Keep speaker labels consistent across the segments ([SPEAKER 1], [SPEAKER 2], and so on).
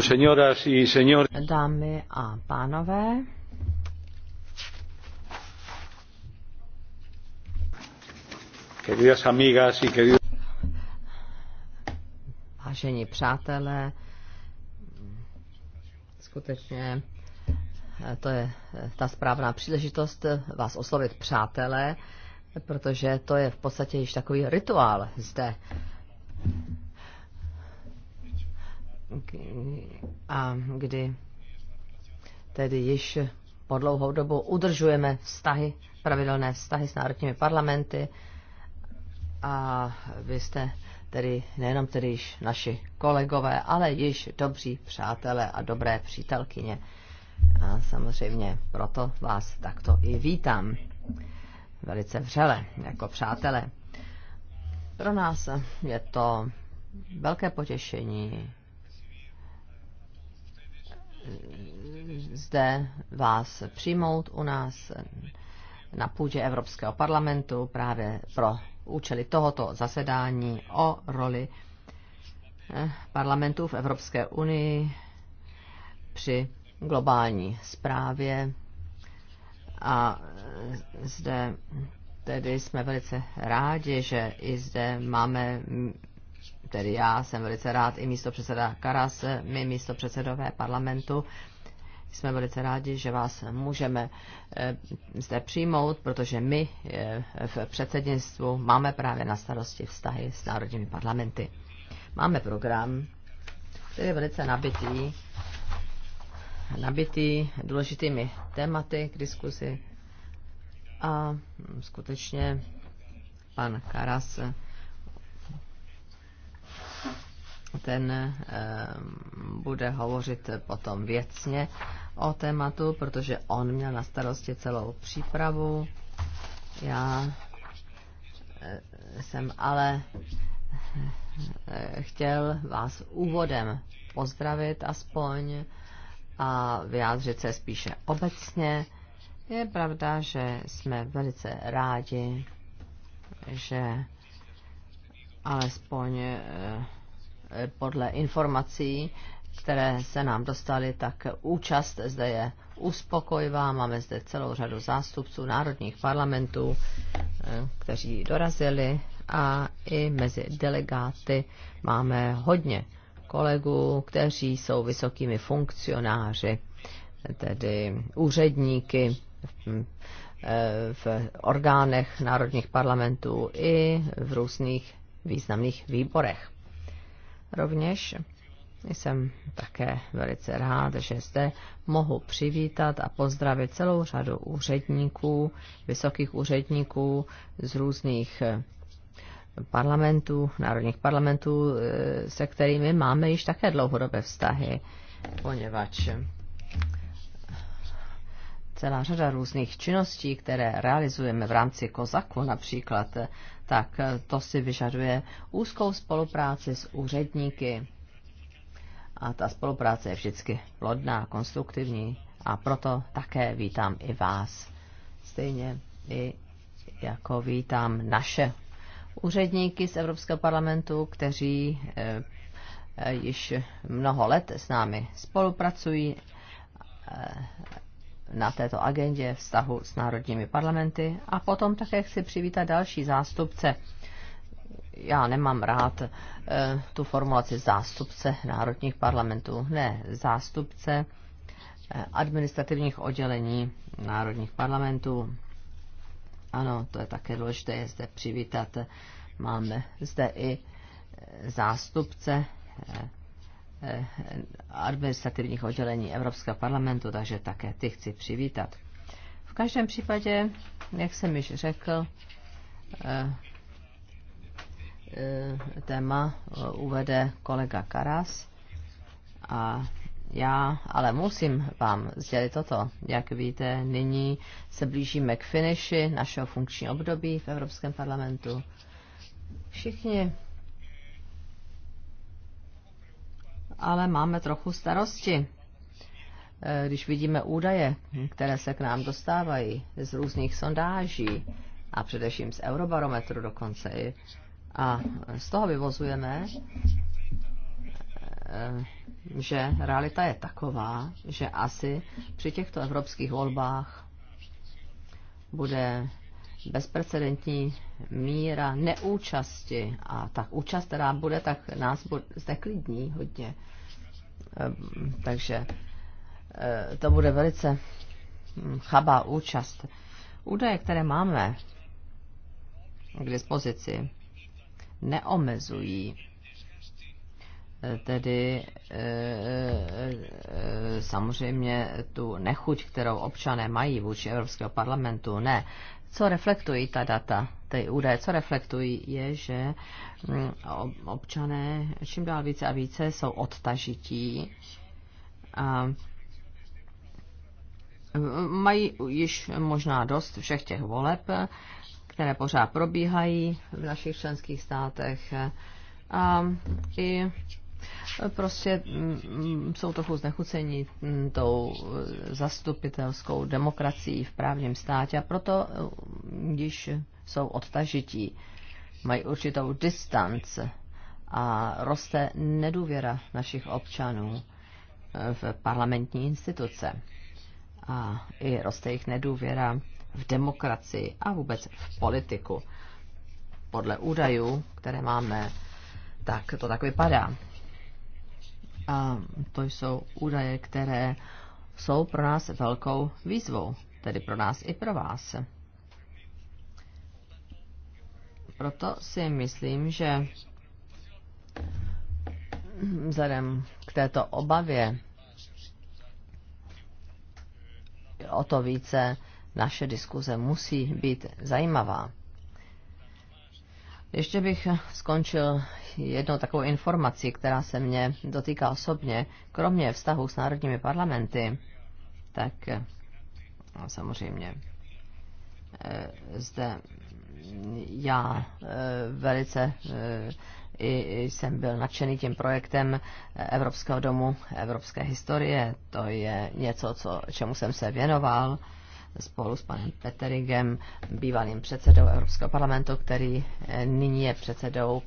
[SPEAKER 1] Señoras y
[SPEAKER 2] Dámy a pánové,
[SPEAKER 1] queridas amigas y queridos...
[SPEAKER 2] Vážení přátelé, skutečně eh, to je eh, ta správná příležitost eh, vás oslovit přátelé, protože to je v podstatě již takový rituál zde a kdy tedy již po dlouhou dobu udržujeme vztahy, pravidelné vztahy s národními parlamenty a vy jste tedy nejenom tedy již naši kolegové, ale již dobří přátelé a dobré přítelkyně. A samozřejmě proto vás takto i vítám velice vřele jako přátelé. Pro nás je to velké potěšení zde vás přijmout u nás na půdě Evropského parlamentu právě pro účely tohoto zasedání o roli eh, parlamentů v Evropské unii při globální zprávě. A eh, zde tedy jsme velice rádi, že i zde máme tedy já jsem velice rád, i místo předseda Karas, my místo předsedové parlamentu, jsme velice rádi, že vás můžeme eh, zde přijmout, protože my eh, v předsednictvu máme právě na starosti vztahy s národními parlamenty. Máme program, který je velice nabitý, nabitý důležitými tématy k diskuzi a skutečně pan Karas ten eh, bude hovořit potom věcně o tématu, protože on měl na starosti celou přípravu. Já eh, jsem ale eh, chtěl vás úvodem pozdravit aspoň a vyjádřit se spíše obecně. Je pravda, že jsme velice rádi, že alespoň podle informací, které se nám dostaly, tak účast zde je uspokojivá. Máme zde celou řadu zástupců národních parlamentů, eh, kteří dorazili a i mezi delegáty máme hodně kolegů, kteří jsou vysokými funkcionáři, tedy úředníky v eh, orgánech národních parlamentů i v různých významných výborech. Rovněž jsem také velice rád, že zde mohu přivítat a pozdravit celou řadu úředníků, vysokých úředníků z různých eh, parlamentů, národních parlamentů, eh, se kterými máme již také dlouhodobé vztahy, poněvadž celá řada různých činností, které realizujeme v rámci Kozaku například, tak eh, to si vyžaduje úzkou spolupráci s úředníky. A ta spolupráce je vždycky plodná, konstruktivní a proto také vítám i vás. Stejně i jako vítám naše úředníky z Evropského parlamentu, kteří e, e, již mnoho let s námi spolupracují. E, na této agendě vztahu s národními parlamenty. A potom také chci přivítat další zástupce. Já nemám rád e, tu formulaci zástupce národních parlamentů, ne zástupce eh, administrativních oddělení národních parlamentů. Ano, to je také důležité je zde přivítat. Máme zde i eh, zástupce Eh, administrativních oddělení Evropského parlamentu, takže také ty chci přivítat. V každém případě, jak jsem již řekl, eh, eh, téma uvede kolega Karas a já ale musím vám sdělit toto. Jak víte, nyní se blížíme k finiši našeho funkčního období v Evropském parlamentu. Všichni ale máme trochu starosti, eh, když vidíme údaje, které se k nám dostávají z různých sondáží a především z Eurobarometru dokonce. A z toho vyvozujeme, eh, že realita je taková, že asi při těchto evropských volbách bude bezprecedentní míra neúčasti a tak účast, která bude, tak nás bude zneklidní hodně. Ehm, takže eh, to bude velice hm, chabá účast. Údaje, které máme k dispozici, neomezují eh, tedy eh, samozřejmě tu nechuť, kterou občané mají vůči Evropského parlamentu, ne. Co reflektují ta data, ty údaje, co reflektují, je, že mm, občané čím dál více a více jsou odtažití a mm, mají již možná dost všech těch voleb, které pořád probíhají v našich členských státech. A i prostě mm, jsou trochu znechucení tou eh, zastupitelskou demokracií v právním státě a proto když eh, jsou odtažití, mají určitou distanc a roste nedůvěra našich občanů eh, v parlamentní instituce a i roste jejich nedůvěra v demokracii a vůbec v politiku. Podle údajů, které máme, tak to tak vypadá. A to jsou údaje, které jsou pro nás velkou výzvou, tedy pro nás i pro vás. Proto si myslím, že vzhledem k této obavě o to více naše diskuze musí být zajímavá. Ještě bych skončil jednou takovou informací, která se mě dotýká osobně, kromě vztahu s národními parlamenty, tak no, samozřejmě eh, zde já eh, velice i jsem byl nadšený tím projektem Evropského domu Evropské historie. To je něco, co, čemu jsem se věnoval spolu s panem Peteringem, bývalým předsedou Evropského parlamentu, který eh, nyní je předsedou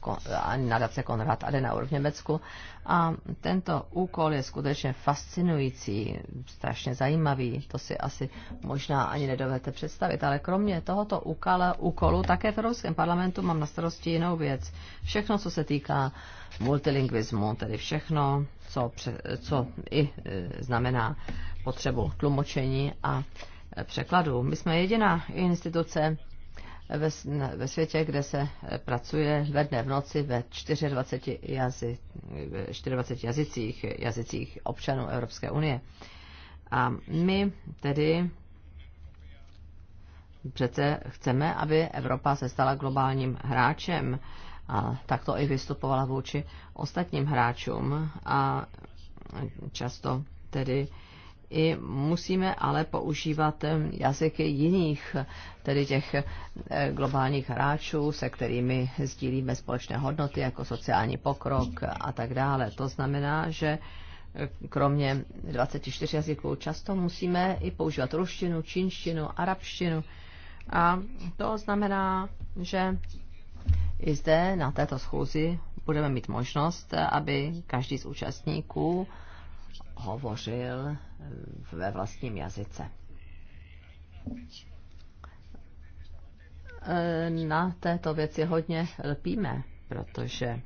[SPEAKER 2] nadace Konrad Adenauer v Německu. A tento úkol je skutečně fascinující, strašně zajímavý, to si asi možná ani nedovete představit, ale kromě tohoto úkala, úkolu také v Evropském parlamentu mám na starosti jinou věc. Všechno, co se týká multilingvismu, tedy všechno, co, pře, co i e, znamená potřebu tlumočení a překladů. My jsme jediná instituce ve, ve světě, kde se eh, pracuje ve dne v noci ve 24, jazy, 24 jazycích, jazycích občanů Evropské unie. A my tedy přece chceme, aby Evropa se stala globálním hráčem a takto i vystupovala vůči ostatním hráčům a často tedy i musíme ale používat eh, jazyky jiných, tedy těch eh, globálních hráčů, se kterými sdílíme společné hodnoty, jako sociální pokrok a tak dále. To znamená, že eh, kromě 24 jazyků často musíme i používat ruštinu, čínštinu, arabštinu. A to znamená, že i zde na této schůzi budeme mít možnost, aby každý z účastníků hovořil ve vlastním jazyce. Na této věci hodně lpíme, protože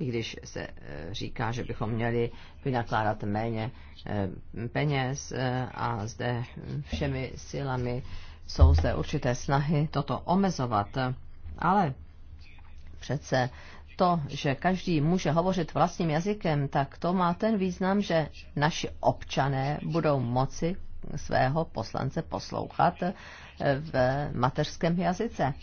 [SPEAKER 2] i když se eh, říká, že bychom měli vynakládat méně eh, peněz eh, a zde všemi silami jsou zde určité snahy toto omezovat, ale přece to, že každý může hovořit vlastním jazykem, tak to má ten význam, že naši občané budou moci svého poslance poslouchat eh, v mateřském jazyce.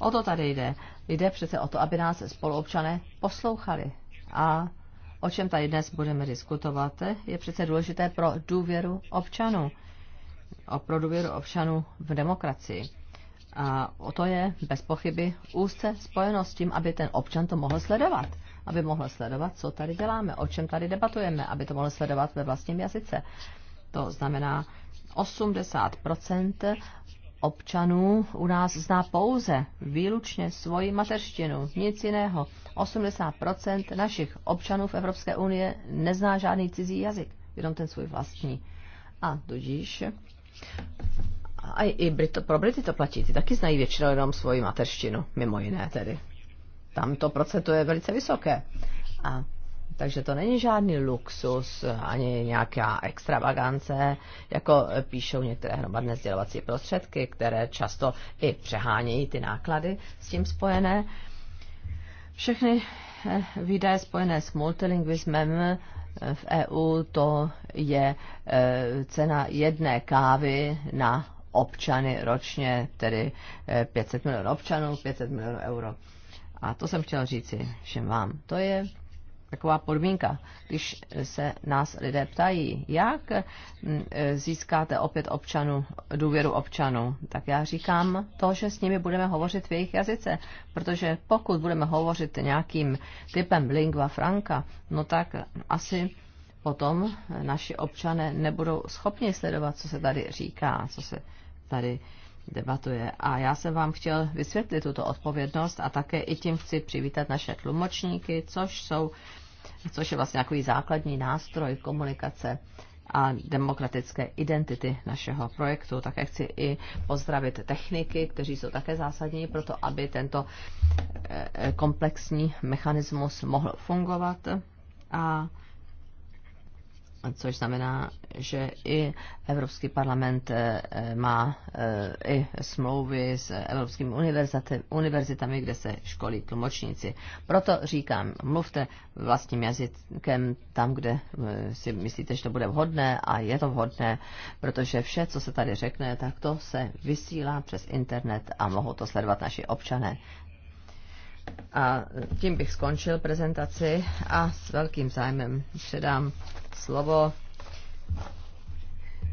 [SPEAKER 2] O to tady jde. Jde přece o to, aby nás spoluobčané poslouchali. A o čem tady dnes budeme diskutovat, eh, je přece důležité pro důvěru občanů. O pro důvěru občanů v demokracii. A o to je bez pochyby úzce spojeno s tím, aby ten občan to mohl sledovat. Aby mohl sledovat, co tady děláme, o čem tady debatujeme, aby to mohl sledovat ve vlastním jazyce. To znamená, 80 občanů u nás zná pouze výlučně svoji mateřštinu, nic jiného. 80 našich občanů v Evropské unii nezná žádný cizí jazyk, jenom ten svůj vlastní. A tudíž a i Brito, pro Brity to platí, ty taky znají většinou jenom svoji mateřštinu, mimo jiné tedy. Tam to procento je velice vysoké. A takže to není žádný luxus ani nějaká extravagance, jako píšou některé hromadné sdělovací prostředky, které často i přehánějí ty náklady s tím spojené. Všechny eh, výdaje spojené s multilingvismem eh, v EU to je eh, cena jedné kávy na občany ročně, tedy 500 eh, milionů občanů, 500 milionů euro. A to jsem chtěl říci všem vám. To je taková podmínka, když se nás lidé ptají, jak mm, eh, získáte opět občanu, důvěru občanů, tak já říkám to, že s nimi budeme hovořit v jejich jazyce, protože pokud budeme hovořit nějakým typem lingua franca, no tak asi potom naši občané nebudou schopni sledovat, co se tady říká, co se tady debatuje. A já jsem vám chtěl vysvětlit tuto odpovědnost a také i tím chci přivítat naše tlumočníky, což jsou což je vlastně takový základní nástroj komunikace a demokratické identity našeho projektu. Také chci i pozdravit techniky, kteří jsou také zásadní pro to, aby tento eh, eh, komplexní mechanismus mohl fungovat. A což znamená, že i Evropský parlament eh, eh, má eh, i smlouvy s evropskými univerzitami, kde se školí tlumočníci. Proto říkám, mluvte vlastním jazykem tam, kde si myslíte, že to bude vhodné a je to vhodné, protože vše, co se tady řekne, tak to se vysílá přes internet a mohou to sledovat naši občané. A tím bych skončil prezentaci a s velkým zájmem předám slovo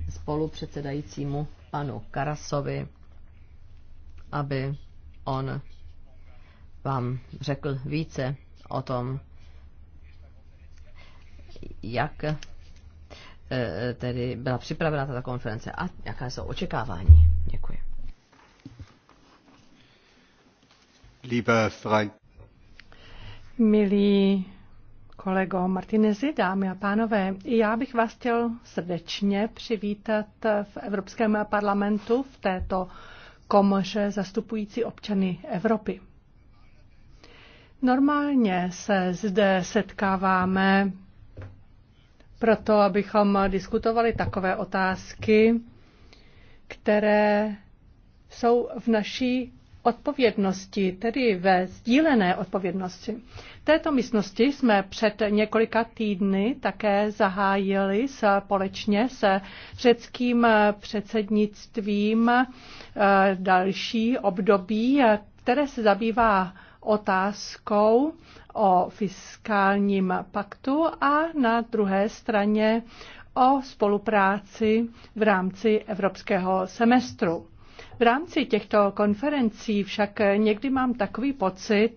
[SPEAKER 2] spolupředsedajícímu panu Karasovi, aby on vám řekl více o tom, jak e, tedy byla připravena tato konference a
[SPEAKER 1] jaká jsou očekávání. Děkuji. Milí kolego Martinezi, dámy a pánové, já bych vás chtěl srdečně přivítat v Evropském parlamentu v této komoře zastupující občany Evropy. Normálně se zde setkáváme proto, abychom diskutovali takové otázky, které jsou v naší odpovědnosti, tedy ve sdílené odpovědnosti. V této místnosti jsme před několika týdny také zahájili společně se řeckým předsednictvím eh, další období, které se zabývá otázkou o fiskálním paktu a na druhé straně o spolupráci v rámci evropského semestru. V rámci těchto konferencí však někdy mám takový pocit,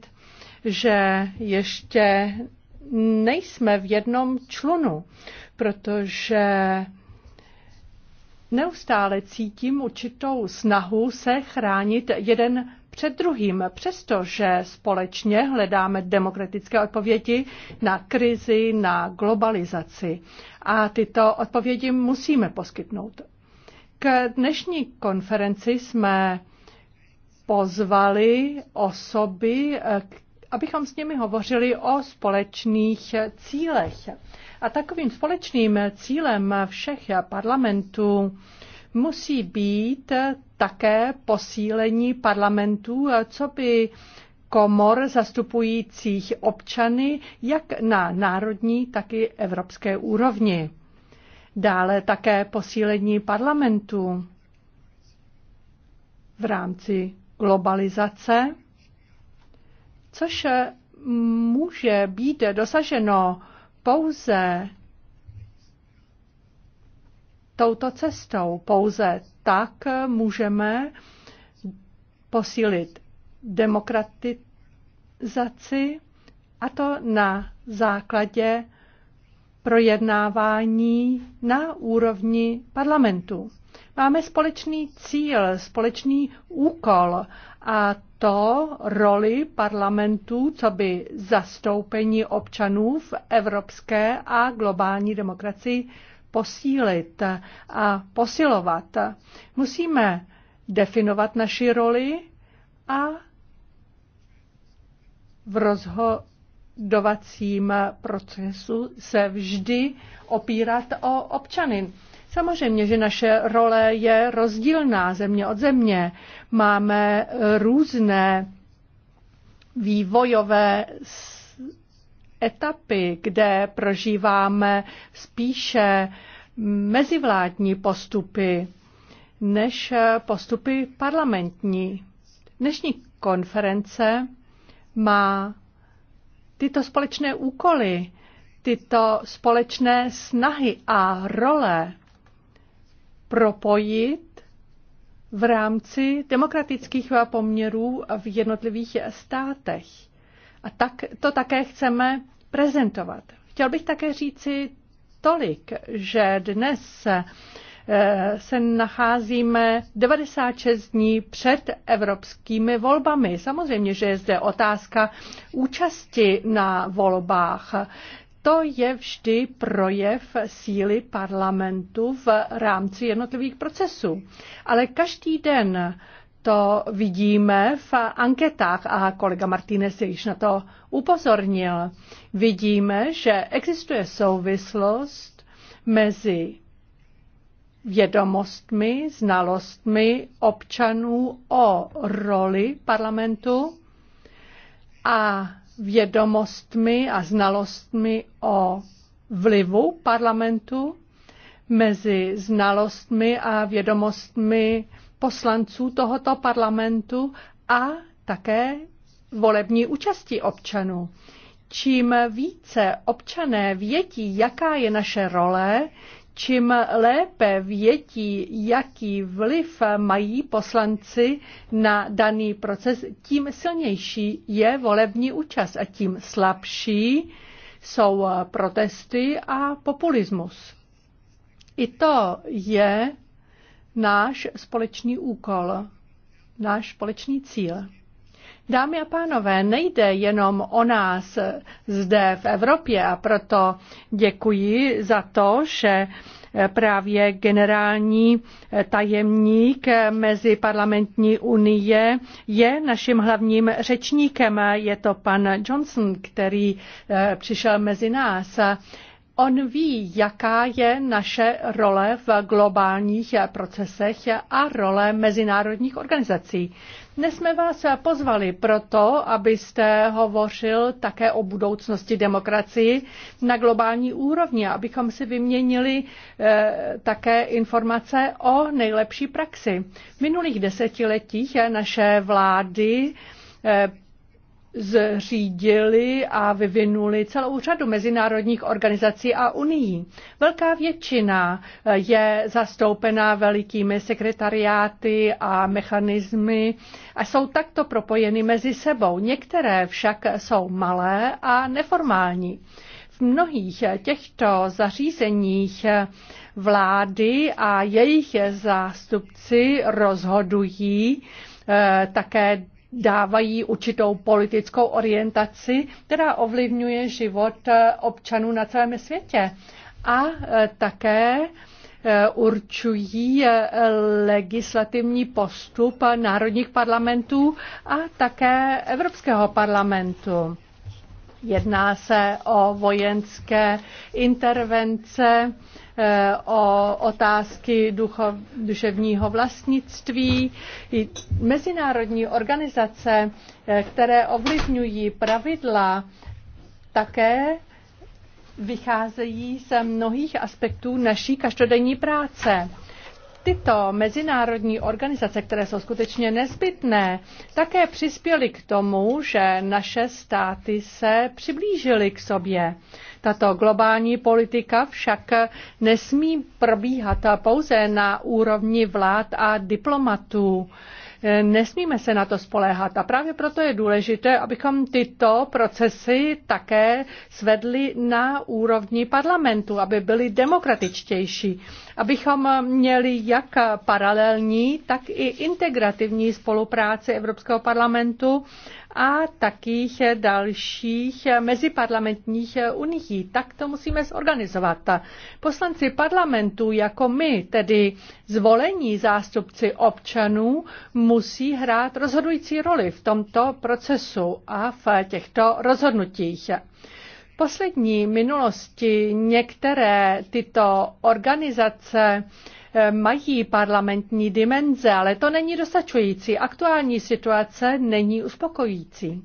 [SPEAKER 1] že ještě nejsme v jednom člunu, protože neustále cítím určitou snahu se chránit jeden před druhým, přestože společně hledáme demokratické odpovědi na krizi, na globalizaci. A tyto odpovědi musíme poskytnout. K dnešní konferenci jsme pozvali osoby, abychom s nimi hovořili o společných cílech. A takovým společným cílem všech parlamentů musí být také posílení parlamentů, co by komor zastupujících občany jak na národní, tak i evropské úrovni dále také posílení parlamentu v rámci globalizace, což může být dosaženo pouze touto cestou. Pouze tak můžeme posílit demokratizaci a to na základě projednávání na úrovni parlamentu. Máme společný cíl, společný úkol a to roli parlamentu, co by zastoupení občanů v evropské a globální demokracii posílit a posilovat. Musíme definovat naši roli a v rozho- rozhodovacím procesu se vždy opírat o občany. Samozřejmě, že naše role je rozdílná země od země. Máme různé vývojové etapy, kde prožíváme spíše mezivládní postupy než postupy parlamentní. Dnešní konference má Tyto společné úkoly, tyto společné snahy a role propojit v rámci demokratických poměrů v jednotlivých státech. A tak to také chceme prezentovat. Chtěl bych také říci tolik, že dnes Eh, se nacházíme 96 dní před evropskými volbami. Samozřejmě, že je zde otázka účasti na volbách. To je vždy projev síly parlamentu v rámci jednotlivých procesů. Ale každý den to vidíme v anketách a kolega Martínez již na to upozornil. Vidíme, že existuje souvislost mezi vědomostmi, znalostmi občanů o roli parlamentu a vědomostmi a znalostmi o vlivu parlamentu mezi znalostmi a vědomostmi poslanců tohoto parlamentu a také volební účasti občanů. Čím více občané vědí, jaká je naše role, čím lépe vědí, jaký vliv mají poslanci na daný proces, tím silnější je volební účast a tím slabší jsou protesty a populismus. I to je náš společný úkol, náš společný cíl. Dámy a pánové, nejde jenom o nás zde v Evropě a proto děkuji za to, že právě generální tajemník mezi parlamentní unie je naším hlavním řečníkem. Je to pan Johnson, který eh, přišel mezi nás. On ví, jaká je naše role v globálních procesech a role mezinárodních organizací. Dnes jsme vás pozvali proto, abyste hovořil také o budoucnosti demokracii na globální úrovni, abychom si vyměnili eh, také informace o nejlepší praxi. V minulých desetiletích naše vlády eh, zřídili a vyvinuli celou řadu mezinárodních organizací a unii. Velká většina eh, je zastoupena velikými sekretariáty a mechanismy a jsou takto propojeny mezi sebou. Některé však jsou malé a neformální. V mnohých těchto zařízeních eh, vlády a jejich zástupci rozhodují eh, také dávají určitou politickou orientaci, která ovlivňuje život eh, občanů na celém světě. A eh, také eh, určují legislativní postup národních parlamentů a také Evropského parlamentu. Jedná se o vojenské intervence, Eh, o otázky duchov, duševního vlastnictví. I mezinárodní organizace, eh, které ovlivňují pravidla, také vycházejí ze mnohých aspektů naší každodenní práce tyto mezinárodní organizace, které jsou skutečně nezbytné, také přispěly k tomu, že naše státy se přiblížily k sobě. Tato globální politika však nesmí probíhat pouze na úrovni vlád a diplomatů. Nesmíme se na to spoléhat a právě proto je důležité, abychom tyto procesy také svedli na úrovni parlamentu, aby byly demokratičtější abychom měli jak paralelní, tak i integrativní spolupráci Evropského parlamentu a takých dalších meziparlamentních unií. Tak to musíme zorganizovat. Poslanci parlamentu jako my, tedy zvolení zástupci občanů, musí hrát rozhodující roli v tomto procesu a v těchto rozhodnutích poslední minulosti některé tyto organizace eh, mají parlamentní dimenze, ale to není dostačující. Aktuální situace není uspokojící.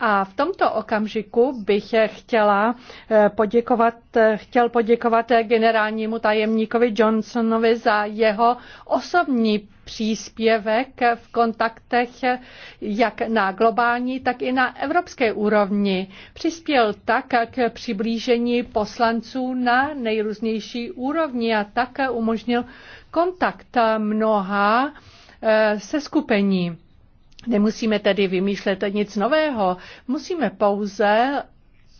[SPEAKER 1] A v tomto okamžiku bych chtěla eh, poděkovat, eh, chtěl poděkovat generálnímu tajemníkovi Johnsonovi za jeho osobní příspěvek v kontaktech jak na globální, tak i na evropské úrovni. Přispěl tak k přiblížení poslanců na nejrůznější úrovni a tak umožnil kontakt mnoha eh, se skupení. Nemusíme tedy vymýšlet nic nového, musíme pouze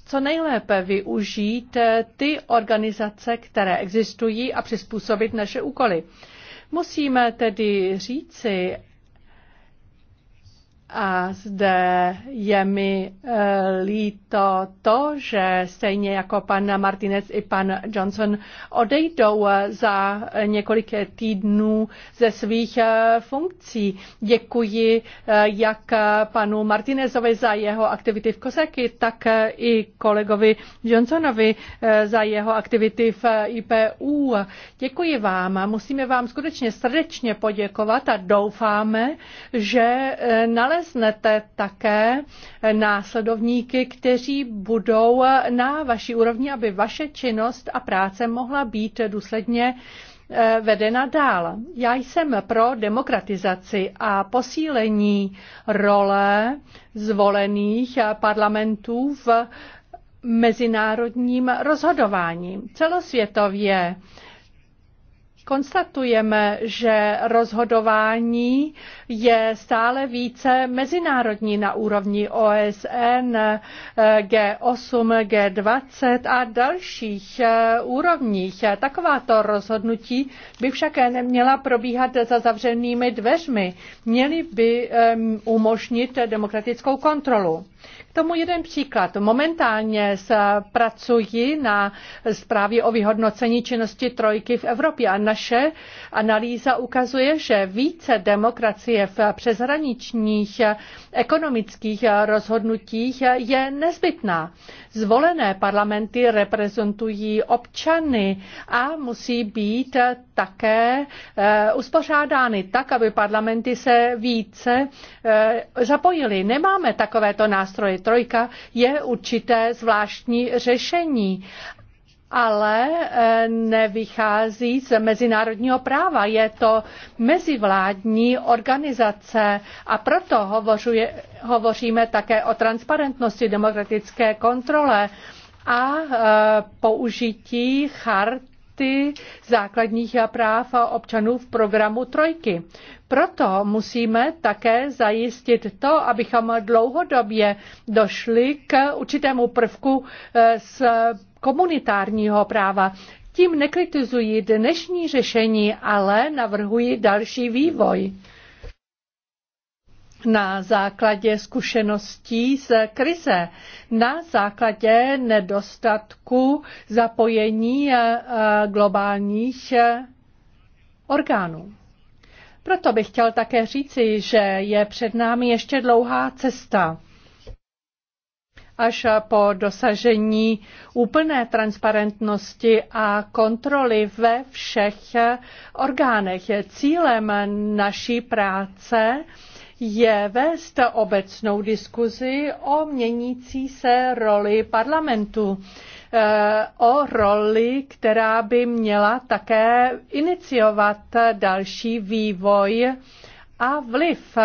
[SPEAKER 1] co nejlépe využít ty organizace, které existují a přizpůsobit naše úkoly. Musíme tedy říci, a zde je mi eh, líto to, že stejně jako pan Martinez i pan Johnson odejdou eh, za několik týdnů ze svých eh, funkcí. Děkuji jak panu Martinezovi za jeho aktivity v Koseky, tak i kolegovi Johnsonovi za jeho aktivity v IPU. Děkuji vám. a Musíme vám skutečně srdečně poděkovat a doufáme, že nalezíme naleznete také následovníky, kteří budou na vaší úrovni, aby vaše činnost a práce mohla být důsledně eh, vedena dál. Já jsem pro demokratizaci a posílení role zvolených parlamentů v mezinárodním rozhodování. Celosvětově konstatujeme, že rozhodování je stále více mezinárodní na úrovni OSN, G8, G20 a dalších eh, úrovních. Takováto rozhodnutí by však neměla probíhat za zavřenými dveřmi. Měly by eh, umožnit demokratickou kontrolu. K tomu jeden příklad. Momentálně pracuji na zprávě o vyhodnocení činnosti trojky v Evropě a naše analýza ukazuje, že více demokracie v přeshraničních ekonomických rozhodnutích je nezbytná. Zvolené parlamenty reprezentují občany a musí být také eh, uspořádány tak, aby parlamenty se více eh, zapojily. Nemáme takovéto nástroje. Trojka je určité zvláštní řešení ale eh, nevychází z mezinárodního práva. Je to mezivládní organizace a proto hovořuje, hovoříme také o transparentnosti demokratické kontrole a eh, použití charty základních práv občanů v programu Trojky. Proto musíme také zajistit to, abychom dlouhodobě došli k určitému prvku eh, s komunitárního práva. Tím nekritizuji dnešní řešení, ale navrhuji další vývoj. Na základě zkušeností z krize, na základě nedostatku zapojení eh, eh, globálních eh, orgánů. Proto bych chtěl také říci, že je před námi ještě dlouhá cesta až po dosažení úplné transparentnosti a kontroly ve všech orgánech. Cílem naší práce je vést obecnou diskuzi o měnící se roli parlamentu, eh, o roli, která by měla také iniciovat další vývoj a vliv.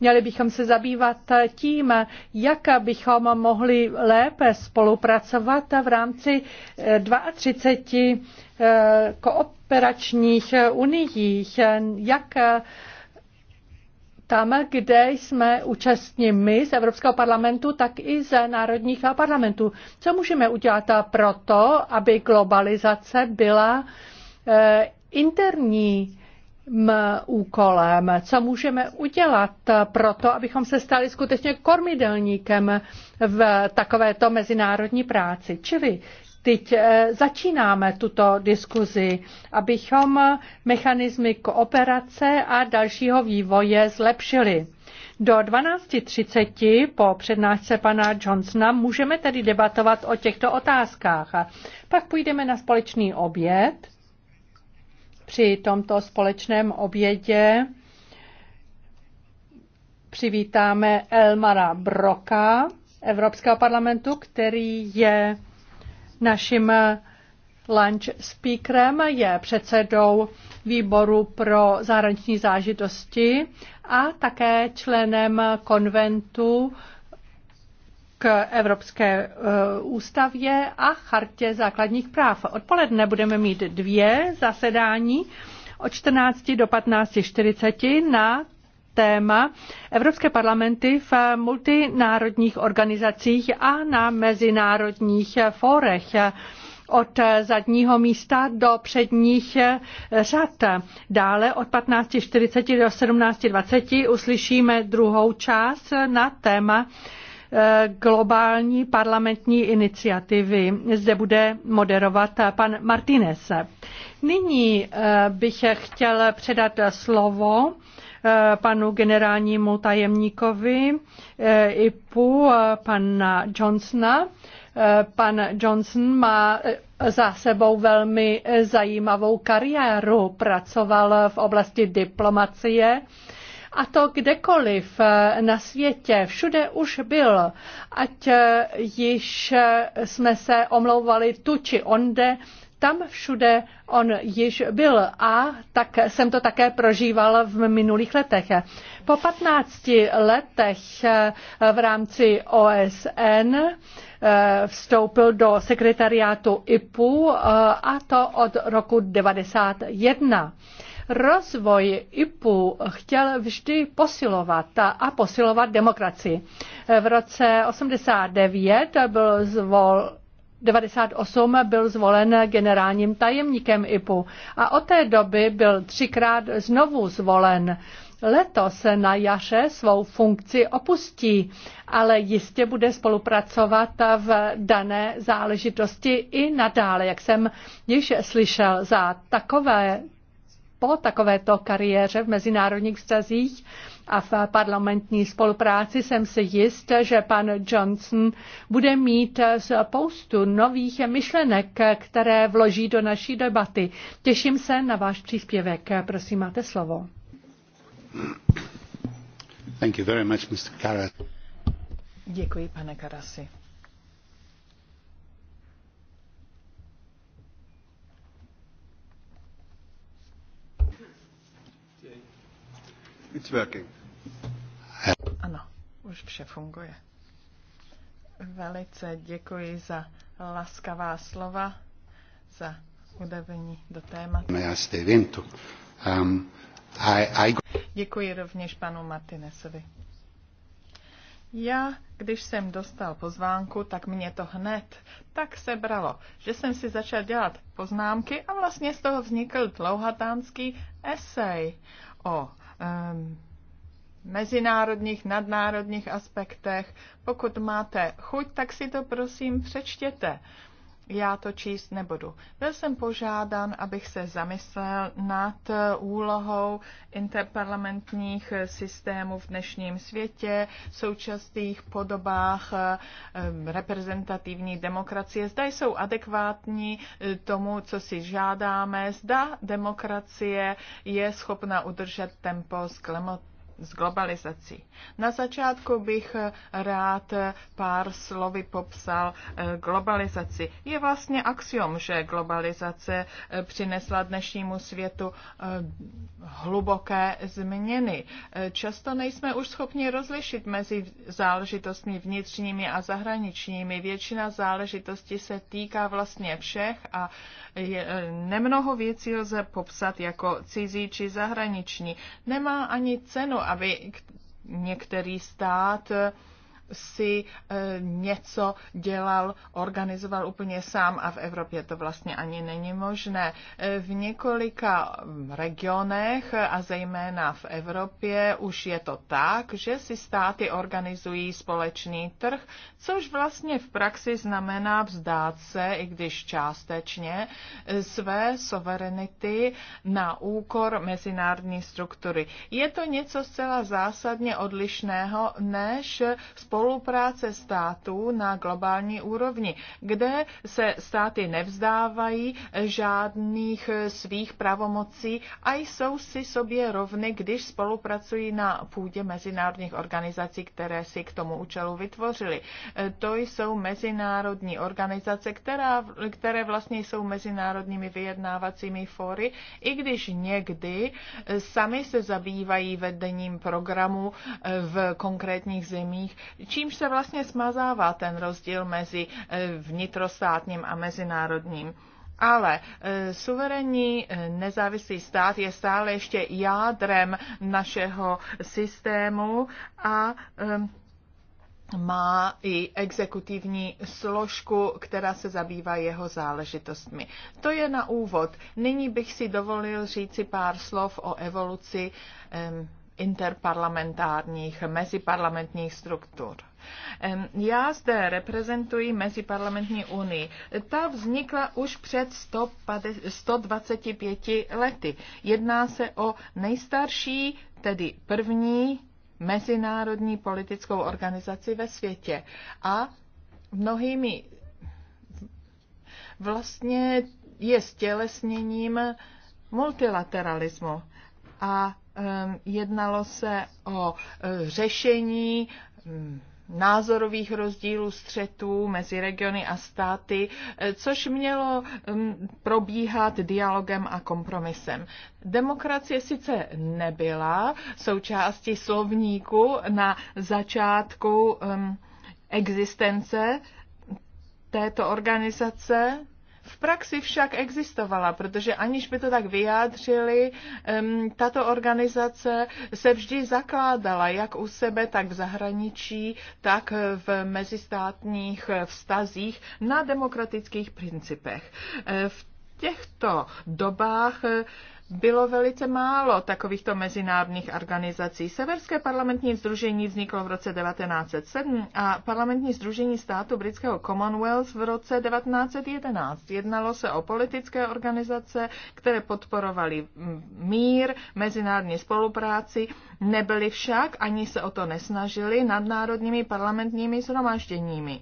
[SPEAKER 1] Měli bychom se zabývat tím, jak bychom mohli lépe spolupracovat v rámci 32 eh, eh, kooperačních uniích, jak eh, tam, kde jsme účastní my z Evropského parlamentu, tak i z národních parlamentů. Co můžeme udělat pro to, aby globalizace byla interní úkolem, co můžeme udělat pro to, abychom se stali skutečně kormidelníkem v takovéto mezinárodní práci. Čili Teď eh, začínáme tuto diskuzi, abychom mechanizmy kooperace a dalšího vývoje zlepšili. Do 12.30 po přednášce pana Johnsona můžeme tedy debatovat o těchto otázkách. Pak půjdeme na společný oběd při tomto společném obědě přivítáme Elmara Broka, Evropského parlamentu, který je naším lunch speakerem, je předsedou výboru pro zahraniční zážitosti a také členem konventu k Evropské eh, ústavě a chartě základních práv. Odpoledne budeme mít dvě zasedání od 14 do 15.40 na téma Evropské parlamenty v multinárodních organizacích a na mezinárodních fórech od zadního místa do předních řad. Dále od 15.40 do 17.20 uslyšíme druhou část na téma globální parlamentní iniciativy. Zde bude moderovat pan Martinez. Nyní eh, bych chtěl předat slovo eh, panu generálnímu tajemníkovi eh, IPU, pana Johnsona. Pan Johnson má za sebou velmi zajímavou kariéru. Pracoval v oblasti diplomacie, a to kdekoliv eh, na světě, všude už byl, ať eh, již eh, jsme se omlouvali tu či onde, tam všude on již byl a tak jsem to také prožíval v minulých letech. Po 15 letech v rámci OSN vstoupil do sekretariátu IPU a to od roku 1991. Rozvoj IPU chtěl vždy posilovat a posilovat demokracii. V roce 89 byl zvol 98 byl zvolen generálním tajemníkem IPU a od té doby byl třikrát znovu zvolen. Letos na jaře svou funkci opustí, ale jistě bude spolupracovat v dané záležitosti i nadále, jak jsem již slyšel. Za takové po takovéto kariéře v mezinárodních vztazích a v parlamentní spolupráci jsem si jist, že pan Johnson bude mít spoustu nových myšlenek, které vloží do naší debaty. Těším se na váš příspěvek. Prosím, máte slovo. Thank you very much, Mr.
[SPEAKER 3] Děkuji, pane Karasi. It's working. Ano, už vše funguje. Velice děkuji za laskavá slova, za udavení do tématu.
[SPEAKER 1] Um, I, I...
[SPEAKER 3] Děkuji rovněž panu Martinesovi. Já, když jsem dostal pozvánku, tak mě to hned tak sebralo, že jsem si začal dělat poznámky a vlastně z toho vznikl dlouhatánský esej o Ehm, mezinárodních, nadnárodních aspektech. Pokud máte chuť, tak si to prosím přečtěte já to číst nebudu. Byl jsem požádán, abych se zamyslel nad úlohou interparlamentních systémů v dnešním světě, současných podobách eh, reprezentativní demokracie. Zda jsou adekvátní eh, tomu, co si žádáme, zda demokracie je schopna udržet tempo s klimatem s globalizací. Na začátku bych rád pár slovy popsal eh, globalizaci. Je vlastně axiom, že globalizace eh, přinesla dnešnímu světu eh, hluboké změny. Často nejsme už schopni rozlišit mezi záležitostmi vnitřními a zahraničními. Většina záležitostí se týká vlastně všech a je, nemnoho věcí lze popsat jako cizí či zahraniční. Nemá ani cenu, aby některý stát si e, něco dělal, organizoval úplně sám a v Evropě to vlastně ani není možné. E, v několika regionech a zejména v Evropě už je to tak, že si státy organizují společný trh, což vlastně v praxi znamená vzdát se, i když částečně, své suverenity na úkor mezinárodní struktury. Je to něco zcela zásadně odlišného než společný spolupráce států na globální úrovni, kde se státy nevzdávají žádných svých pravomocí a jsou si sobě rovny, když spolupracují na půdě mezinárodních organizací, které si k tomu účelu vytvořili. To jsou mezinárodní organizace, která, které vlastně jsou mezinárodními vyjednávacími fóry, i když někdy sami se zabývají vedením programu v konkrétních zemích čímž se vlastně smazává ten rozdíl mezi eh, vnitrostátním a mezinárodním. Ale e, suverénní eh, nezávislý stát je stále ještě jádrem našeho systému a má i exekutivní složku, která se zabývá jeho záležitostmi. To je na úvod. Nyní bych si dovolil říci pár slov o evoluci interparlamentárních, meziparlamentních struktur. Já zde reprezentuji Meziparlamentní unii. Ta vznikla už před 125 lety. Jedná se o nejstarší, tedy první mezinárodní politickou organizaci ve světě. A mnohými vlastně je stělesněním multilateralismu. A Ehm, jednalo se o e, řešení mm, názorových rozdílů střetů mezi regiony a státy, e, což mělo mm, probíhat dialogem a kompromisem. Demokracie sice nebyla součástí slovníku na začátku ehm, existence této organizace, v praxi však existovala, protože aniž by to tak vyjádřili, tato organizace se vždy zakládala jak u sebe, tak v zahraničí, tak v mezistátních vztazích na demokratických principech. E, v těchto dobách eh, bylo velice málo takovýchto mezinárodních organizací. Severské parlamentní združení vzniklo v roce 1907 a parlamentní združení státu britského Commonwealth v roce 1911. Jednalo se o politické organizace, které podporovaly mír, mezinárodní spolupráci, nebyly však ani se o to nesnažili nadnárodními parlamentními zhromažděními.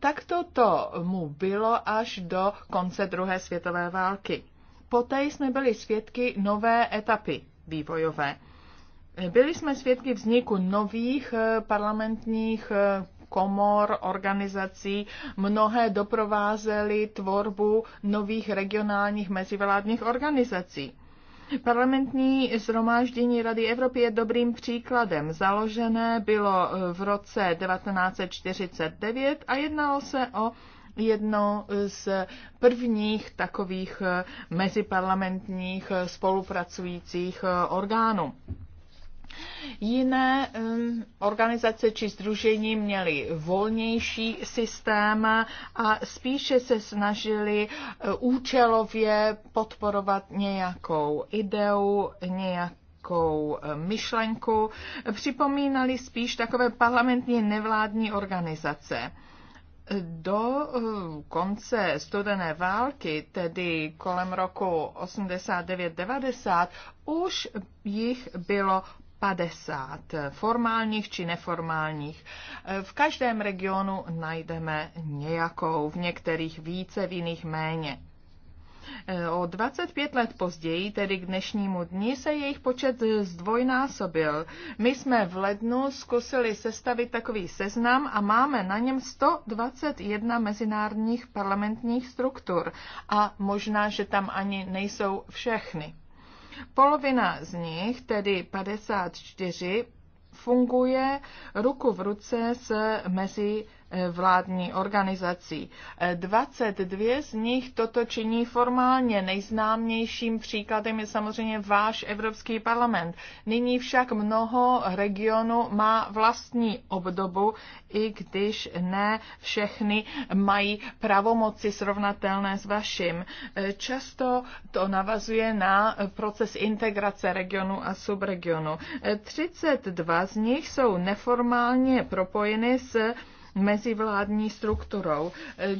[SPEAKER 3] Tak toto mu bylo až do konce druhé světové války. Poté jsme byli svědky nové etapy vývojové. Byli jsme svědky vzniku nových eh, parlamentních eh, komor, organizací. Mnohé doprovázely tvorbu nových regionálních mezivládních organizací. Parlamentní zhromáždění Rady Evropy je dobrým příkladem. Založené bylo eh, v roce 1949 a jednalo se o jedno z prvních takových eh, meziparlamentních eh, spolupracujících orgánů. Jiné um, organizace či združení měly volnější systém a spíše se snažili uh, účelově podporovat nějakou ideu, nějakou uh, myšlenku, připomínali spíš takové parlamentní nevládní organizace. Do uh, konce studené války, tedy kolem roku 89-90, už jich bylo 50 formálních či neformálních. V každém regionu najdeme nějakou, v některých více, v jiných méně. O 25 let později, tedy k dnešnímu dni, se jejich počet zdvojnásobil. My jsme v lednu zkusili sestavit takový seznam a máme na něm 121 mezinárodních parlamentních struktur a možná, že tam ani nejsou všechny. Polovina z nich, tedy 54, funguje ruku v ruce s mezi vládní organizací. 22 z nich toto činí formálně. Nejznámějším příkladem je samozřejmě váš Evropský parlament. Nyní však mnoho regionů má vlastní obdobu, i když ne všechny mají pravomoci srovnatelné s vaším. Často to navazuje na proces integrace regionu a subregionu. 32 z nich jsou neformálně propojeny s mezivládní strukturou.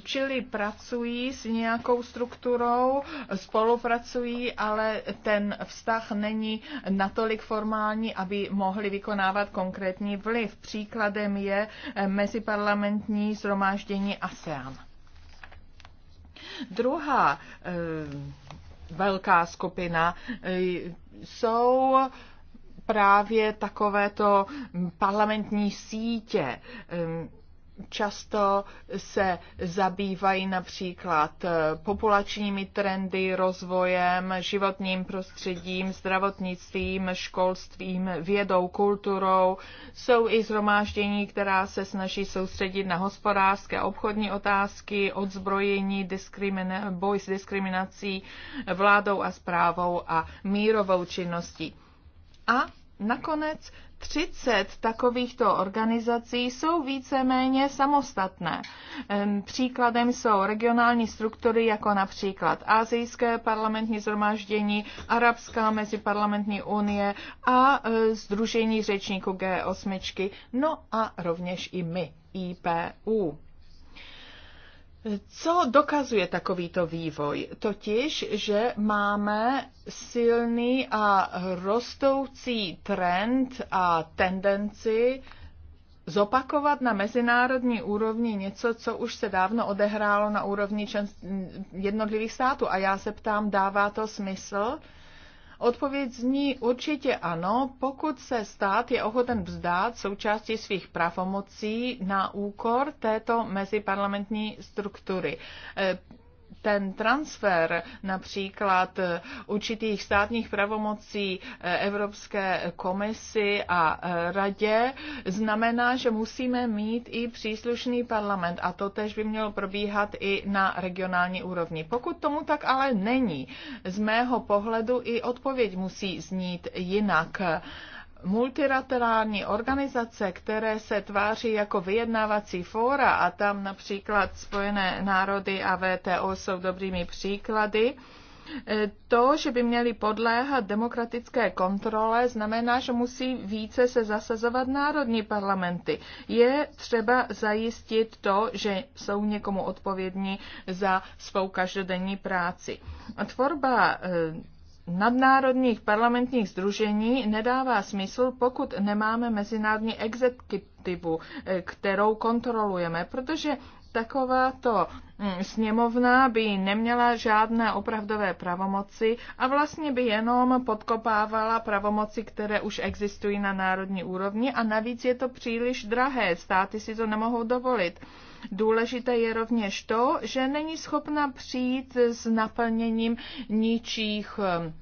[SPEAKER 3] Čili pracují s nějakou strukturou, spolupracují, ale ten vztah není natolik formální, aby mohli vykonávat konkrétní vliv. Příkladem je meziparlamentní zhromáždění ASEAN. Druhá eh, velká skupina eh, jsou právě takovéto parlamentní sítě, ehm, často se zabývají například eh, populačními trendy, rozvojem, životním prostředím, zdravotnictvím, školstvím, vědou, kulturou. Jsou i zhromáždění, která se snaží soustředit na hospodářské a obchodní otázky, odzbrojení, boj s diskriminací vládou a zprávou a mírovou činností. A nakonec 30 takovýchto organizací jsou víceméně samostatné. Příkladem jsou regionální struktury jako například Azijské parlamentní zhromáždění, Arabská meziparlamentní unie a Združení e, řečníků G8, no a rovněž i my, IPU. Co dokazuje takovýto vývoj? Totiž, že máme silný a rostoucí trend a tendenci zopakovat na mezinárodní úrovni něco, co už se dávno odehrálo na úrovni jednotlivých států. A já se ptám, dává to smysl? Odpověď zní určitě ano, pokud se stát je ochoten vzdát součástí svých pravomocí na úkor této meziparlamentní struktury. Eh, ten transfer například eh, určitých státních pravomocí eh, Evropské komisi a eh, radě znamená, že musíme mít i příslušný parlament a to tež by mělo probíhat i na regionální úrovni. Pokud tomu tak ale není, z mého pohledu i odpověď musí znít jinak multilaterální organizace, které se tváří jako vyjednávací fóra a tam například Spojené národy a VTO jsou dobrými příklady, eh, to, že by měli podléhat demokratické kontrole, znamená, že musí více se zasazovat národní parlamenty. Je třeba zajistit to, že jsou někomu odpovědní za svou každodenní práci. Tvorba eh, nadnárodních parlamentních združení nedává smysl, pokud nemáme mezinárodní exekutivu, eh, kterou kontrolujeme, protože takováto mm, sněmovna by neměla žádné opravdové pravomoci a vlastně by jenom podkopávala pravomoci, které už existují na národní úrovni a navíc je to příliš drahé, státy si to nemohou dovolit. Důležité je rovněž to, že není schopna přijít s naplněním ničích eh,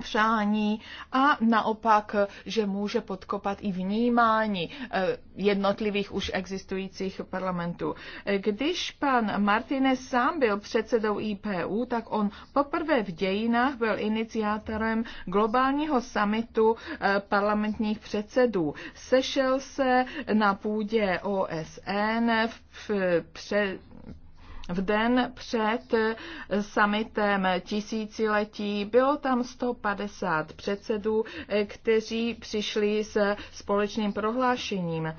[SPEAKER 3] přání a naopak, že může podkopat i vnímání eh, jednotlivých už existujících parlamentů. Když pan Martinez sám byl předsedou IPU, tak on poprvé v dějinách byl iniciátorem globálního samitu eh, parlamentních předsedů. Sešel se na půdě OSN v, před v den před summitem tisíciletí. Bylo tam 150 předsedů, kteří přišli s společným prohlášením.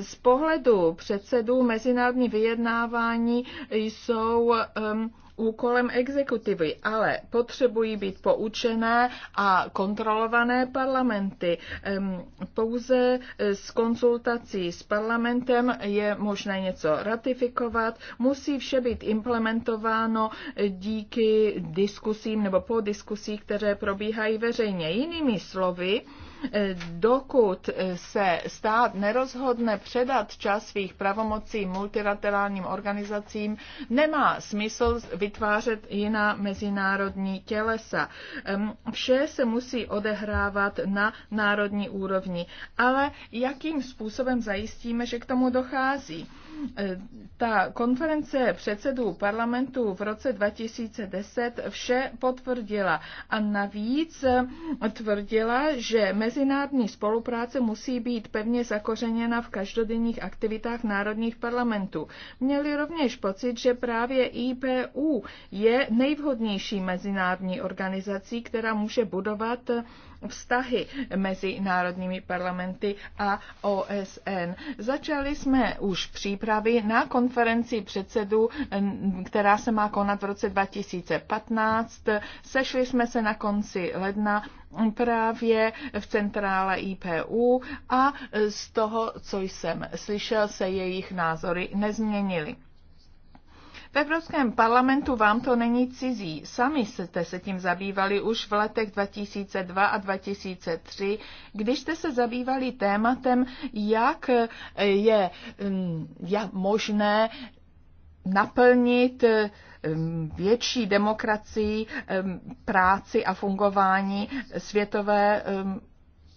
[SPEAKER 3] Z pohledu předsedů mezinárodní vyjednávání jsou um, úkolem exekutivy, ale potřebují být poučené a kontrolované parlamenty. Pouze s e, konzultací s parlamentem je možné něco ratifikovat. Musí vše být implementováno e, díky diskusím nebo po diskusích, které probíhají veřejně. Jinými slovy, dokud se stát nerozhodne předat čas svých pravomocí multilaterálním organizacím, nemá smysl vytvářet jiná mezinárodní tělesa. Vše se musí odehrávat na národní úrovni. Ale jakým způsobem zajistíme, že k tomu dochází? Eh, ta konference předsedů parlamentu v roce 2010 vše potvrdila a navíc eh, tvrdila, že mezinárodní spolupráce musí být pevně zakořeněna v každodenních aktivitách národních parlamentů. Měli rovněž pocit, že právě IPU je nejvhodnější mezinárodní organizací, která může budovat eh, vztahy mezi národními parlamenty a OSN. Začali jsme už přípravy na konferenci předsedů, která se má konat v roce 2015. Sešli jsme se na konci ledna právě v centrále IPU a z toho, co jsem slyšel, se jejich názory nezměnily. V Evropském parlamentu vám to není cizí. Sami jste se tím zabývali už v letech 2002 a 2003, když jste se zabývali tématem, jak eh, je mm, jak možné naplnit eh, větší demokracii, eh, práci a fungování Světové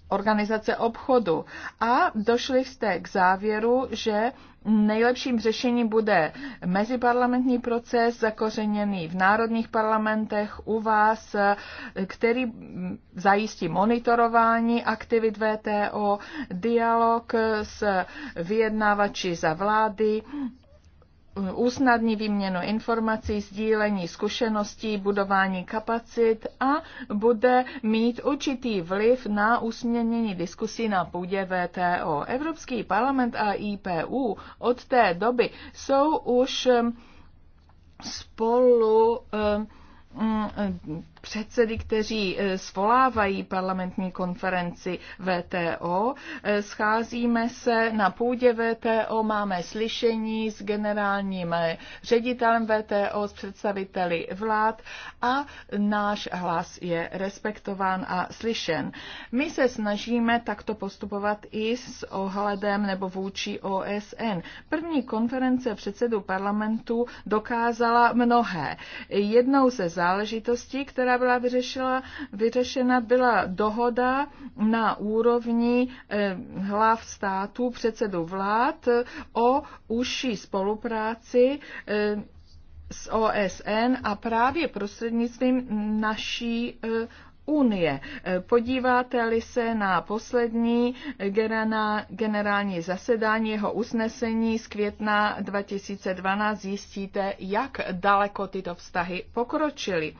[SPEAKER 3] organizace obchodu. A došli jste k závěru, že nejlepším řešením bude meziparlamentní proces zakořeněný v národních parlamentech u vás, který zajistí monitorování aktivit VTO, dialog s vyjednávači za vlády, usnadní výměnu informací, sdílení zkušeností, budování kapacit a bude mít určitý vliv na usměnění diskusí na půdě VTO. Evropský parlament a IPU od té doby jsou už um, spolu um, předsedy, kteří e, svolávají parlamentní konferenci VTO. E, scházíme se na půdě VTO, máme slyšení s generálním e, ředitelem VTO, s představiteli vlád a náš hlas je respektován a slyšen. My se snažíme takto postupovat i s ohledem nebo vůči OSN. První konference předsedu parlamentu dokázala mnohé. Jednou ze záležitostí, která byla vyřešena, vyřešena byla dohoda na úrovni eh, hlav států, předsedů vlád o užší spolupráci eh, s OSN a právě prostřednictvím naší eh, Unie. Podíváte-li se na poslední generální zasedání, jeho usnesení z května 2012, zjistíte, jak daleko tyto vztahy pokročily.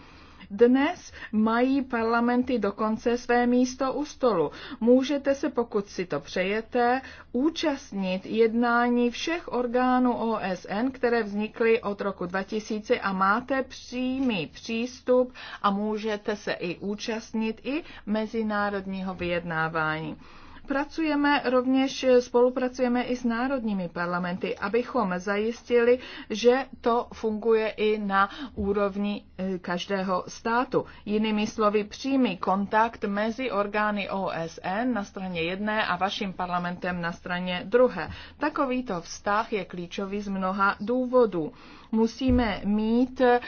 [SPEAKER 3] Dnes mají parlamenty dokonce své místo u stolu. Můžete se, pokud si to přejete, účastnit jednání všech orgánů OSN, které vznikly od roku 2000 a máte přímý přístup a můžete se i účastnit i mezinárodního vyjednávání. Pracujeme rovněž, spolupracujeme i s národními parlamenty, abychom zajistili, že to funguje i na úrovni eh, každého státu. Jinými slovy, přímý kontakt mezi orgány OSN na straně jedné a vaším parlamentem na straně druhé. Takovýto vztah je klíčový z mnoha důvodů. Musíme mít eh,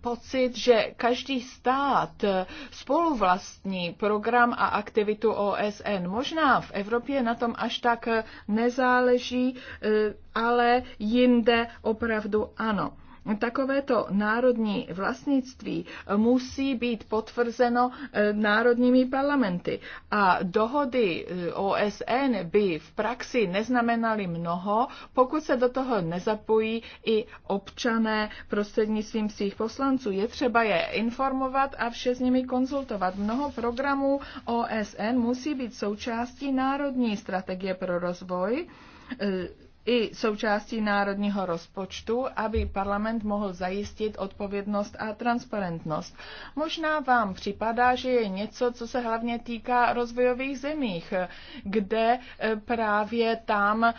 [SPEAKER 3] pocit, že každý stát eh, spoluvlastní program a aktivitu OSN. Možná v Evropě na tom až tak nezáleží, eh, ale jinde opravdu ano takovéto národní vlastnictví musí být potvrzeno eh, národními parlamenty. A dohody eh, OSN by v praxi neznamenaly mnoho, pokud se do toho nezapojí i občané prostřednictvím svých poslanců. Je třeba je informovat a vše s nimi konzultovat. Mnoho programů OSN musí být součástí národní strategie pro rozvoj eh, i součástí národního rozpočtu, aby parlament mohl zajistit odpovědnost a transparentnost. Možná vám připadá, že je něco, co se hlavně týká rozvojových zemích, kde eh, právě tam eh,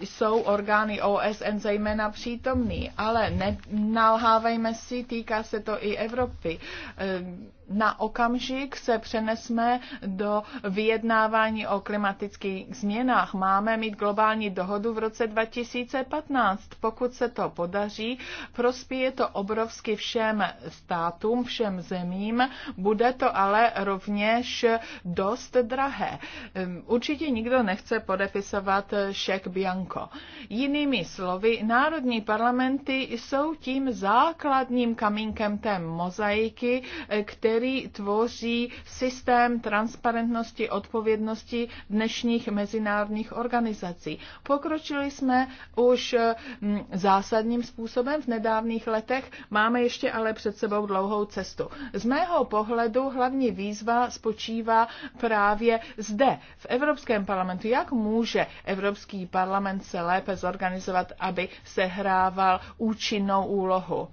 [SPEAKER 3] jsou orgány OSN zejména přítomný, ale nenalhávejme si, týká se to i Evropy. Eh, na okamžik se přenesme do vyjednávání o klimatických změnách. Máme mít globální dohodu v roce 2015. Pokud se to podaří, prospěje to obrovsky všem státům, všem zemím, bude to ale rovněž dost drahé. Ehm, určitě nikdo nechce podepisovat šek Bianco. Jinými slovy, národní parlamenty jsou tím základním kamínkem té mozaiky, který který tvoří systém transparentnosti, odpovědnosti dnešních mezinárodních organizací. Pokročili jsme už mm, zásadním způsobem v nedávných letech, máme ještě ale před sebou dlouhou cestu. Z mého pohledu hlavní výzva spočívá právě zde, v Evropském parlamentu. Jak může Evropský parlament se lépe zorganizovat, aby sehrával účinnou úlohu?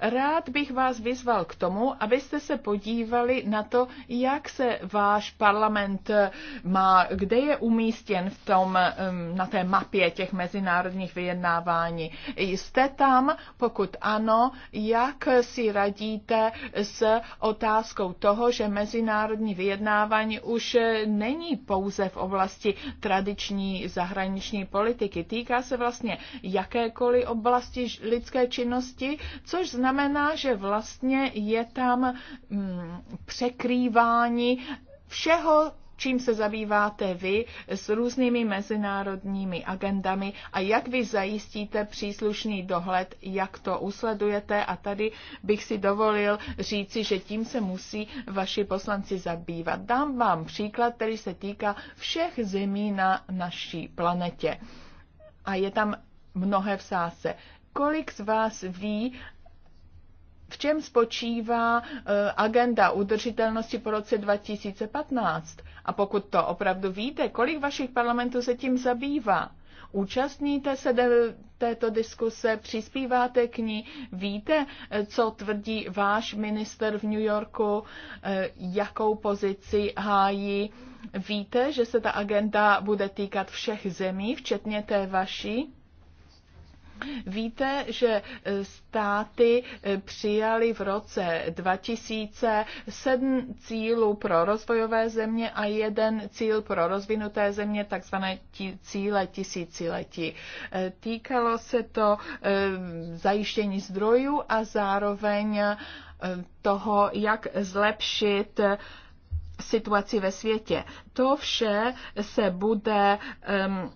[SPEAKER 3] Rád bych vás vyzval k tomu, abyste se podívali na to, jak se váš parlament eh, má, kde je umístěn v tom, na té mapě těch mezinárodních vyjednávání. Jste tam, pokud ano, jak si radíte s otázkou toho, že mezinárodní vyjednávání už eh, není pouze v oblasti tradiční zahraniční politiky. Týká se vlastně jakékoliv oblasti lidské činnosti, což znamená, znamená, že vlastně je tam mm, překrývání všeho, čím se zabýváte vy s různými mezinárodními agendami a jak vy zajistíte příslušný dohled, jak to usledujete. A tady bych si dovolil říci, že tím se musí vaši poslanci zabývat. Dám vám příklad, který se týká všech zemí na naší planetě. A je tam mnohé v sáse. Kolik z vás ví v čem spočívá e, agenda udržitelnosti po roce 2015? A pokud to opravdu víte, kolik vašich parlamentů se tím zabývá? Účastníte se de- této diskuse, přispíváte k ní, víte, e, co tvrdí váš minister v New Yorku, e, jakou pozici hájí. Víte, že se ta agenda bude týkat všech zemí, včetně té vaší? Víte, že e, státy e, přijali v roce 2000 sedm cílů pro rozvojové země a jeden cíl pro rozvinuté země, takzvané cíle tisíciletí. E, týkalo se to zajištění zdrojů a zároveň toho, jak zlepšit situaci ve světě. To vše se bude um,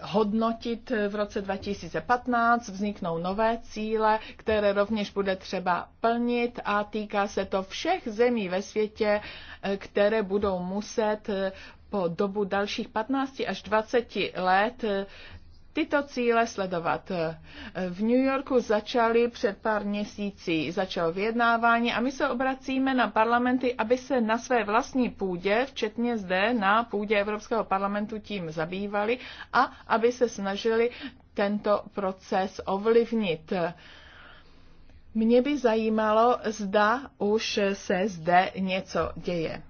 [SPEAKER 3] hodnotit eh, v roce 2015, vzniknou nové cíle, které rovněž bude třeba plnit a týká se to všech zemí ve světě, eh, které budou muset eh, po dobu dalších 15 až 20 let tyto cíle sledovat. V New Yorku začali před pár měsíci, začalo vyjednávání a my se obracíme na parlamenty, aby se na své vlastní půdě, včetně zde na půdě Evropského parlamentu tím zabývali a aby se snažili tento proces ovlivnit. Mě by zajímalo, zda už se zde něco děje.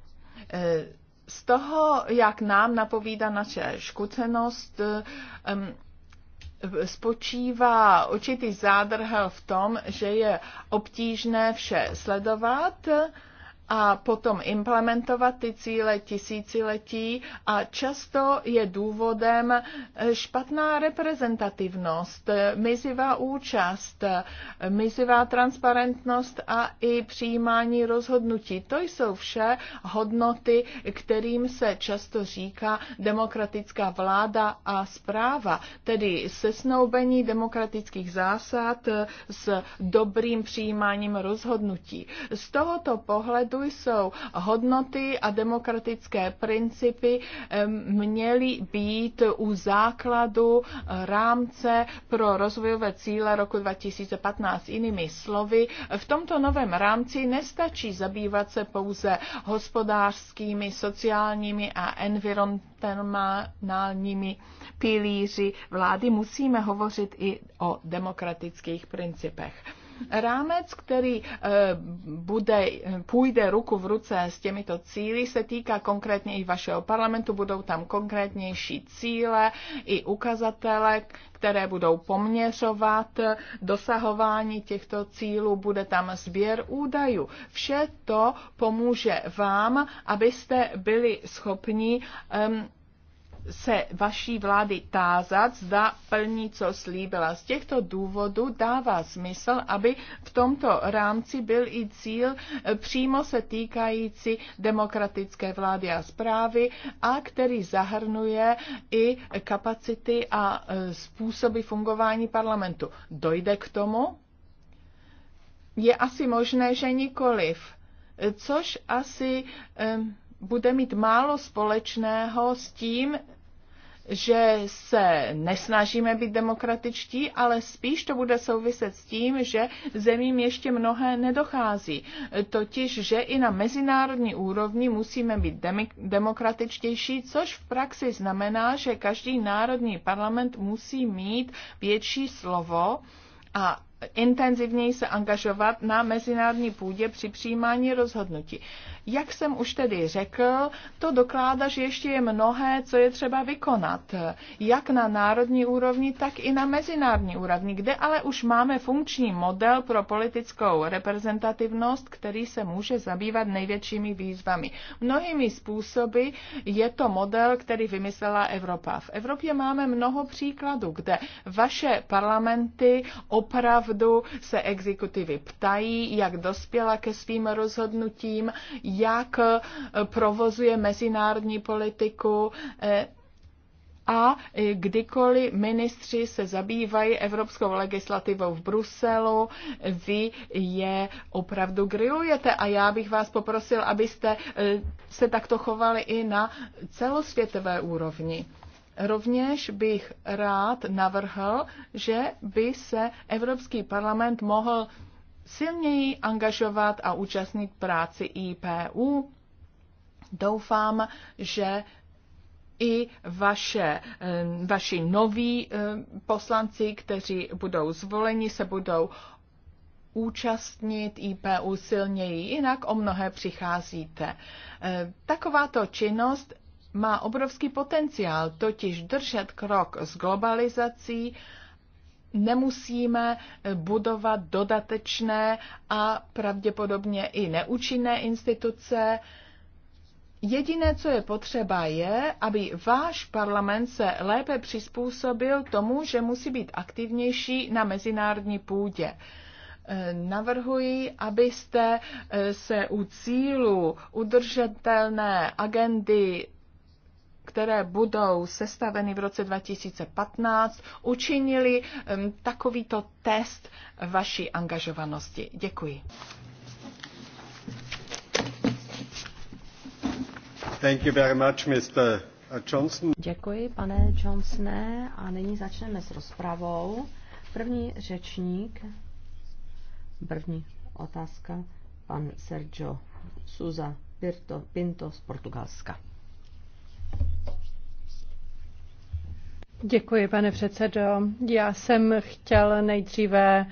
[SPEAKER 3] Eh, z toho, jak nám napovídá naše škucenost, eh, spočívá určitý zádrhel v tom, že je obtížné vše sledovat, a potom implementovat ty cíle tisíciletí a často je důvodem špatná reprezentativnost, mizivá účast, mizivá transparentnost a i přijímání rozhodnutí. To jsou vše hodnoty, kterým se často říká demokratická vláda a zpráva, tedy sesnoubení demokratických zásad s dobrým přijímáním rozhodnutí. Z tohoto pohledu tu jsou. Hodnoty a demokratické principy měly být u základu rámce pro rozvojové cíle roku 2015. Jinými slovy, v tomto novém rámci nestačí zabývat se pouze hospodářskými, sociálními a environmentálními pilíři vlády. Musíme hovořit i o demokratických principech. Rámec, který eh, bude, půjde ruku v ruce s těmito cíly, se týká konkrétně i vašeho parlamentu, budou tam konkrétnější cíle i ukazatele, které budou poměřovat dosahování těchto cílů, bude tam sběr údajů. Vše to pomůže vám, abyste byli schopni um, se vaší vlády tázat, zda plní, co slíbila. Z těchto důvodů dává smysl, aby v tomto rámci byl i cíl eh, přímo se týkající demokratické vlády a zprávy a který zahrnuje i kapacity a eh, způsoby fungování parlamentu. Dojde k tomu? Je asi možné, že nikoliv, eh, což asi bude mít málo společného s tím, že se nesnažíme být demokratičtí, ale spíš to bude souviset s tím, že zemím ještě mnohé nedochází. Totiž, že i na mezinárodní úrovni musíme být demokratičtější, což v praxi znamená, že každý národní parlament musí mít větší slovo a intenzivněji se angažovat na mezinárodní půdě při přijímání rozhodnutí. Jak jsem už tedy řekl, to dokládá, že ještě je mnohé, co je třeba vykonat, jak na národní úrovni, tak i na mezinárodní úrovni, kde ale už máme funkční model pro politickou reprezentativnost, který se může zabývat největšími výzvami. Mnohými způsoby je to model, který vymyslela Evropa. V Evropě máme mnoho příkladů, kde vaše parlamenty opravdu opravdu se exekutivy ptají, jak dospěla ke svým rozhodnutím, jak eh, provozuje mezinárodní politiku, eh, a eh, kdykoliv ministři se zabývají evropskou legislativou v Bruselu, vy je opravdu grillujete a já bych vás poprosil, abyste se takto chovali i na celosvětové úrovni. Rovněž bych rád navrhl, že by se Evropský parlament mohl silněji angažovat a účastnit práci IPU. Doufám, že i vaše, eh, vaši noví eh, poslanci, kteří budou zvoleni, se budou účastnit IPU silněji, jinak o mnohé přicházíte. Eh, takováto činnost má obrovský potenciál, totiž držet krok s globalizací, nemusíme eh, budovat dodatečné a pravděpodobně i neúčinné instituce. Jediné, co je potřeba, je, aby váš parlament se lépe přizpůsobil tomu, že musí být aktivnější na mezinárodní půdě eh, navrhuji, abyste eh, se u cílu udržitelné agendy které budou sestaveny v roce 2015, učinili takovýto test vaší angažovanosti. Děkuji. Thank you very much, Mr. Johnson.
[SPEAKER 2] Děkuji, pane Johnsone. A nyní začneme s rozpravou. První řečník, první otázka, pan Sergio Souza Pinto z Portugalska.
[SPEAKER 1] Děkuji, pane předsedo. Já jsem chtěl nejdříve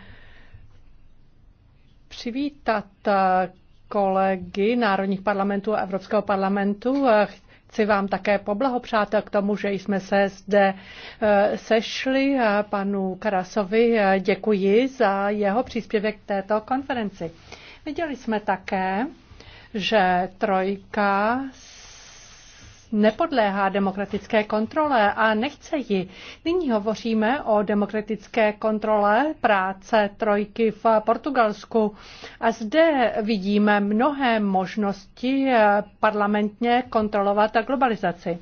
[SPEAKER 1] přivítat kolegy Národních parlamentů a Evropského parlamentu. Chci vám také poblahopřát k tomu, že jsme se zde eh, sešli. Eh, panu Karasovi děkuji za jeho příspěvek k této konferenci. Viděli jsme také, že trojka nepodléhá demokratické kontrole a nechce ji. Nyní hovoříme o demokratické kontrole práce trojky v Portugalsku. A zde vidíme mnohé možnosti eh, parlamentně kontrolovat globalizaci.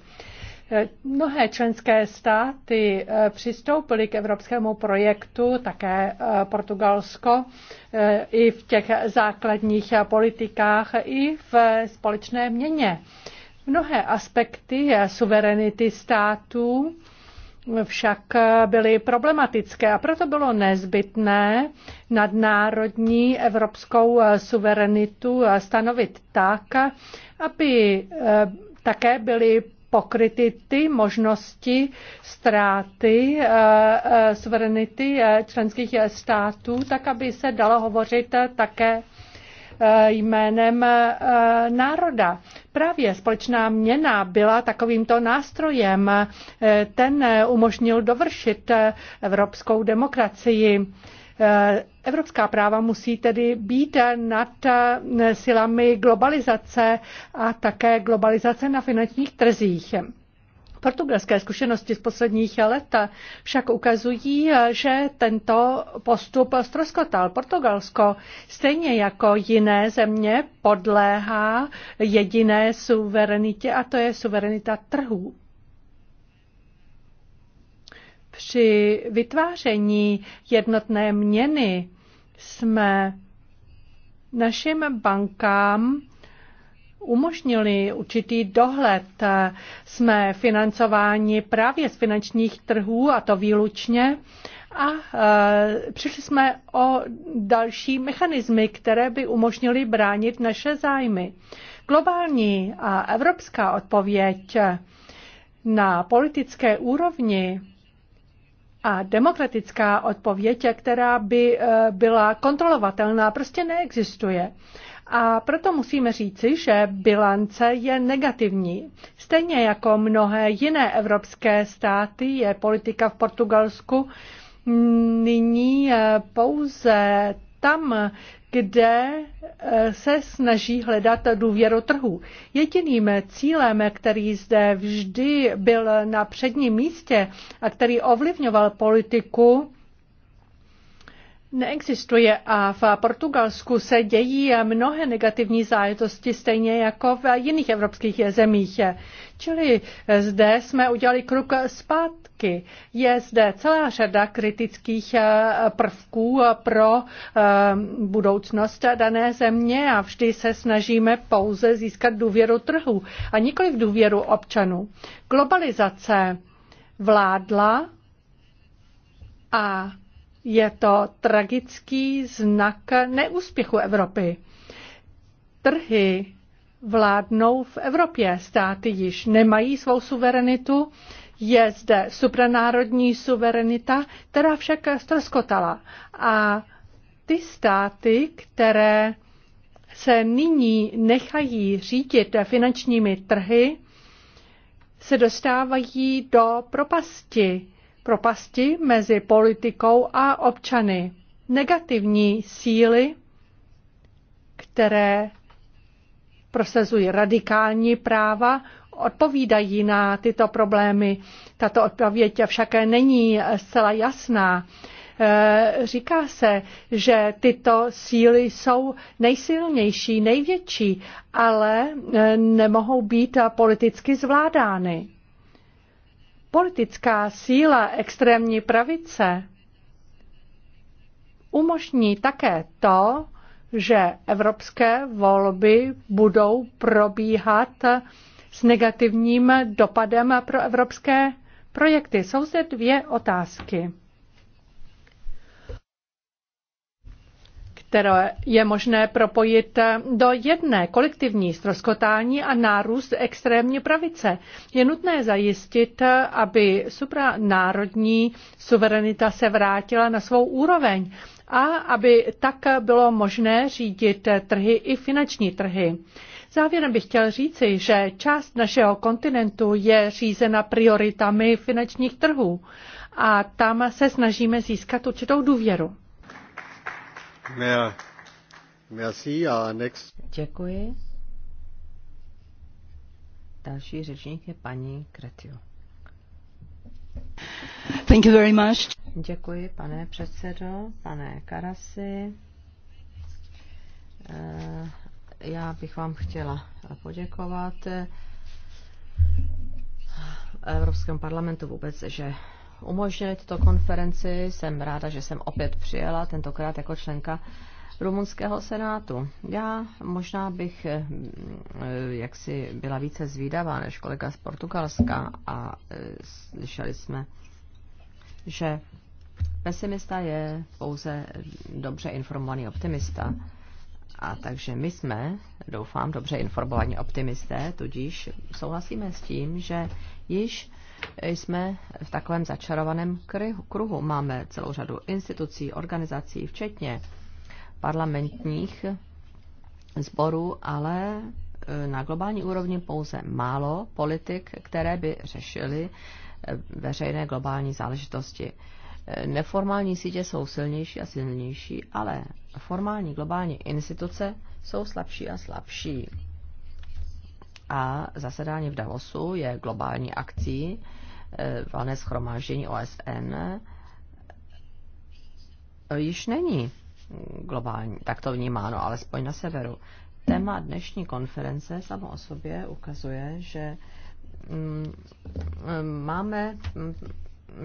[SPEAKER 1] Eh, mnohé členské státy eh, přistoupily k evropskému projektu, také Portugalsko, i v těch základních politikách, i v společné měně. Mnohé aspekty suverenity států však byly problematické a proto bylo nezbytné nadnárodní evropskou suverenitu stanovit tak, aby eh, také byly pokryty ty možnosti ztráty eh, eh, suverenity členských států, tak aby se dalo hovořit také Eh, jménem eh, národa. Právě společná měna byla takovýmto nástrojem. Eh, ten umožnil dovršit evropskou demokracii. Evropská práva musí tedy být nad silami globalizace a také globalizace na finančních trzích. Portugalské zkušenosti z posledních let však ukazují, že tento postup ztroskotal. Portugalsko stejně jako jiné země podléhá jediné suverenitě a to je suverenita trhů. Při vytváření jednotné měny jsme našim bankám umožnili určitý dohled. Jsme financováni právě z finančních trhů, a to výlučně, a e, přišli jsme o další mechanismy, které by umožnily bránit naše zájmy. Globální a evropská odpověď na politické úrovni a demokratická odpověď, která by e, byla kontrolovatelná, prostě neexistuje. A proto musíme říci, že bilance je negativní. Stejně jako mnohé jiné evropské státy je politika v Portugalsku nyní eh, pouze tam, kde eh, se snaží hledat důvěru trhu. Jediným cílem, který zde vždy byl na předním místě a který ovlivňoval politiku, neexistuje a v Portugalsku se dějí mnohé negativní zájetosti stejně jako v jiných evropských zemích. Čili zde jsme udělali kruk zpátky. Je zde celá řada kritických prvků pro eh, budoucnost dané země a vždy se snažíme pouze získat důvěru trhu a nikoli v důvěru občanů. Globalizace vládla a je to tragický znak neúspěchu Evropy. Trhy vládnou v Evropě. Státy již nemají svou suverenitu. Je zde supranárodní suverenita, která však ztroskotala. A ty státy, které se nyní nechají řídit finančními trhy, se dostávají do propasti propasti mezi politikou a občany. Negativní síly, které prosazují radikální práva, odpovídají na tyto problémy. Tato odpověď však není zcela jasná. E, říká se, že tyto síly jsou nejsilnější, největší, ale e, nemohou být politicky zvládány politická síla extrémní pravice umožní také to, že evropské volby budou probíhat s negativním dopadem pro evropské projekty. Jsou zde dvě otázky. které je možné propojit do jedné kolektivní stroskotání a nárůst extrémní pravice. Je nutné zajistit, aby supranárodní suverenita se vrátila na svou úroveň a aby tak bylo možné řídit trhy i finanční trhy. Závěrem bych chtěl říci, že část našeho kontinentu je řízena prioritami finančních trhů a tam se snažíme získat určitou důvěru.
[SPEAKER 2] Děkuji. Další řečník je paní Kretio. Thank you very much. Děkuji, pane předsedo, pane Karasi. Eh, já bych vám chtěla poděkovat eh, Evropskému parlamentu vůbec, že umožnili tuto konferenci. Jsem ráda, že jsem opět přijela, tentokrát jako členka rumunského senátu. Já možná bych eh, eh, jaksi byla více zvídavá než kolega z Portugalska a eh, slyšeli jsme, že pesimista je pouze dobře informovaný optimista. A takže my jsme, doufám, dobře informovaní optimisté, tudíž souhlasíme s tím, že již jsme v takovém začarovaném kruhu. Máme celou řadu institucí, organizací, včetně parlamentních sborů, ale e, na globální úrovni pouze málo politik, které by řešily e, veřejné globální záležitosti. E, neformální sítě jsou silnější a silnější, ale formální globální instituce jsou slabší a slabší. A zasedání v Davosu je globální akcí, eh, valné schromáždění OSN eh, již není globální, tak to vnímáno, alespoň na severu. Téma dnešní konference samo o sobě ukazuje, že mm, mm, máme, mm,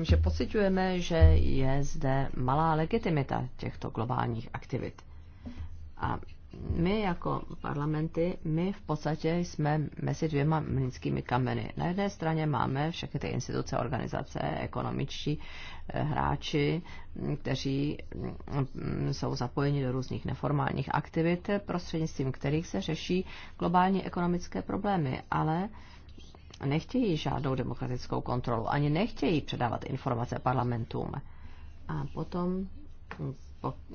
[SPEAKER 2] že pocitujeme, že je zde malá legitimita těchto globálních aktivit. A my jako parlamenty, my v podstatě jsme mezi dvěma mlínskými kameny. Na jedné straně máme všechny ty instituce, organizace, ekonomičtí eh, hráči, mm, kteří mm, jsou zapojeni do různých neformálních aktivit, prostřednictvím kterých se řeší globální ekonomické problémy, ale nechtějí žádnou demokratickou kontrolu, ani nechtějí předávat informace parlamentům. A potom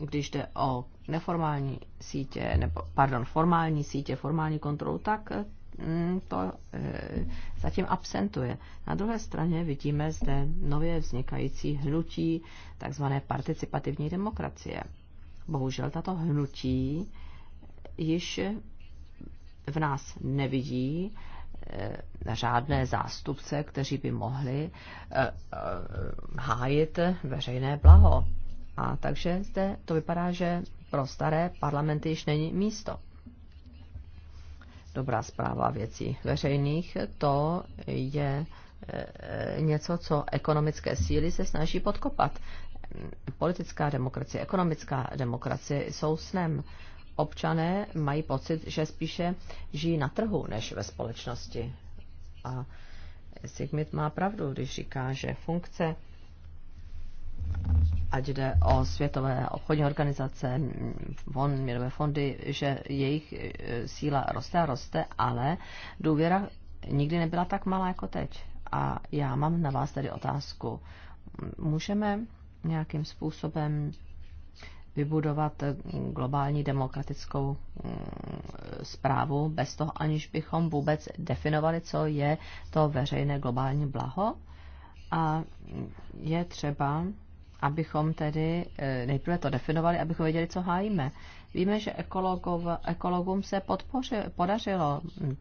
[SPEAKER 2] když jde o neformální sítě, nebo, pardon, formální sítě, formální kontrolu, tak mm, to e, zatím absentuje. Na druhé straně vidíme zde nově vznikající hnutí tzv. participativní demokracie. Bohužel tato hnutí již v nás nevidí e, řádné zástupce, kteří by mohli e, hájit veřejné blaho a takže zde to vypadá, že pro staré parlamenty již není místo. Dobrá zpráva věcí veřejných, to je eh, něco, co ekonomické síly se snaží podkopat. Politická demokracie, ekonomická demokracie jsou snem. Občané mají pocit, že spíše žijí na trhu než ve společnosti. A Sigmund má pravdu, když říká, že funkce ať jde o světové obchodní organizace, fond, měnové fondy, že jejich e, síla roste a roste, ale důvěra nikdy nebyla tak malá jako teď. A já mám na vás tady otázku. Můžeme nějakým způsobem vybudovat globální demokratickou zprávu mm, bez toho, aniž bychom vůbec definovali, co je to veřejné globální blaho. A je třeba abychom tedy eh, nejprve to definovali, abychom věděli, co hájíme. Víme, že ekologov, ekologům se podpoři, podařilo hm,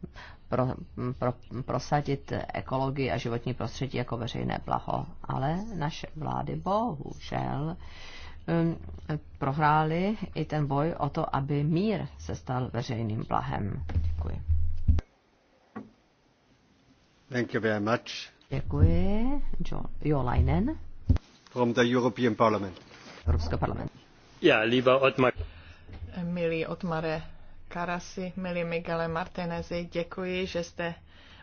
[SPEAKER 2] pro, hm, pro, prosadit ekologii a životní prostředí jako veřejné blaho, ale naše vlády bohužel hm, prohrály i ten boj o to, aby mír se stal veřejným blahem.
[SPEAKER 1] Děkuji. Thank you very much.
[SPEAKER 2] Děkuji. Jo, jo Leinen. Evropského parlamentu.
[SPEAKER 3] Milý Otmare Karasi, milý Miguele Martinezi, děkuji, že jste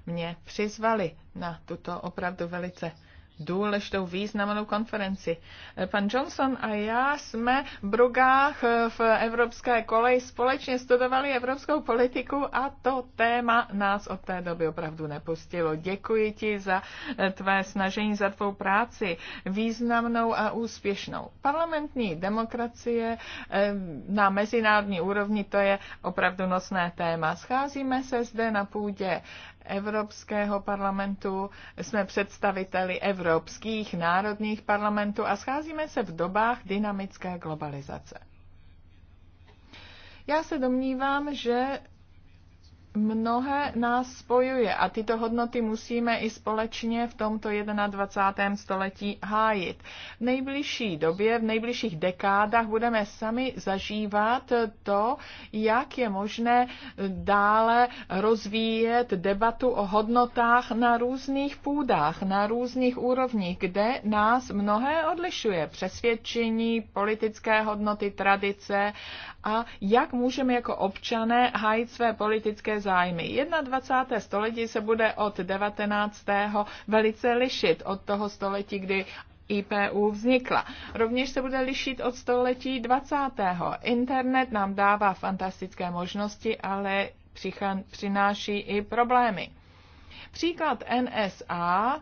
[SPEAKER 3] mě přizvali na tuto opravdu velice důležitou významnou konferenci. Eh, Pan Johnson a já jsme v Brugách eh, v Evropské koleji společně studovali evropskou politiku a to téma nás od té doby opravdu nepustilo. Děkuji ti za eh, tvé snažení, za tvou práci, významnou a úspěšnou. Parlamentní demokracie na mezinárodní úrovni to je opravdu nosné téma. Scházíme se zde na půdě Evropského parlamentu, jsme představiteli evropských národních parlamentů a scházíme se v dobách dynamické globalizace. Já se domnívám, že mnohé nás spojuje a tyto hodnoty musíme i společně v tomto 21. století hájit. V nejbližší době, v nejbližších dekádách budeme sami zažívat to, jak je možné dále rozvíjet debatu o hodnotách na různých půdách, na různých úrovních, kde nás mnohé odlišuje. Přesvědčení, politické hodnoty, tradice a jak můžeme jako občané hájit své politické zájmy. 21. století se bude od 19. velice lišit od toho století, kdy IPU vznikla. Rovněž se bude lišit od století 20. Internet nám dává fantastické možnosti, ale přináší i problémy. Příklad NSA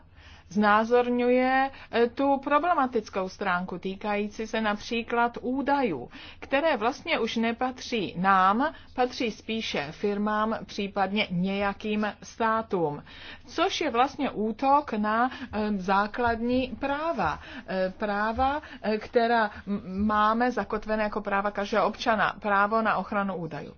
[SPEAKER 3] znázorňuje eh, tu problematickou stránku týkající se například údajů, které vlastně už nepatří nám, patří spíše firmám, případně nějakým státům, což je vlastně útok na eh, základní práva. Eh, práva, která máme zakotvené jako práva každého občana, právo na ochranu údajů.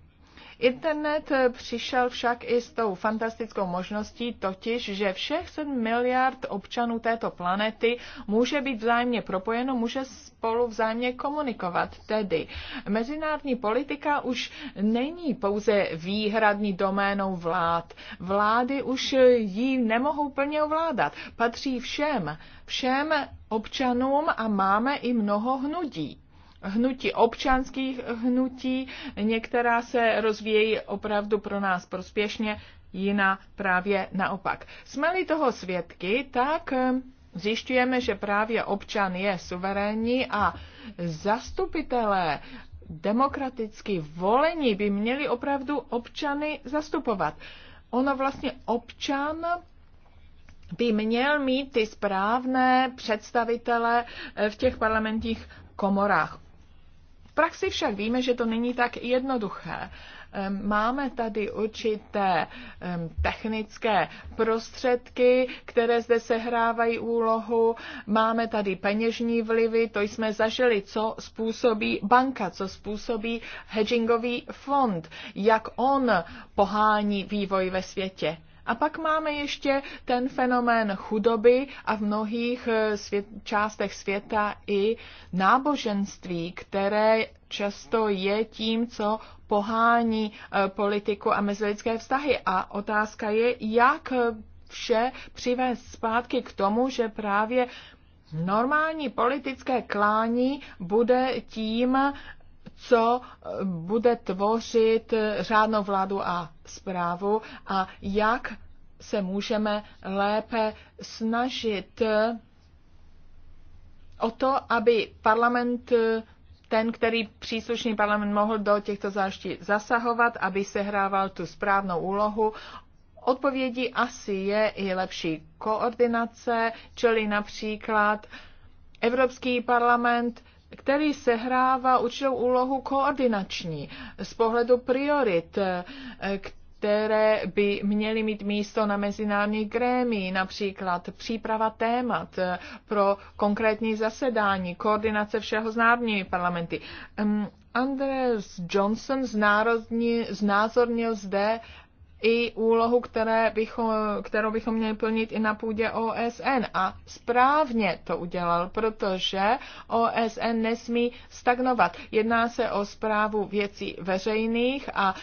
[SPEAKER 3] Internet přišel však i s tou fantastickou možností, totiž, že všech 7 miliard občanů této planety může být vzájemně propojeno, může spolu vzájemně komunikovat. Tedy mezinárodní politika už není pouze výhradní doménou vlád. Vlády už ji nemohou plně ovládat. Patří všem, všem občanům a máme i mnoho hnutí hnutí občanských hnutí, některá se rozvíjejí opravdu pro nás prospěšně, jiná právě naopak. Jsme-li toho svědky, tak eh, zjišťujeme, že právě občan je suverénní a zastupitelé demokraticky volení by měli opravdu občany zastupovat. Ono vlastně občan by měl mít ty správné představitele eh, v těch parlamentních komorách. V praxi však víme, že to není tak jednoduché. Máme tady určité technické prostředky, které zde sehrávají úlohu. Máme tady peněžní vlivy, to jsme zažili, co způsobí banka, co způsobí hedgingový fond, jak on pohání vývoj ve světě. A pak máme ještě ten fenomén chudoby a v mnohých eh, svět, částech světa i náboženství, které často je tím, co pohání eh, politiku a mezilidské vztahy. A otázka je, jak eh, vše přivést zpátky k tomu, že právě normální politické klání bude tím co eh, bude tvořit eh, řádnou vládu a zprávu a jak se můžeme lépe snažit eh, o to, aby parlament ten, který příslušný parlament mohl do těchto záští zasahovat, aby sehrával tu správnou úlohu. Odpovědí asi je i lepší koordinace, čili například Evropský parlament který sehrává určitou úlohu koordinační z pohledu priorit, eh, které by měly mít místo na mezinárodní grémii, například příprava témat eh, pro konkrétní zasedání, koordinace všeho s národními parlamenty. Andreas Johnson znárodní, znázornil zde i úlohu, které bychom, kterou bychom měli plnit i na půdě OSN. A správně to udělal, protože OSN nesmí stagnovat. Jedná se o zprávu věcí veřejných a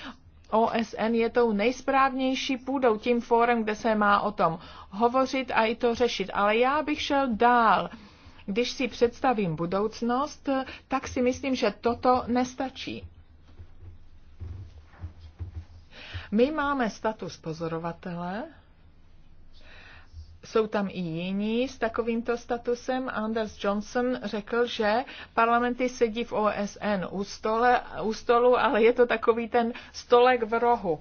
[SPEAKER 3] OSN je tou nejsprávnější půdou, tím fórem, kde se má o tom hovořit a i to řešit. Ale já bych šel dál. Když si představím budoucnost, tak si myslím, že toto nestačí. My máme status pozorovatele, jsou tam i jiní s takovýmto statusem. Anders Johnson řekl, že parlamenty sedí v OSN u, stole, u stolu, ale je to takový ten stolek v rohu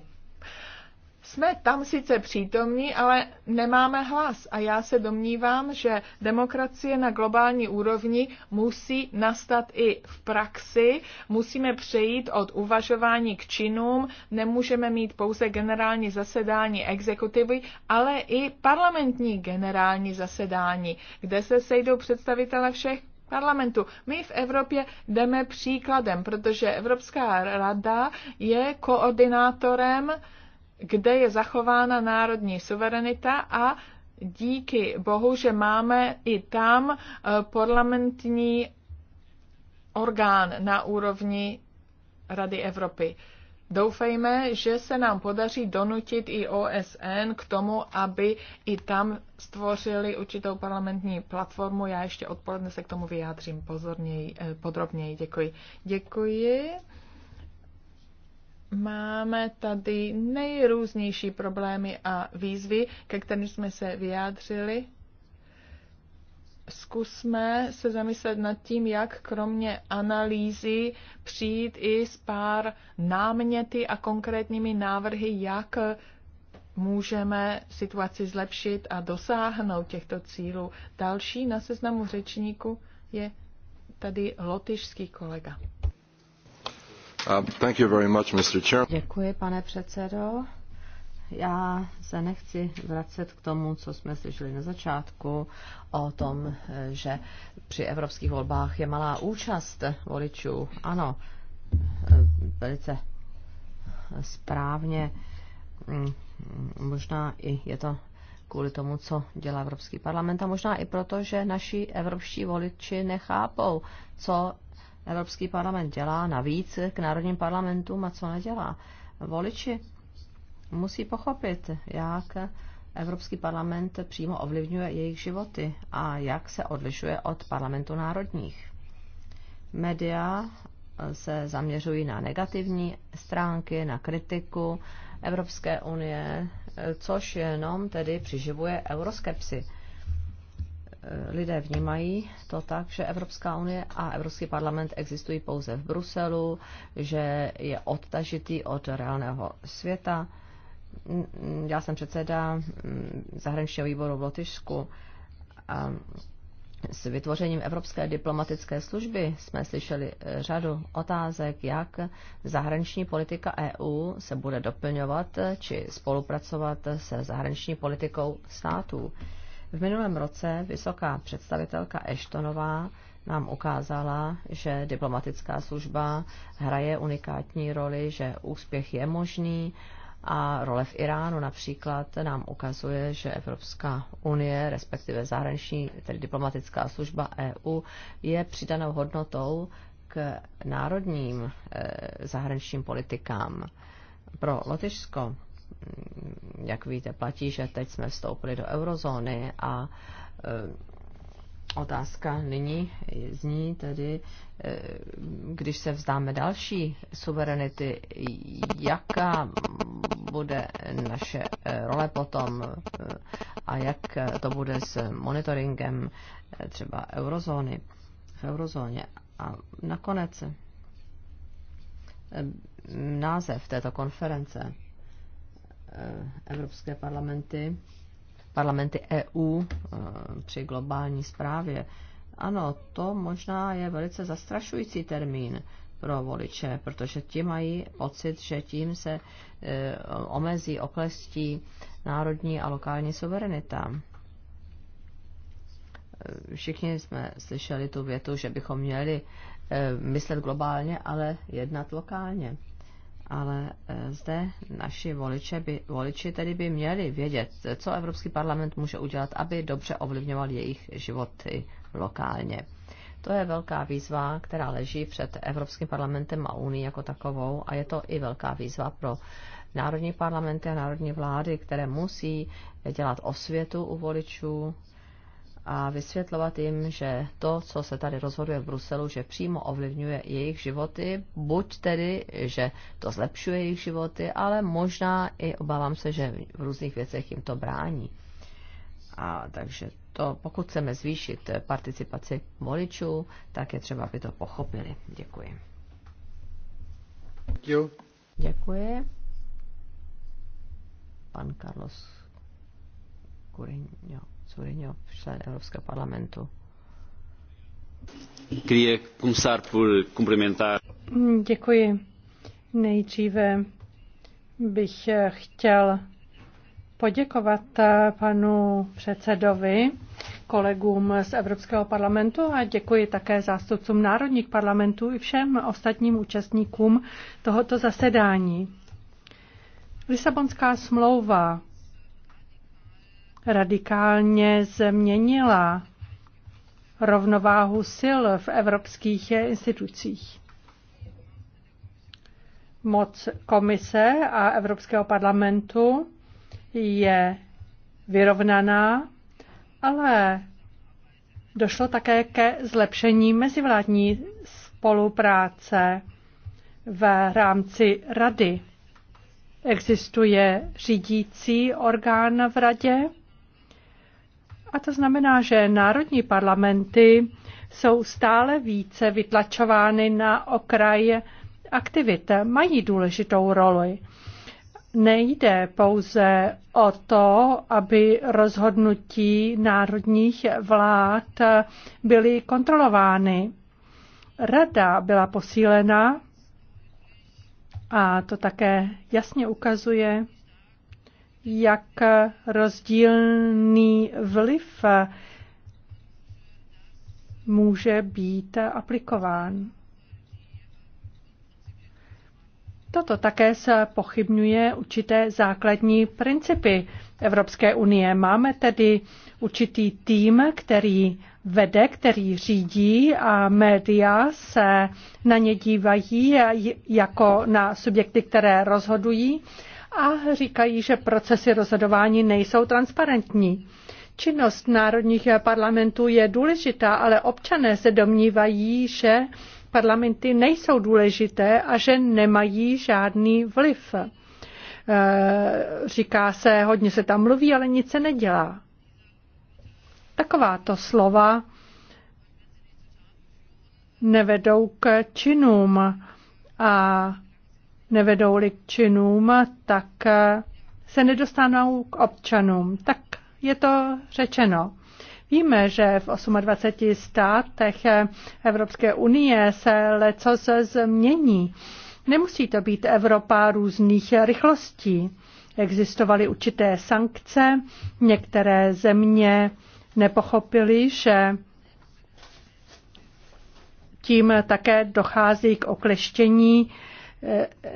[SPEAKER 3] jsme tam sice přítomní, ale nemáme hlas. A já se domnívám, že demokracie na globální úrovni musí nastat i v praxi. Musíme přejít od uvažování k činům. Nemůžeme mít pouze generální zasedání exekutivy, ale i parlamentní generální zasedání, kde se sejdou představitele všech parlamentu. My v Evropě jdeme příkladem, protože Evropská rada je koordinátorem kde je zachována národní suverenita a díky bohu, že máme i tam eh, parlamentní orgán na úrovni Rady Evropy. Doufejme, že se nám podaří donutit i OSN k tomu, aby i tam stvořili určitou parlamentní platformu. Já ještě odpoledne se k tomu vyjádřím pozorněji, eh, podrobněji. Děkuji. Děkuji máme tady nejrůznější problémy a výzvy, ke kterým jsme se vyjádřili. Zkusme se zamyslet nad tím, jak kromě analýzy přijít i s pár náměty a konkrétními návrhy, jak můžeme situaci zlepšit a dosáhnout těchto cílů. Další na seznamu řečníku je tady lotyšský kolega.
[SPEAKER 1] Um,
[SPEAKER 2] Děkuji, pane předsedo. Já se nechci vracet k tomu, co jsme slyšeli na začátku o tom, že při evropských volbách je malá účast voličů. Ano, velice správně. Možná i je to kvůli tomu, co dělá Evropský parlament a možná i proto, že naši evropští voliči nechápou, co Evropský parlament dělá navíc k národním parlamentům a co nedělá. Voliči musí pochopit, jak Evropský parlament přímo ovlivňuje jejich životy a jak se odlišuje od parlamentu národních. Média se zaměřují na negativní stránky, na kritiku Evropské unie, což jenom tedy přiživuje euroskepsy lidé vnímají to tak, že Evropská unie a Evropský parlament existují pouze v Bruselu, že je odtažitý od reálného světa. Já jsem předseda zahraničního výboru v Lotyšsku a s vytvořením Evropské diplomatické služby jsme slyšeli e, řadu otázek, jak zahraniční politika EU se bude doplňovat e, či spolupracovat se zahraniční politikou států. V minulém roce vysoká představitelka Eštonová nám ukázala, že diplomatická služba hraje unikátní roli, že úspěch je možný a role v Iránu například nám ukazuje, že Evropská unie, respektive zahraniční, tedy diplomatická služba EU, je přidanou hodnotou k národním eh, zahraničním politikám. Pro Lotyšsko jak víte, platí, že teď jsme vstoupili do eurozóny a eh, otázka nyní zní tedy, eh, když se vzdáme další suverenity, jaká bude naše eh, role potom a jak to bude s monitoringem třeba eurozóny v eurozóně. A nakonec název této konference Eh, evropské parlamenty, parlamenty EU eh, při globální zprávě. Ano, to možná je velice zastrašující termín pro voliče, protože ti mají pocit, že tím se eh, omezí, oklestí národní a lokální suverenita. Všichni jsme slyšeli tu větu, že bychom měli myslet globálně, ale jednat lokálně ale eh, zde naši voliče by, voliči tedy by měli vědět, co Evropský parlament může udělat, aby dobře ovlivňoval jejich životy lokálně. To je velká výzva, která leží před Evropským parlamentem a Unii jako takovou a je to i velká výzva pro národní parlamenty a národní vlády, které musí dělat osvětu u voličů, a vysvětlovat jim, že to, co se tady rozhoduje v Bruselu, že přímo ovlivňuje jejich životy, buď tedy, že to zlepšuje jejich životy, ale možná i obávám se, že v různých věcech jim to brání. A takže to, pokud chceme zvýšit participaci voličů, tak je třeba, aby to pochopili. Děkuji. Děkuji. Pan Carlos Curiño. Zurinho, člen Evropského parlamentu.
[SPEAKER 1] Děkuji. Nejdříve bych chtěl poděkovat panu předsedovi, kolegům z Evropského parlamentu a děkuji také zástupcům národních parlamentů i všem ostatním účastníkům tohoto zasedání. Lisabonská smlouva radikálně změnila rovnováhu sil v evropských institucích. Moc komise a Evropského parlamentu je vyrovnaná, ale došlo také ke zlepšení mezivládní spolupráce v rámci rady. Existuje řídící orgán v radě a to znamená, že národní parlamenty jsou stále více vytlačovány na okraj aktivit. Mají důležitou roli. Nejde pouze o to, aby rozhodnutí národních vlád byly kontrolovány. Rada byla posílena a to také jasně ukazuje, jak rozdílný vliv může být aplikován. Toto také se pochybňuje určité základní principy Evropské unie. Máme tedy určitý tým, který vede, který řídí a média se na ně dívají jako na subjekty, které rozhodují a říkají, že procesy rozhodování nejsou transparentní. Činnost národních parlamentů je důležitá, ale občané se domnívají, že parlamenty nejsou důležité a že nemají žádný vliv. E, říká se, hodně se tam mluví, ale nic se nedělá. Takováto slova nevedou k činům a nevedou-li k činům, tak eh, se nedostanou k občanům. Tak je to řečeno. Víme, že v 28 státech eh, Evropské unie se leco se změní. Nemusí to být Evropa různých rychlostí. Existovaly určité sankce, některé země nepochopily, že tím také dochází k okleštění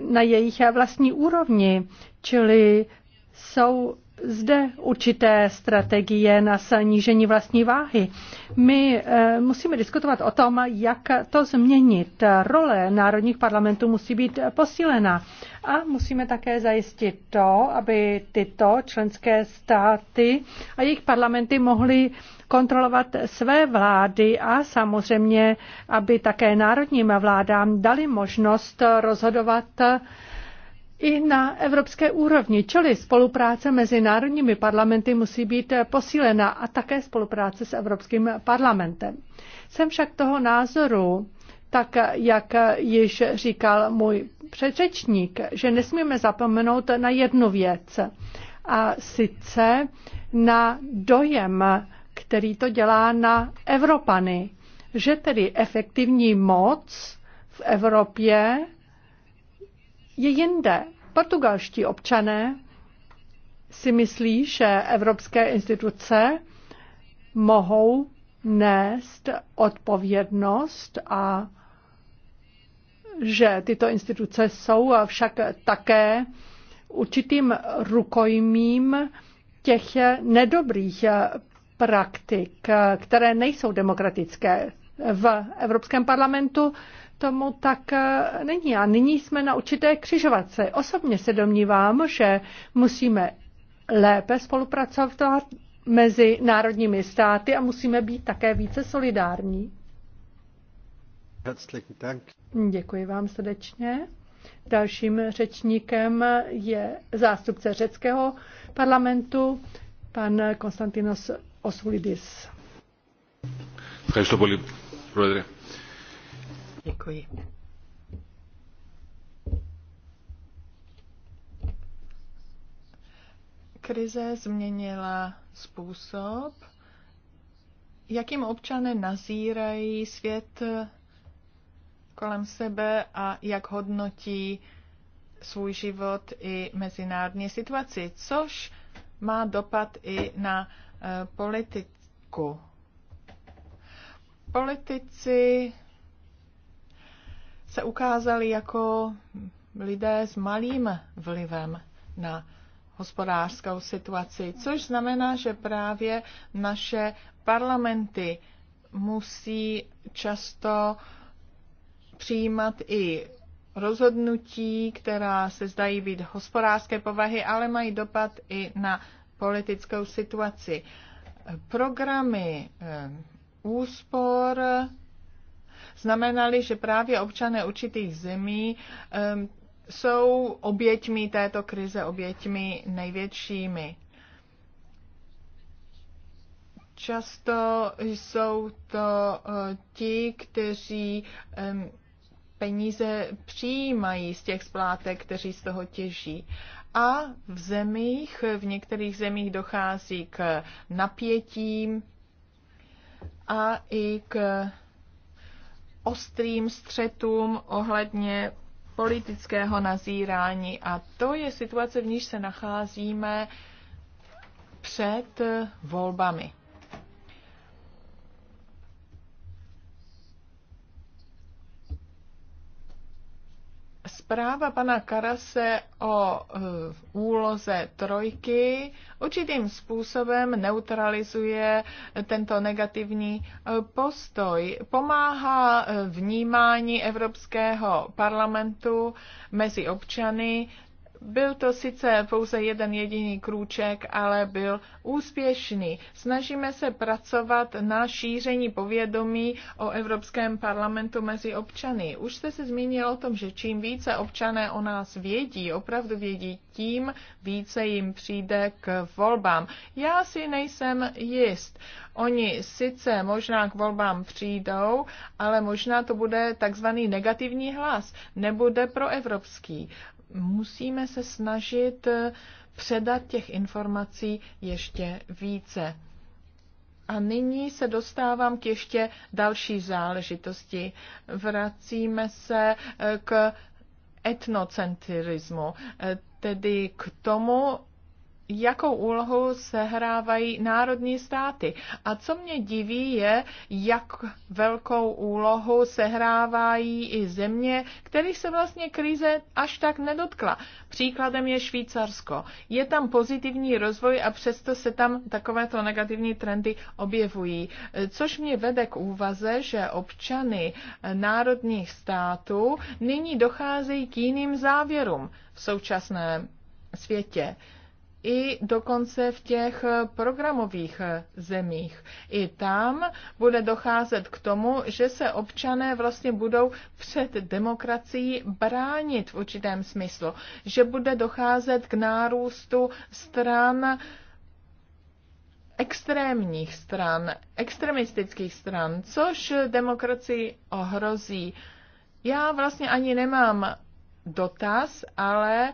[SPEAKER 1] na jejich vlastní úrovni, čili jsou zde určité strategie na snížení vlastní váhy. My eh, musíme diskutovat o tom, jak to změnit. Role národních parlamentů musí být posílena a musíme také zajistit to, aby tyto členské státy a jejich parlamenty mohly kontrolovat své vlády a samozřejmě, aby také národním vládám dali možnost rozhodovat i na evropské úrovni, čili spolupráce mezi národními parlamenty musí být posílena a také spolupráce s Evropským parlamentem. Jsem však toho názoru, tak jak již říkal můj předřečník, že nesmíme zapomenout na jednu věc, a sice na dojem který to dělá na Evropany. Že tedy efektivní moc v Evropě je jinde. Portugalští občané si myslí, že evropské instituce mohou nést odpovědnost a že tyto instituce jsou však také určitým rukojmím těch nedobrých praktik, které nejsou demokratické. V Evropském parlamentu tomu tak není. A nyní jsme na určité křižovatce. Osobně se domnívám, že musíme lépe spolupracovat mezi národními státy a musíme být také více solidární. Děkuji vám srdečně. Dalším řečníkem je zástupce řeckého parlamentu, pan Konstantinos Osulidis.
[SPEAKER 3] Děkuji. Krize změnila způsob, jakým občané nazírají svět kolem sebe a jak hodnotí svůj život i mezinárodní situaci, což má dopad i na Eh, politiku. Politici se ukázali jako lidé s malým vlivem na hospodářskou situaci, což znamená, že právě naše parlamenty musí často přijímat i rozhodnutí, která se zdají být hospodářské povahy, ale mají dopad i na politickou situaci. Programy eh, úspor znamenaly, že právě občané určitých zemí eh, jsou oběťmi této krize, oběťmi největšími. Často jsou to eh, ti, kteří peníze přijímají z těch splátek, kteří z toho těží a v zemích, v některých zemích dochází k napětím a i k ostrým střetům ohledně politického nazírání. A to je situace, v níž se nacházíme před volbami. Zpráva pana Karase o e, úloze trojky určitým způsobem neutralizuje tento negativní e, postoj. Pomáhá e, vnímání Evropského parlamentu mezi občany byl to sice pouze jeden jediný krůček, ale byl úspěšný. Snažíme se pracovat na šíření povědomí o Evropském parlamentu mezi občany. Už jste se zmínil o tom, že čím více občané o nás vědí, opravdu vědí, tím více jim přijde k volbám. Já si nejsem jist. Oni sice možná k volbám přijdou, ale možná to bude takzvaný negativní hlas. Nebude proevropský musíme se snažit předat těch informací ještě více. A nyní se dostávám k ještě další záležitosti. Vracíme se eh, k etnocentrismu, eh, tedy k tomu, jakou úlohu sehrávají národní státy. A co mě diví je, jak velkou úlohu sehrávají i země, kterých se vlastně krize až tak nedotkla. Příkladem je Švýcarsko. Je tam pozitivní rozvoj a přesto se tam takovéto negativní trendy objevují. Což mě vede k úvaze, že občany národních států nyní docházejí k jiným závěrům v současném světě i dokonce v těch eh, programových eh, zemích. I tam bude docházet k tomu, že se občané vlastně budou před demokracií bránit v určitém smyslu, že bude docházet k nárůstu stran extrémních stran, extremistických stran, což demokracii ohrozí. Já vlastně ani nemám dotaz, ale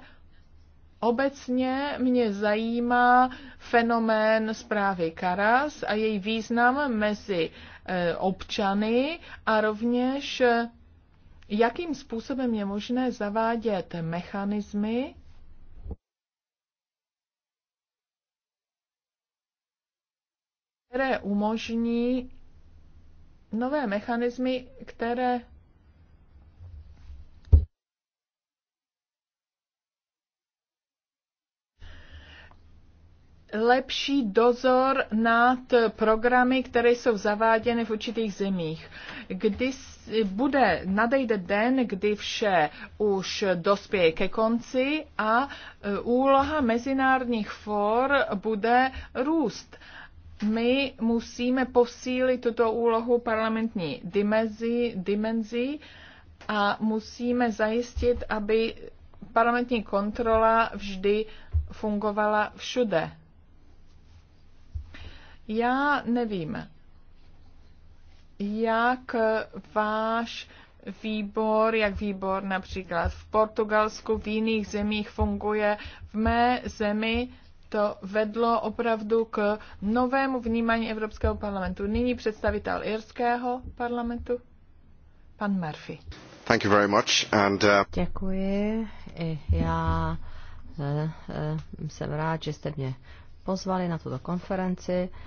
[SPEAKER 3] Obecně mě zajímá fenomén zprávy Karas a její význam mezi e, občany a rovněž e, jakým způsobem je možné zavádět mechanismy, které umožní nové mechanismy, které lepší dozor nad programy, které jsou zaváděny v určitých zemích. Kdy bude, nadejde den, kdy vše už dospěje ke konci a e, úloha mezinárodních for bude růst. My musíme posílit tuto úlohu parlamentní dimenzi, dimenzi a musíme zajistit, aby parlamentní kontrola vždy fungovala všude já nevím, jak váš výbor, jak výbor například v Portugalsku, v jiných zemích funguje. V mé zemi to vedlo opravdu k novému vnímání Evropského parlamentu. Nyní představitel irského parlamentu, pan Murphy.
[SPEAKER 1] Thank you very much and, uh...
[SPEAKER 3] Děkuji.
[SPEAKER 2] I já uh, uh, jsem rád, že jste mě pozvali na tuto konferenci. Uh,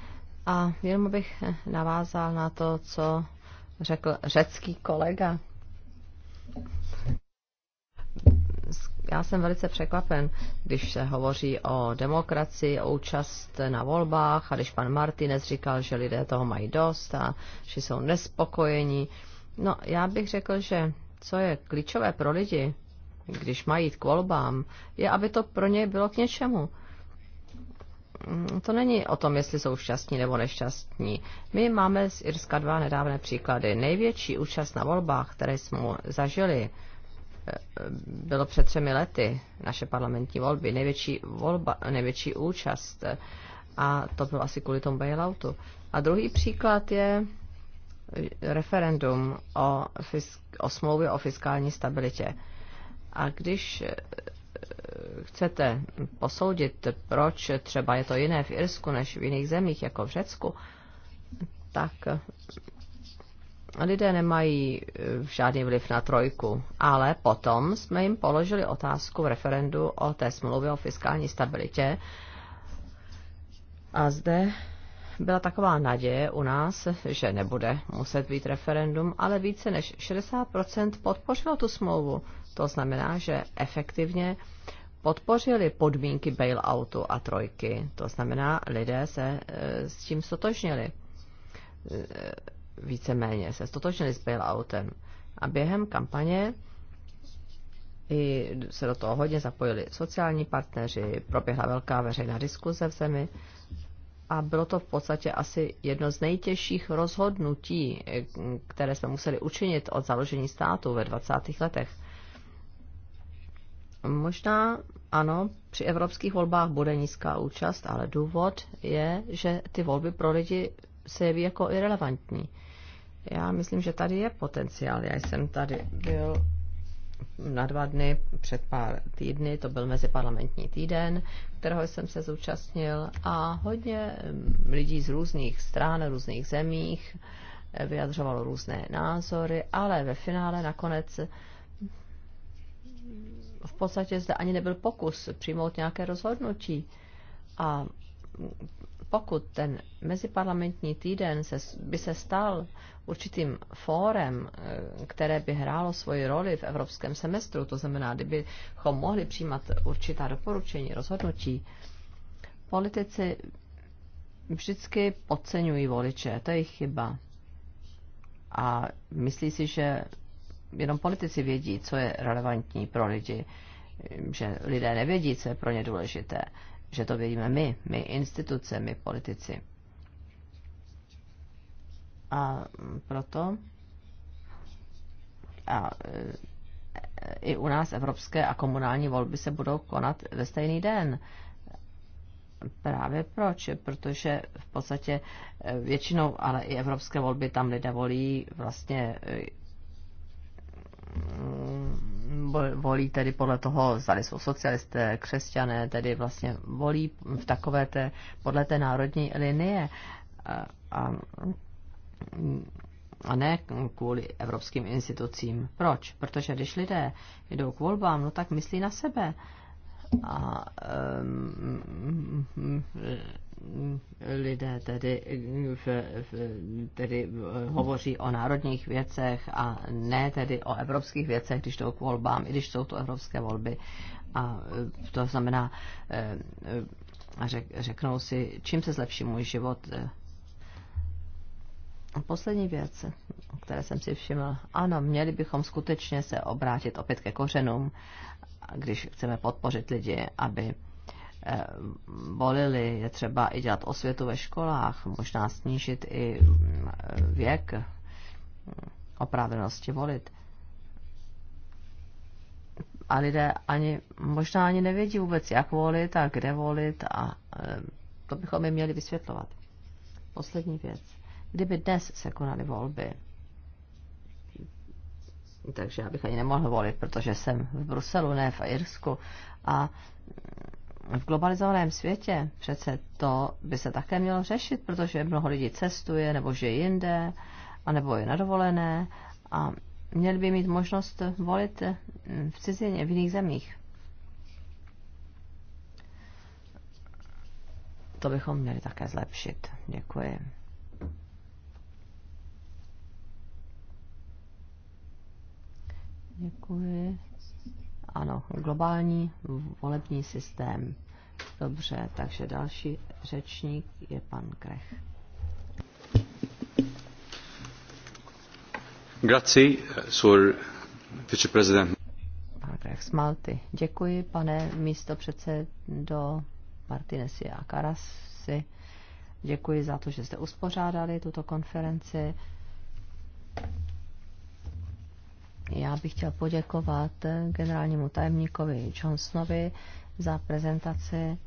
[SPEAKER 2] a jenom bych eh, navázal na to, co řekl řecký kolega. Já jsem velice překvapen, když se hovoří o demokracii, o účast na volbách a když pan Martinez říkal, že lidé toho mají dost a že jsou nespokojeni. No, já bych řekl, že co je klíčové pro lidi, když mají jít k volbám, je, aby to pro ně bylo k něčemu to není o tom, jestli jsou šťastní nebo nešťastní. My máme z Irska dva nedávné příklady. Největší účast na volbách, které jsme zažili, e, bylo před třemi lety, naše parlamentní volby, největší, volba, největší účast e, a to bylo asi kvůli tomu bailoutu. A druhý příklad je referendum o, fisk, o smlouvě o fiskální stabilitě. A když e, chcete posoudit, proč třeba je to jiné v Irsku než v jiných zemích, jako v Řecku, tak lidé nemají eh, žádný vliv na trojku. Ale potom jsme jim položili otázku v referendu o té smlouvě o fiskální stabilitě. A zde byla taková naděje u nás, že nebude muset být referendum, ale více než 60% podpořilo tu smlouvu. To znamená, že efektivně podpořili podmínky bailoutu a trojky. To znamená, lidé se e, s tím stotožnili. E, víceméně se stotožnili s bailoutem. A během kampaně i se do toho hodně zapojili sociální partneři, proběhla velká veřejná diskuze v zemi a bylo to v podstatě asi jedno z nejtěžších rozhodnutí, e, které jsme museli učinit od založení státu ve 20. letech. Možná ano, při evropských volbách bude nízká účast, ale důvod je, že ty volby pro lidi se jeví jako irrelevantní. Já myslím, že tady je potenciál. Já jsem tady byl na dva dny před pár týdny, to byl meziparlamentní týden, kterého jsem se zúčastnil a hodně mm, lidí z různých stran, různých zemích eh, vyjadřovalo různé názory, ale ve finále nakonec v podstatě zde ani nebyl pokus přijmout nějaké rozhodnutí. A pokud ten meziparlamentní týden se, by se stal určitým fórem, eh, které by hrálo svoji roli v evropském semestru, to znamená, kdybychom mohli přijímat určitá doporučení, rozhodnutí, politici vždycky podceňují voliče, to je jejich chyba. A myslí si, že jenom politici vědí, co je relevantní pro lidi, že lidé nevědí, co je pro ně důležité, že to vědíme my, my instituce, my politici. A proto a e, i u nás evropské a komunální volby se budou konat ve stejný den. Právě proč? Protože v podstatě e, většinou, ale i evropské volby tam lidé volí vlastně e, volí tedy podle toho, zdali jsou socialisté, křesťané, tedy vlastně volí v takové té, podle té národní linie. A, a, a ne kvůli evropským institucím. Proč? Protože když lidé jdou k volbám, no tak myslí na sebe. A um, lidé tedy, v, v, tedy hovoří o národních věcech a ne tedy o evropských věcech, když jdou k volbám, i když jsou to evropské volby. A e, to znamená, e, řek, řeknou si, čím se zlepší můj život. A poslední věc, které jsem si všiml, ano, měli bychom skutečně se obrátit opět ke kořenům, když chceme podpořit lidi, aby Eh, volili, je třeba i dělat osvětu ve školách, možná snížit i mm, věk mm, oprávněnosti volit. A lidé ani, možná ani nevědí vůbec, jak volit a kde volit a eh, to bychom jim měli vysvětlovat. Poslední věc. Kdyby dnes se konaly volby, takže já bych ani nemohl volit, protože jsem v Bruselu, ne v Irsku. A mm, v globalizovaném světě přece to by se také mělo řešit, protože mnoho lidí cestuje nebo žije jinde, anebo je nadovolené a měli by mít možnost volit mm, v cizině, v jiných zemích. To bychom měli také zlepšit. Děkuji. Děkuji. Ano, globální volební systém. Dobře, takže další řečník je pan Krech. Grazie, sur viceprezident. Pan Krech z Malty. Děkuji, pane místo předsedo Martinesi a Karasi. Děkuji za to, že jste uspořádali tuto konferenci. Já bych chtěl poděkovat eh, generálnímu tajemníkovi Johnsonovi za prezentaci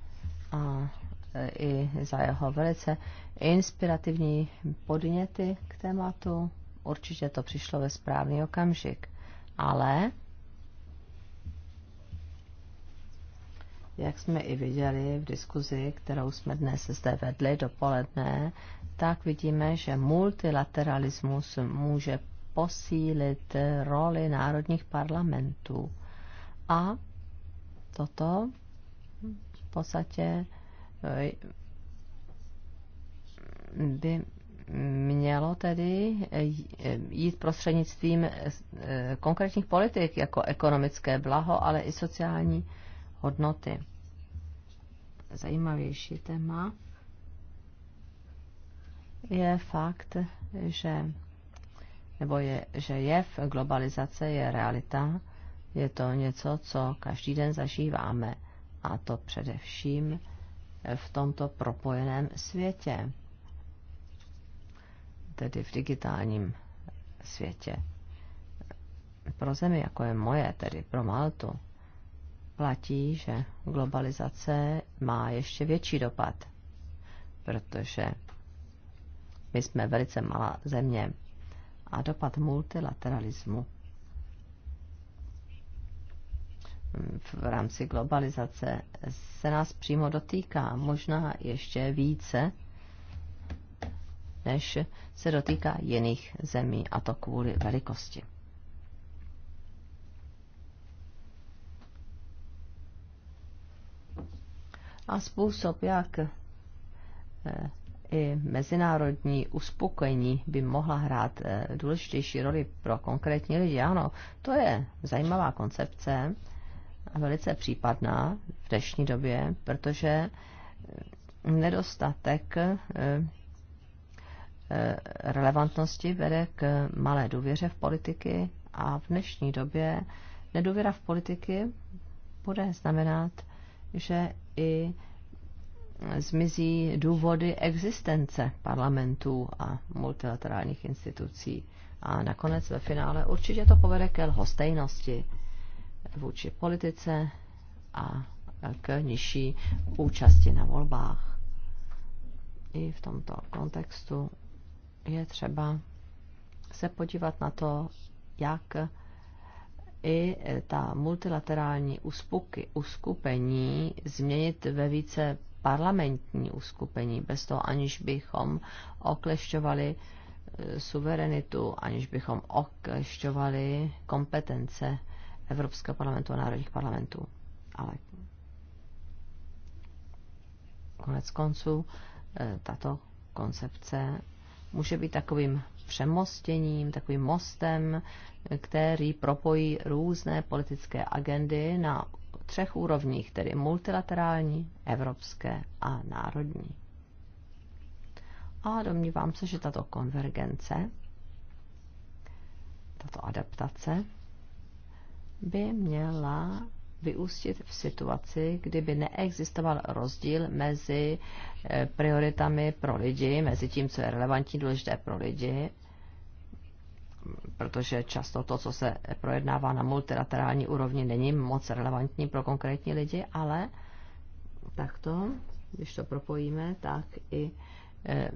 [SPEAKER 2] a eh, i za jeho velice inspirativní podněty k tématu. Určitě to přišlo ve správný okamžik. Ale, jak jsme i viděli v diskuzi, kterou jsme dnes zde vedli dopoledne, tak vidíme, že multilateralismus může posílit roli národních parlamentů. A toto v podstatě eh, by mělo tedy eh, jít prostřednictvím eh, konkrétních politik, jako ekonomické blaho, ale i sociální hodnoty. Zajímavější téma je fakt, že nebo je, že jev globalizace je realita, je to něco, co každý den zažíváme, a to především v tomto propojeném světě, tedy v digitálním světě. Pro zemi, jako je moje, tedy pro Maltu, platí, že globalizace má ještě větší dopad, protože my jsme velice malá země a dopad multilateralismu v rámci globalizace se nás přímo dotýká, možná ještě více, než se dotýká jiných zemí, a to kvůli velikosti. A způsob, jak eh, i mezinárodní uspokojení by mohla hrát eh, důležitější roli pro konkrétní lidi. Ano, to je zajímavá koncepce a velice případná v dnešní době, protože eh, nedostatek eh, relevantnosti vede k malé důvěře v politiky a v dnešní době nedůvěra v politiky bude znamenat, že i zmizí důvody existence parlamentů a multilaterálních institucí. A nakonec ve finále určitě to povede ke lhostejnosti vůči politice a k nižší účasti na volbách. I v tomto kontextu je třeba se podívat na to, jak i ta multilaterální uspuky, uskupení změnit ve více parlamentní uskupení, bez toho aniž bychom oklešťovali eh, suverenitu, aniž bychom oklešťovali kompetence Evropského parlamentu a národních parlamentů. Ale konec konců eh, tato koncepce může být takovým přemostěním, takovým mostem, eh, který propojí různé politické agendy na třech úrovních, tedy multilaterální, evropské a národní. A domnívám se, že tato konvergence, tato adaptace by měla vyústit v situaci, kdyby neexistoval rozdíl mezi eh, prioritami pro lidi, mezi tím, co je relevantní důležité pro lidi protože často to, co se projednává na multilaterální úrovni, není moc relevantní pro konkrétní lidi, ale takto, když to propojíme, tak i eh,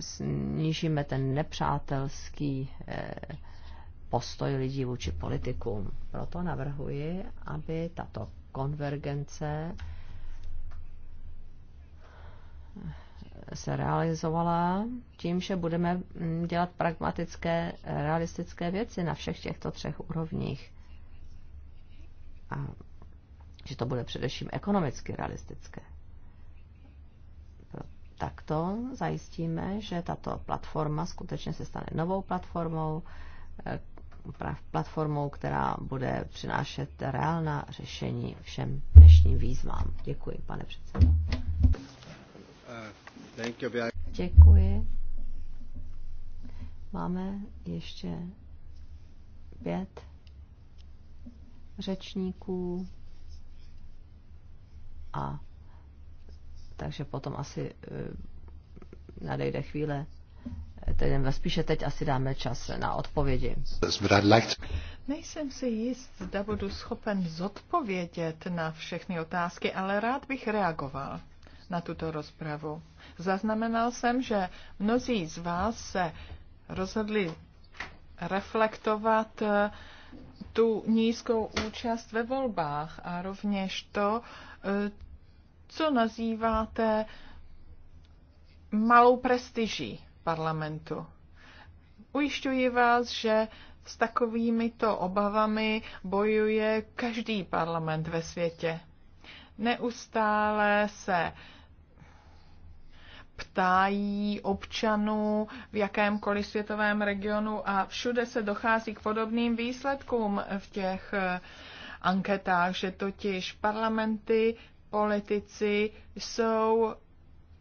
[SPEAKER 2] snížíme ten nepřátelský eh, postoj lidí vůči politikům. Proto navrhuji, aby tato konvergence se realizovala tím, že budeme dělat pragmatické, realistické věci na všech těchto třech úrovních. A že to bude především ekonomicky realistické. tak to zajistíme, že tato platforma skutečně se stane novou platformou, eh, platformou, která bude přinášet reálná řešení všem dnešním výzvám. Děkuji, pane předsedo. Děkuji. Máme ještě pět řečníků a takže potom asi eh, nadejde chvíle tedy spíše teď asi dáme čas na odpovědi.
[SPEAKER 3] Nejsem si jist, zda budu schopen zodpovědět na všechny otázky, ale rád bych reagoval na tuto rozpravu. Zaznamenal jsem, že mnozí z vás se rozhodli reflektovat eh, tu nízkou účast ve volbách a rovněž to, eh, co nazýváte malou prestiží parlamentu. Ujišťuji vás, že s takovýmito obavami bojuje každý parlament ve světě. Neustále se stájí občanů v jakémkoliv světovém regionu a všude se dochází k podobným výsledkům v těch eh, anketách, že totiž parlamenty, politici jsou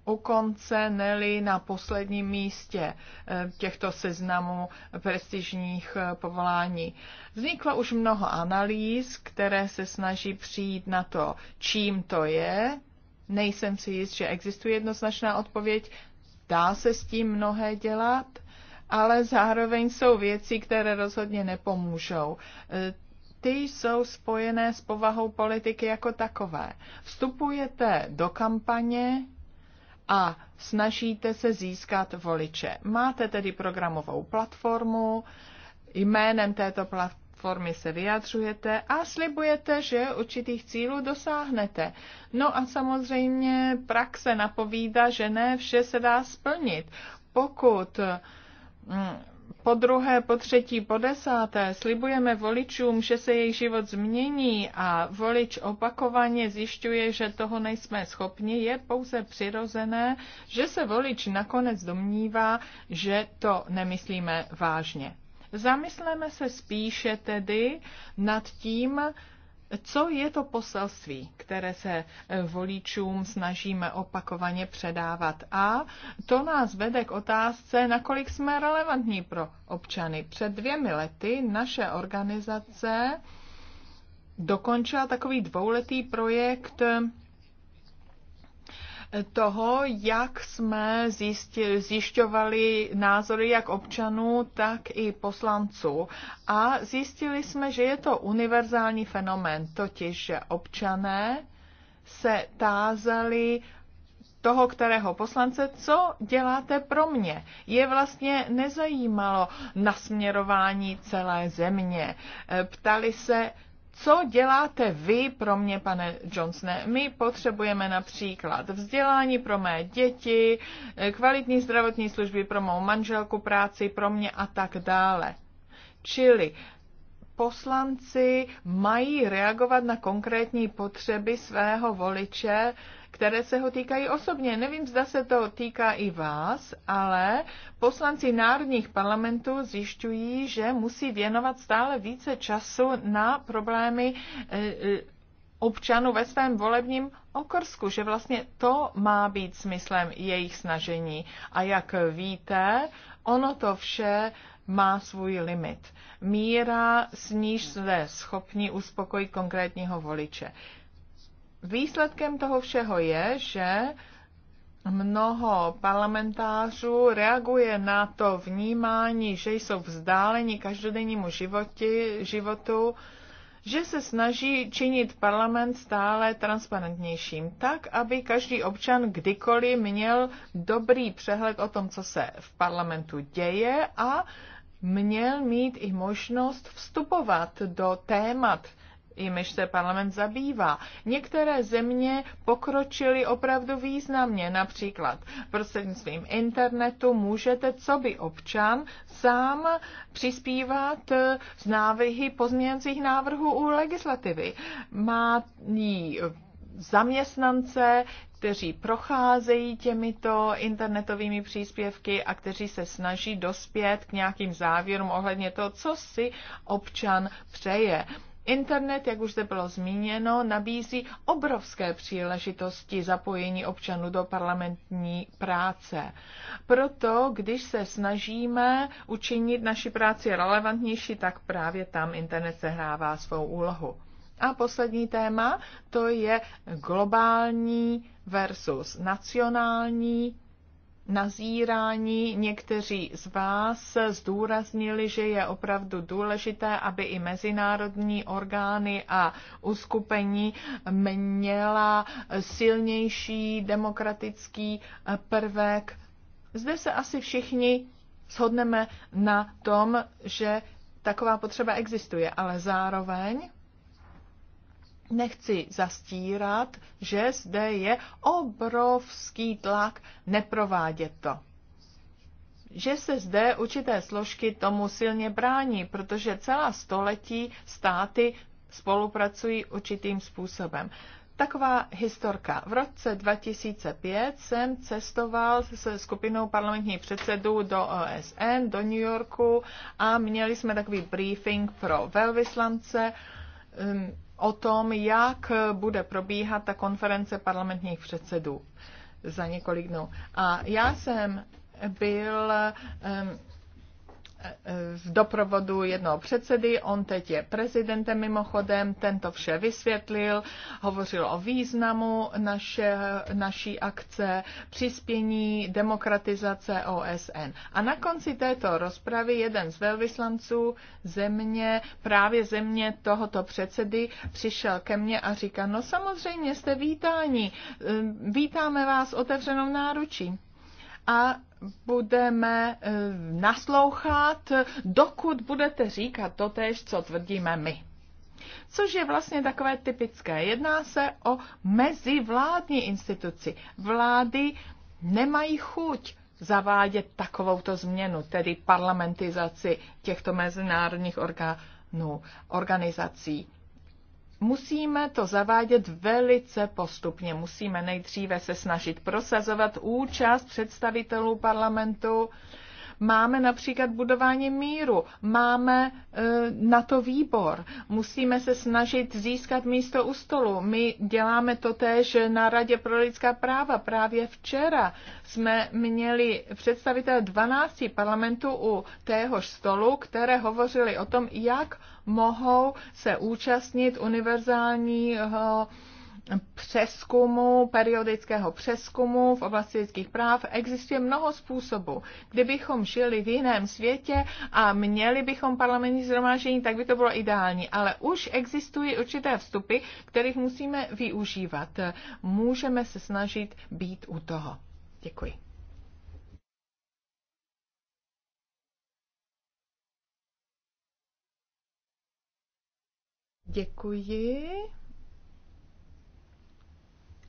[SPEAKER 3] u konce, neli na posledním místě eh, těchto seznamů prestižních eh, povolání. Vzniklo už mnoho analýz, které se snaží přijít na to, čím to je, Nejsem si jist, že existuje jednoznačná odpověď. Dá se s tím mnohé dělat, ale zároveň jsou věci, které rozhodně nepomůžou. E, ty jsou spojené s povahou politiky jako takové. Vstupujete do kampaně, a snažíte se získat voliče. Máte tedy programovou platformu, jménem této formy se vyjadřujete a slibujete, že určitých cílů dosáhnete. No a samozřejmě praxe napovídá, že ne vše se dá splnit. Pokud mm, po druhé, po třetí, po desáté slibujeme voličům, že se jejich život změní a volič opakovaně zjišťuje, že toho nejsme schopni, je pouze přirozené, že se volič nakonec domnívá, že to nemyslíme vážně. Zamysleme se spíše tedy nad tím, co je to poselství, které se eh, voličům snažíme opakovaně předávat? A to nás vede k otázce, nakolik jsme relevantní pro občany. Před dvěmi lety naše organizace dokončila takový dvouletý projekt toho, jak jsme zjišťovali názory jak občanů, tak i poslanců. A zjistili jsme, že je to univerzální fenomén, totiž že občané se tázali toho, kterého poslance, co děláte pro mě. Je vlastně nezajímalo nasměrování celé země. Ptali se, co děláte vy pro mě, pane Johnsone? My potřebujeme například vzdělání pro mé děti, kvalitní zdravotní služby pro mou manželku, práci pro mě a tak dále. Čili poslanci mají reagovat na konkrétní potřeby svého voliče, které se ho týkají osobně. Nevím, zda se to týká i vás, ale poslanci národních parlamentů zjišťují, že musí věnovat stále více času na problémy e, e, občanů ve svém volebním okrsku, že vlastně to má být smyslem jejich snažení. A jak víte, ono to vše má svůj limit. Míra, sníž své schopni uspokojit konkrétního voliče. Výsledkem toho všeho je, že mnoho parlamentářů reaguje na to vnímání, že jsou vzdáleni každodennímu životi, životu, že se snaží činit parlament stále transparentnějším, tak, aby každý občan kdykoliv měl dobrý přehled o tom, co se v parlamentu děje a měl mít i možnost vstupovat do témat, jimiž se parlament zabývá. Některé země pokročily opravdu významně, například prostřednictvím internetu můžete, co by občan, sám přispívat z eh, návrhy pozměňujících návrhů u legislativy. Má zaměstnance, kteří procházejí těmito internetovými příspěvky a kteří se snaží dospět k nějakým závěrům ohledně toho, co si občan přeje. Internet, jak už zde bylo zmíněno, nabízí obrovské příležitosti zapojení občanů do parlamentní práce. Proto, když se snažíme učinit naši práci relevantnější, tak právě tam internet sehrává svou úlohu. A poslední téma, to je globální versus nacionální nazírání. Někteří z vás zdůraznili, že je opravdu důležité, aby i mezinárodní orgány a uskupení měla silnější demokratický eh, prvek. Zde se asi všichni shodneme na tom, že taková potřeba existuje, ale zároveň Nechci zastírat, že zde je obrovský tlak neprovádět to že se zde určité složky tomu silně brání, protože celá století státy spolupracují určitým způsobem. Taková historka. V roce 2005 jsem cestoval se skupinou parlamentních předsedů do OSN, do New Yorku a měli jsme takový briefing pro velvyslance hm, o tom, jak bude probíhat ta konference parlamentních předsedů za několik dnů. A já jsem byl um, v doprovodu jednoho předsedy, on teď je prezidentem mimochodem, ten to vše vysvětlil, hovořil o významu naše, naší akce, přispění demokratizace OSN. A na konci této rozpravy jeden z velvyslanců země, právě země tohoto předsedy, přišel ke mně a říká, no samozřejmě jste vítáni, ehm, vítáme vás otevřenou náručí. A budeme eh, naslouchat, dokud budete říkat tež, co tvrdíme my. Což je vlastně takové typické. Jedná se o mezivládní instituci. Vlády nemají chuť zavádět takovouto změnu, tedy parlamentizaci těchto mezinárodních orgánů, organizací. Musíme to zavádět velice postupně. Musíme nejdříve se snažit prosazovat účast představitelů parlamentu, Máme například budování míru, máme e, na to výbor, musíme se snažit získat místo u stolu. My děláme to též na Radě pro lidská práva. Právě včera jsme měli představitel 12 parlamentů u téhož stolu, které hovořili o tom, jak mohou se účastnit univerzálního přeskumu, periodického přeskumu v oblasti lidských práv existuje mnoho způsobů. Kdybychom žili v jiném světě a měli bychom parlamentní zhromáždění, tak by to bylo ideální. Ale už existují určité vstupy, kterých musíme využívat. Můžeme se snažit být u toho. Děkuji. Děkuji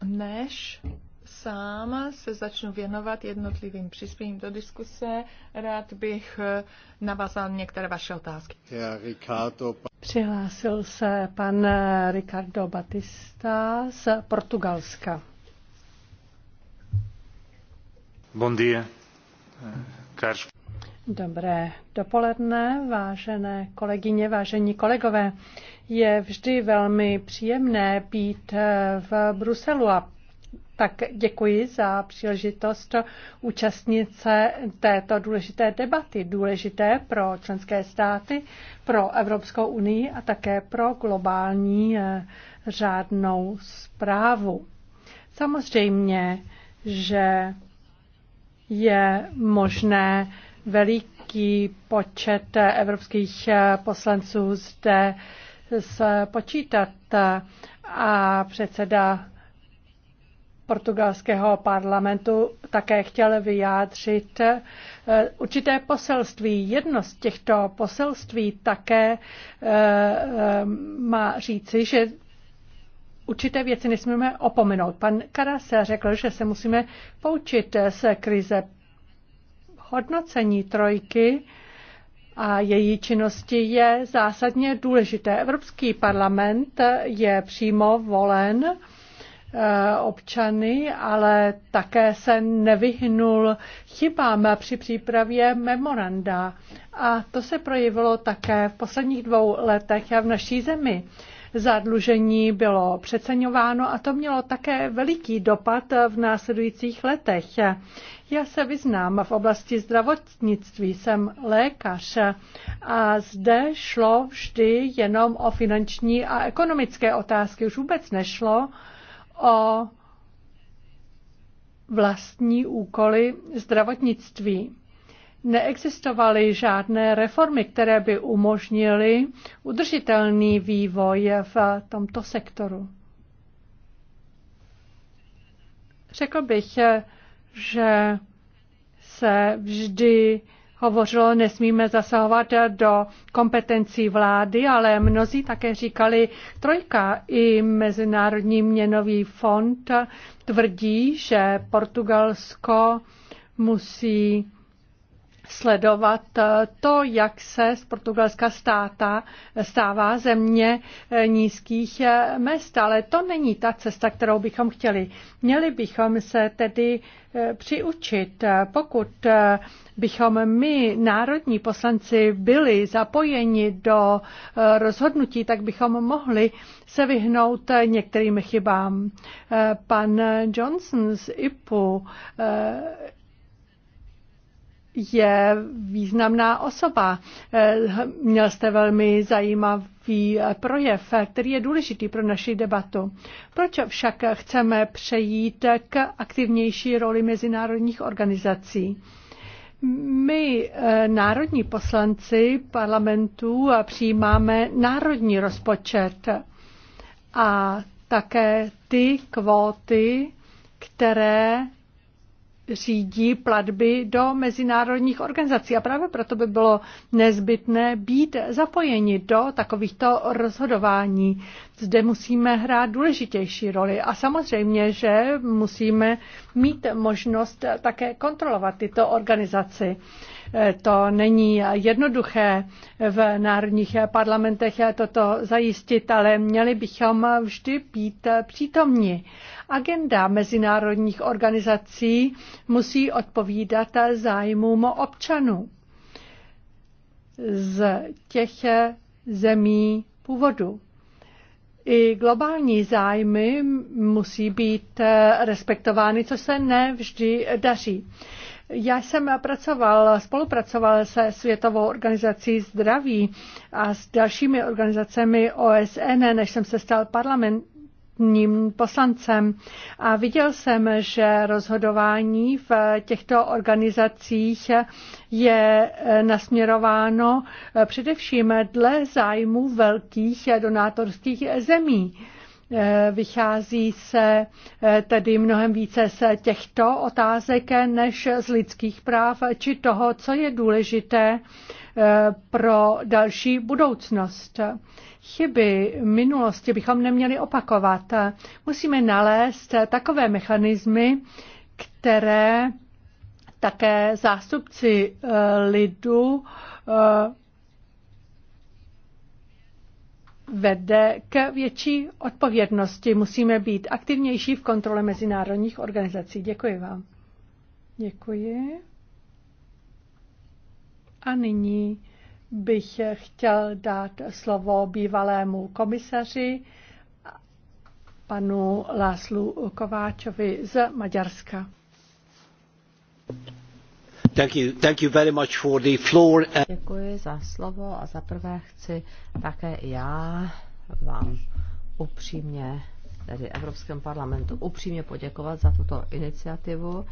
[SPEAKER 3] než sám se začnu věnovat jednotlivým přispěním do diskuse, rád bych eh, navázal některé vaše otázky.
[SPEAKER 1] Přihlásil se pan eh, Ricardo Batista z Portugalska. Bom dia. Eh, Caros Dobré dopoledne, vážené kolegyně, vážení kolegové. Je vždy velmi příjemné být eh, v Bruselu a tak děkuji za příležitost účastnit se této důležité debaty, důležité pro členské státy, pro Evropskou unii a také pro globální eh, řádnou zprávu. Samozřejmě, že je možné veliký počet evropských eh, poslanců zde spočítat eh, a předseda portugalského parlamentu také chtěl vyjádřit eh, určité poselství. Jedno z těchto poselství také má říci, že určité věci nesmíme opomenout. Pan Karas řekl, že se musíme poučit z krize hodnocení trojky a její činnosti je zásadně důležité. Evropský parlament je přímo volen eh, občany, ale také se nevyhnul chybám při přípravě memoranda. A to se projevilo také v posledních dvou letech v naší zemi zadlužení bylo přeceňováno a to mělo také veliký dopad v následujících letech. Já se vyznám v oblasti zdravotnictví, jsem lékař a zde šlo vždy jenom o finanční a ekonomické otázky, už vůbec nešlo o vlastní úkoly zdravotnictví neexistovaly žádné reformy, které by umožnily udržitelný vývoj v tomto sektoru. Řekl bych, že se vždy hovořilo, nesmíme zasahovat do kompetencí vlády, ale mnozí také říkali, trojka i Mezinárodní měnový fond tvrdí, že Portugalsko musí sledovat eh, to, jak se z Portugalska státa stává země eh, nízkých eh, mest, ale to není ta cesta, kterou bychom chtěli. Měli bychom se tedy přiučit, pokud bychom my, národní poslanci, byli zapojeni do rozhodnutí, tak bychom mohli se vyhnout některým chybám. Pan Johnson z IPU je významná osoba. Eh, měl jste velmi zajímavý eh, projev, eh, který je důležitý pro naši debatu. Proč však chceme přejít k aktivnější roli mezinárodních organizací? My, národní poslanci parlamentů, přijímáme národní rozpočet a také ty kvóty, které řídí platby do mezinárodních organizací. A právě proto by bylo nezbytné být zapojeni do takovýchto rozhodování. Zde musíme hrát důležitější roli. A samozřejmě, že musíme mít možnost také kontrolovat tyto organizaci. To není jednoduché v národních parlamentech toto zajistit, ale měli bychom vždy být přítomni. Agenda mezinárodních organizací musí odpovídat zájmům občanů z těch zemí původu. I globální zájmy musí být respektovány, co se nevždy daří. Já jsem pracoval, spolupracoval se Světovou organizací zdraví a s dalšími organizacemi OSN, než jsem se stal parlament, státním poslancem. A viděl jsem, že rozhodování v těchto organizacích je eh, nasměrováno eh, především dle zájmu velkých donátorských zemí. Eh, vychází se tedy mnohem více z těchto otázek než z lidských práv či toho, co je důležité Eh, pro další budoucnost. Chyby minulosti bychom neměli opakovat. Musíme nalézt takové mechanismy, které také zástupci eh, lidu eh, vede k větší odpovědnosti. Musíme být aktivnější v kontrole mezinárodních organizací. Děkuji vám. Děkuji. A nyní bych chtěl dát slovo bývalému komisaři panu Láslu Kováčovi z Maďarska. Thank you, thank you very much for the floor. Děkuji za slovo a za prvé chci
[SPEAKER 2] také já vám upřímně, tedy Evropském parlamentu, upřímně poděkovat za tuto iniciativu.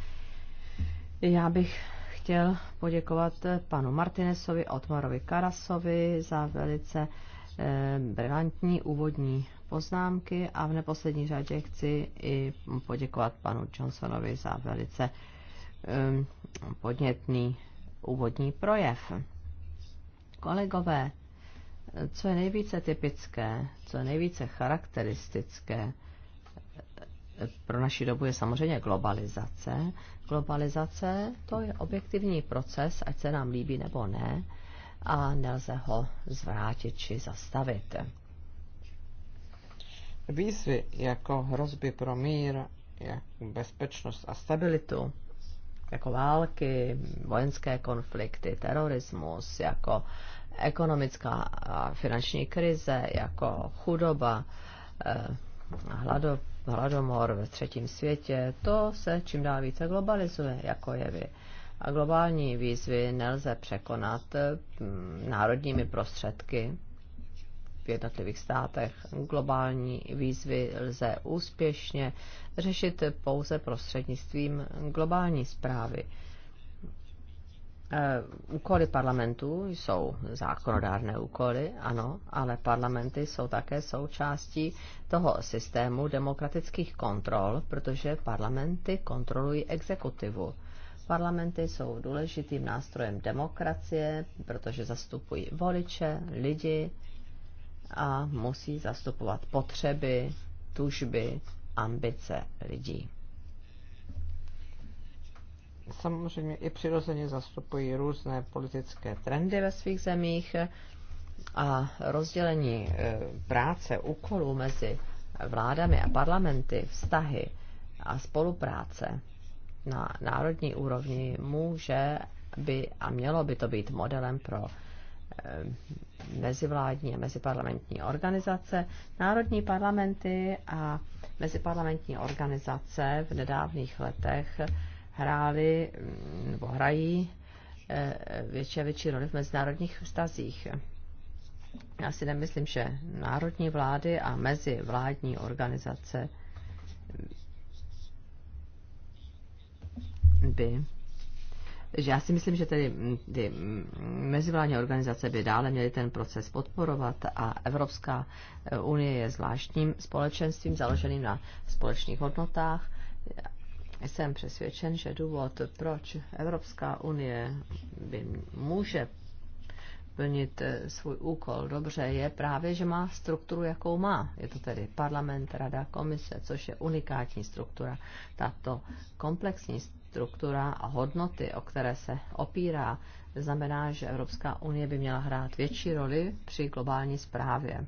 [SPEAKER 2] Já bych chtěl poděkovat panu Martinesovi, Otmarovi Karasovi za velice eh, brilantní úvodní poznámky a v neposlední řadě chci i poděkovat panu Johnsonovi za velice ehm, podnětný úvodní projev. Kolegové, co je nejvíce typické, co je nejvíce charakteristické eh, pro naši dobu je samozřejmě globalizace, Globalizace to je objektivní proces, ať se nám líbí nebo ne, a nelze ho zvrátit či zastavit. Výzvy jako hrozby pro mír, jako bezpečnost a stabilitu, jako války, vojenské konflikty, terorismus, jako ekonomická a finanční krize, jako chudoba, eh, hladov hladomor ve třetím světě, to se čím dál více globalizuje jako jevy. A globální výzvy nelze překonat mm, národními prostředky v jednotlivých státech. Globální výzvy lze úspěšně řešit pouze prostřednictvím globální zprávy. Eh, úkoly parlamentů jsou zákonodárné úkoly, ano, ale parlamenty jsou také součástí toho systému demokratických kontrol, protože parlamenty kontrolují exekutivu. Parlamenty jsou důležitým nástrojem demokracie, protože zastupují voliče, lidi a musí zastupovat potřeby, tužby, ambice lidí samozřejmě i přirozeně zastupují různé politické trendy ve svých zemích a rozdělení eh, práce, úkolů mezi vládami a parlamenty, vztahy a spolupráce na národní úrovni může by a mělo by to být modelem pro eh, mezivládní a meziparlamentní organizace. Národní parlamenty a meziparlamentní organizace v nedávných letech hráli mm, nebo hrají eh, větší a větší roli v mezinárodních vztazích. Já si nemyslím, že národní vlády a mezivládní organizace by že já si myslím, že tedy ty mezivládní organizace by dále měly ten proces podporovat a Evropská eh, unie je zvláštním společenstvím založeným na společných hodnotách jsem přesvědčen, že důvod, proč Evropská unie by může plnit eh, svůj úkol dobře, je právě, že má strukturu, jakou má. Je to tedy parlament, rada, komise, což je unikátní struktura. Tato komplexní struktura a hodnoty, o které se opírá, znamená, že Evropská unie by měla hrát větší roli při globální správě.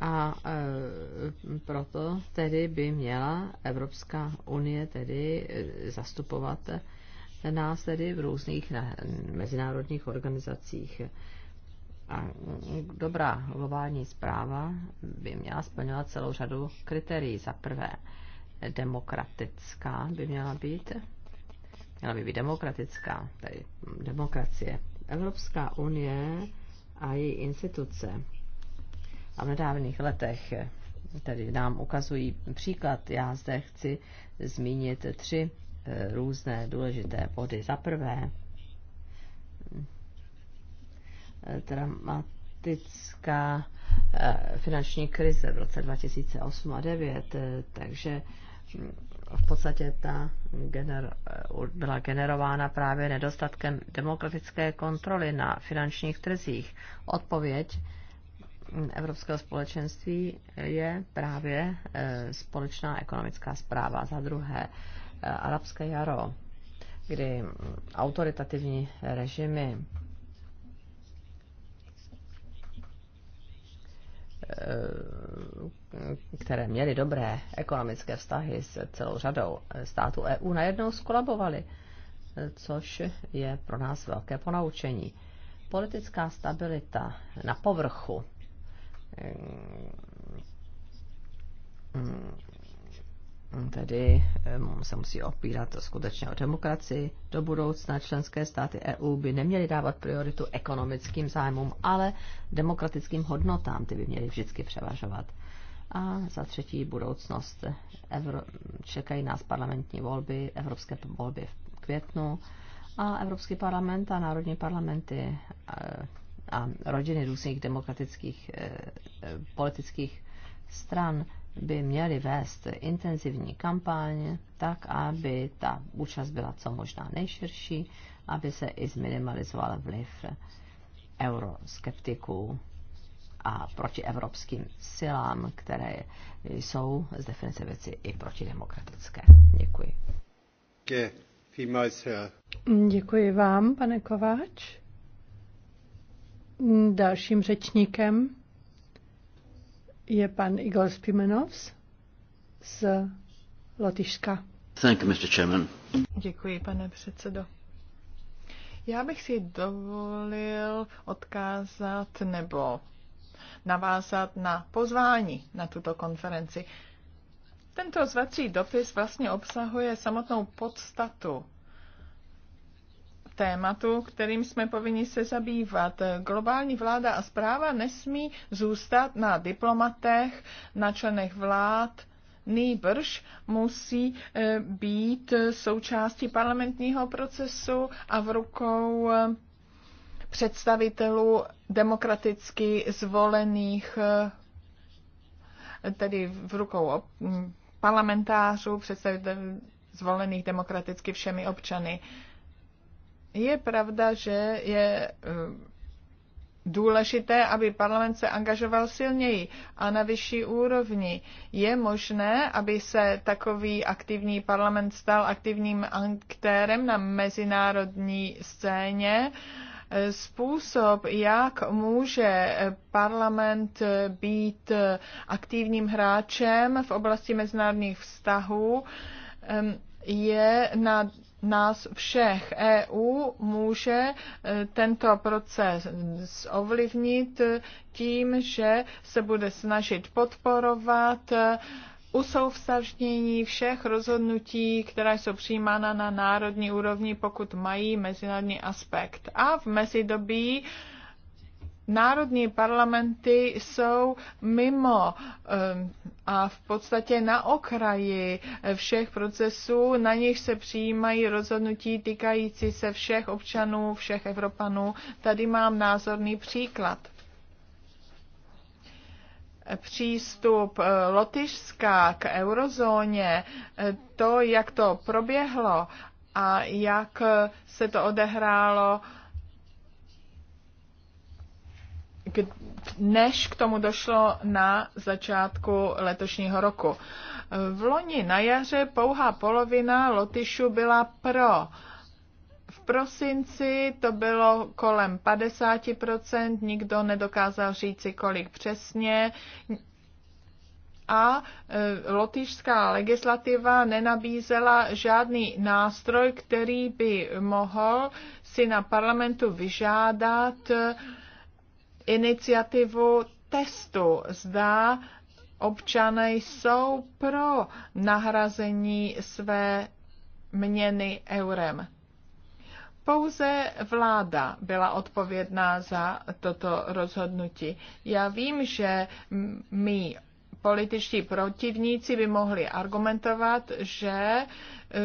[SPEAKER 2] A e, proto tedy by měla Evropská unie tedy e, zastupovat nás tedy v různých mezinárodních organizacích. A dobrá globální zpráva by měla splňovat celou řadu kritérií. Za prvé, demokratická by měla být. Měla by být demokratická, tedy demokracie. Evropská unie a její instituce a v nedávných letech tedy nám ukazují příklad. Já zde chci zmínit tři eh, různé důležité body. Za prvé, eh, dramatická eh, finanční krize v roce 2008 a 2009, takže hm, v podstatě ta gener, byla generována právě nedostatkem demokratické kontroly na finančních trzích. Odpověď Evropského společenství je právě eh, společná ekonomická zpráva. Za druhé, eh, arabské jaro, kdy autoritativní režimy eh, které měly dobré ekonomické vztahy s celou řadou států EU, najednou skolabovaly, což je pro nás velké ponaučení. Politická stabilita na povrchu Ehm, ehm, tedy ehm, se musí opírat skutečně o demokracii. Do budoucna členské státy EU by neměly dávat prioritu ekonomickým zájmům, ale demokratickým hodnotám, ty by měly vždycky převažovat. A za třetí budoucnost. Evro... Čekají nás parlamentní volby, evropské volby v květnu a Evropský parlament a národní parlamenty a rodiny různých demokratických eh, eh, politických stran by měly vést intenzivní kampaň tak, aby ta účast byla co možná nejširší, aby se i zminimalizoval vliv euroskeptiků a proti evropským silám, které jsou z definice věci i protidemokratické. Děkuji.
[SPEAKER 1] Děkuji vám, pane Kováč. Dalším řečníkem je pan Igor Spimenovs z Lotyšska. Thank you, Mr. Chairman.
[SPEAKER 3] Děkuji, pane předsedo. Já bych si dovolil odkázat nebo navázat na pozvání na tuto konferenci. Tento zvací dopis vlastně obsahuje samotnou podstatu tématu, kterým jsme povinni se zabývat. Globální vláda a zpráva nesmí zůstat na diplomatech, na členech vlád, nýbrž musí eh, být součástí parlamentního procesu a v rukou eh, představitelů demokraticky zvolených, eh, tedy v rukou mm, parlamentářů, představitelů zvolených demokraticky všemi občany. Je pravda, že je eh, důležité, aby parlament se angažoval silněji a na vyšší úrovni. Je možné, aby se takový aktivní parlament stal aktivním aktérem na mezinárodní scéně. Eh, způsob, jak může eh, parlament být aktivním hráčem v oblasti mezinárodních vztahů, je na nás všech EU může e, tento proces ovlivnit tím, že se bude snažit podporovat e, usouvstavnění všech rozhodnutí, která jsou přijímána na národní úrovni, pokud mají mezinárodní aspekt. A v mezidobí národní parlamenty jsou mimo ehm, a v podstatě na okraji eh, všech procesů, na nich se přijímají rozhodnutí týkající se všech občanů, všech Evropanů. Tady mám názorný příklad přístup eh, Lotyšska k eurozóně, eh, to, jak to proběhlo a jak se to odehrálo než k tomu došlo na začátku letošního roku. V loni na jaře pouhá polovina Lotyšů byla pro. V prosinci to bylo kolem 50%, nikdo nedokázal říci, kolik přesně a e, lotyšská legislativa nenabízela žádný nástroj, který by mohl si na parlamentu vyžádat iniciativu testu. Zda občané jsou pro nahrazení své měny eurem. Pouze vláda byla odpovědná za toto rozhodnutí. Já vím, že my političtí protivníci by mohli argumentovat, že e,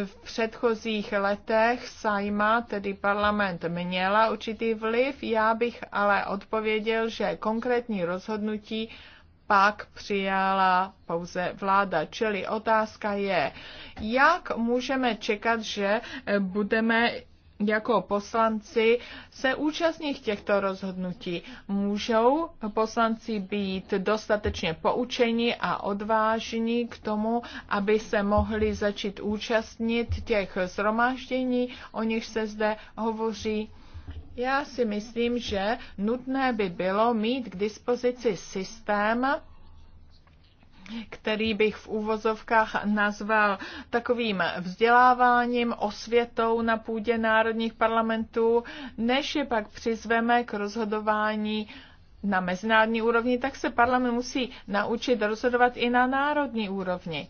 [SPEAKER 3] v předchozích letech Sajma, tedy parlament, měla určitý vliv. Já bych ale odpověděl, že konkrétní rozhodnutí pak přijala pouze vláda. Čili otázka je, jak můžeme čekat, že e, budeme jako poslanci se účastní těchto rozhodnutí. Můžou poslanci být dostatečně poučeni a odvážní k tomu, aby se mohli začít účastnit těch zhromáždění, o nich se zde hovoří. Já si myslím, že nutné by bylo mít k dispozici systém, který bych v úvozovkách nazval takovým vzděláváním, osvětou na půdě národních parlamentů, než je pak přizveme k rozhodování na mezinárodní úrovni, tak se parlament musí naučit rozhodovat i na národní úrovni.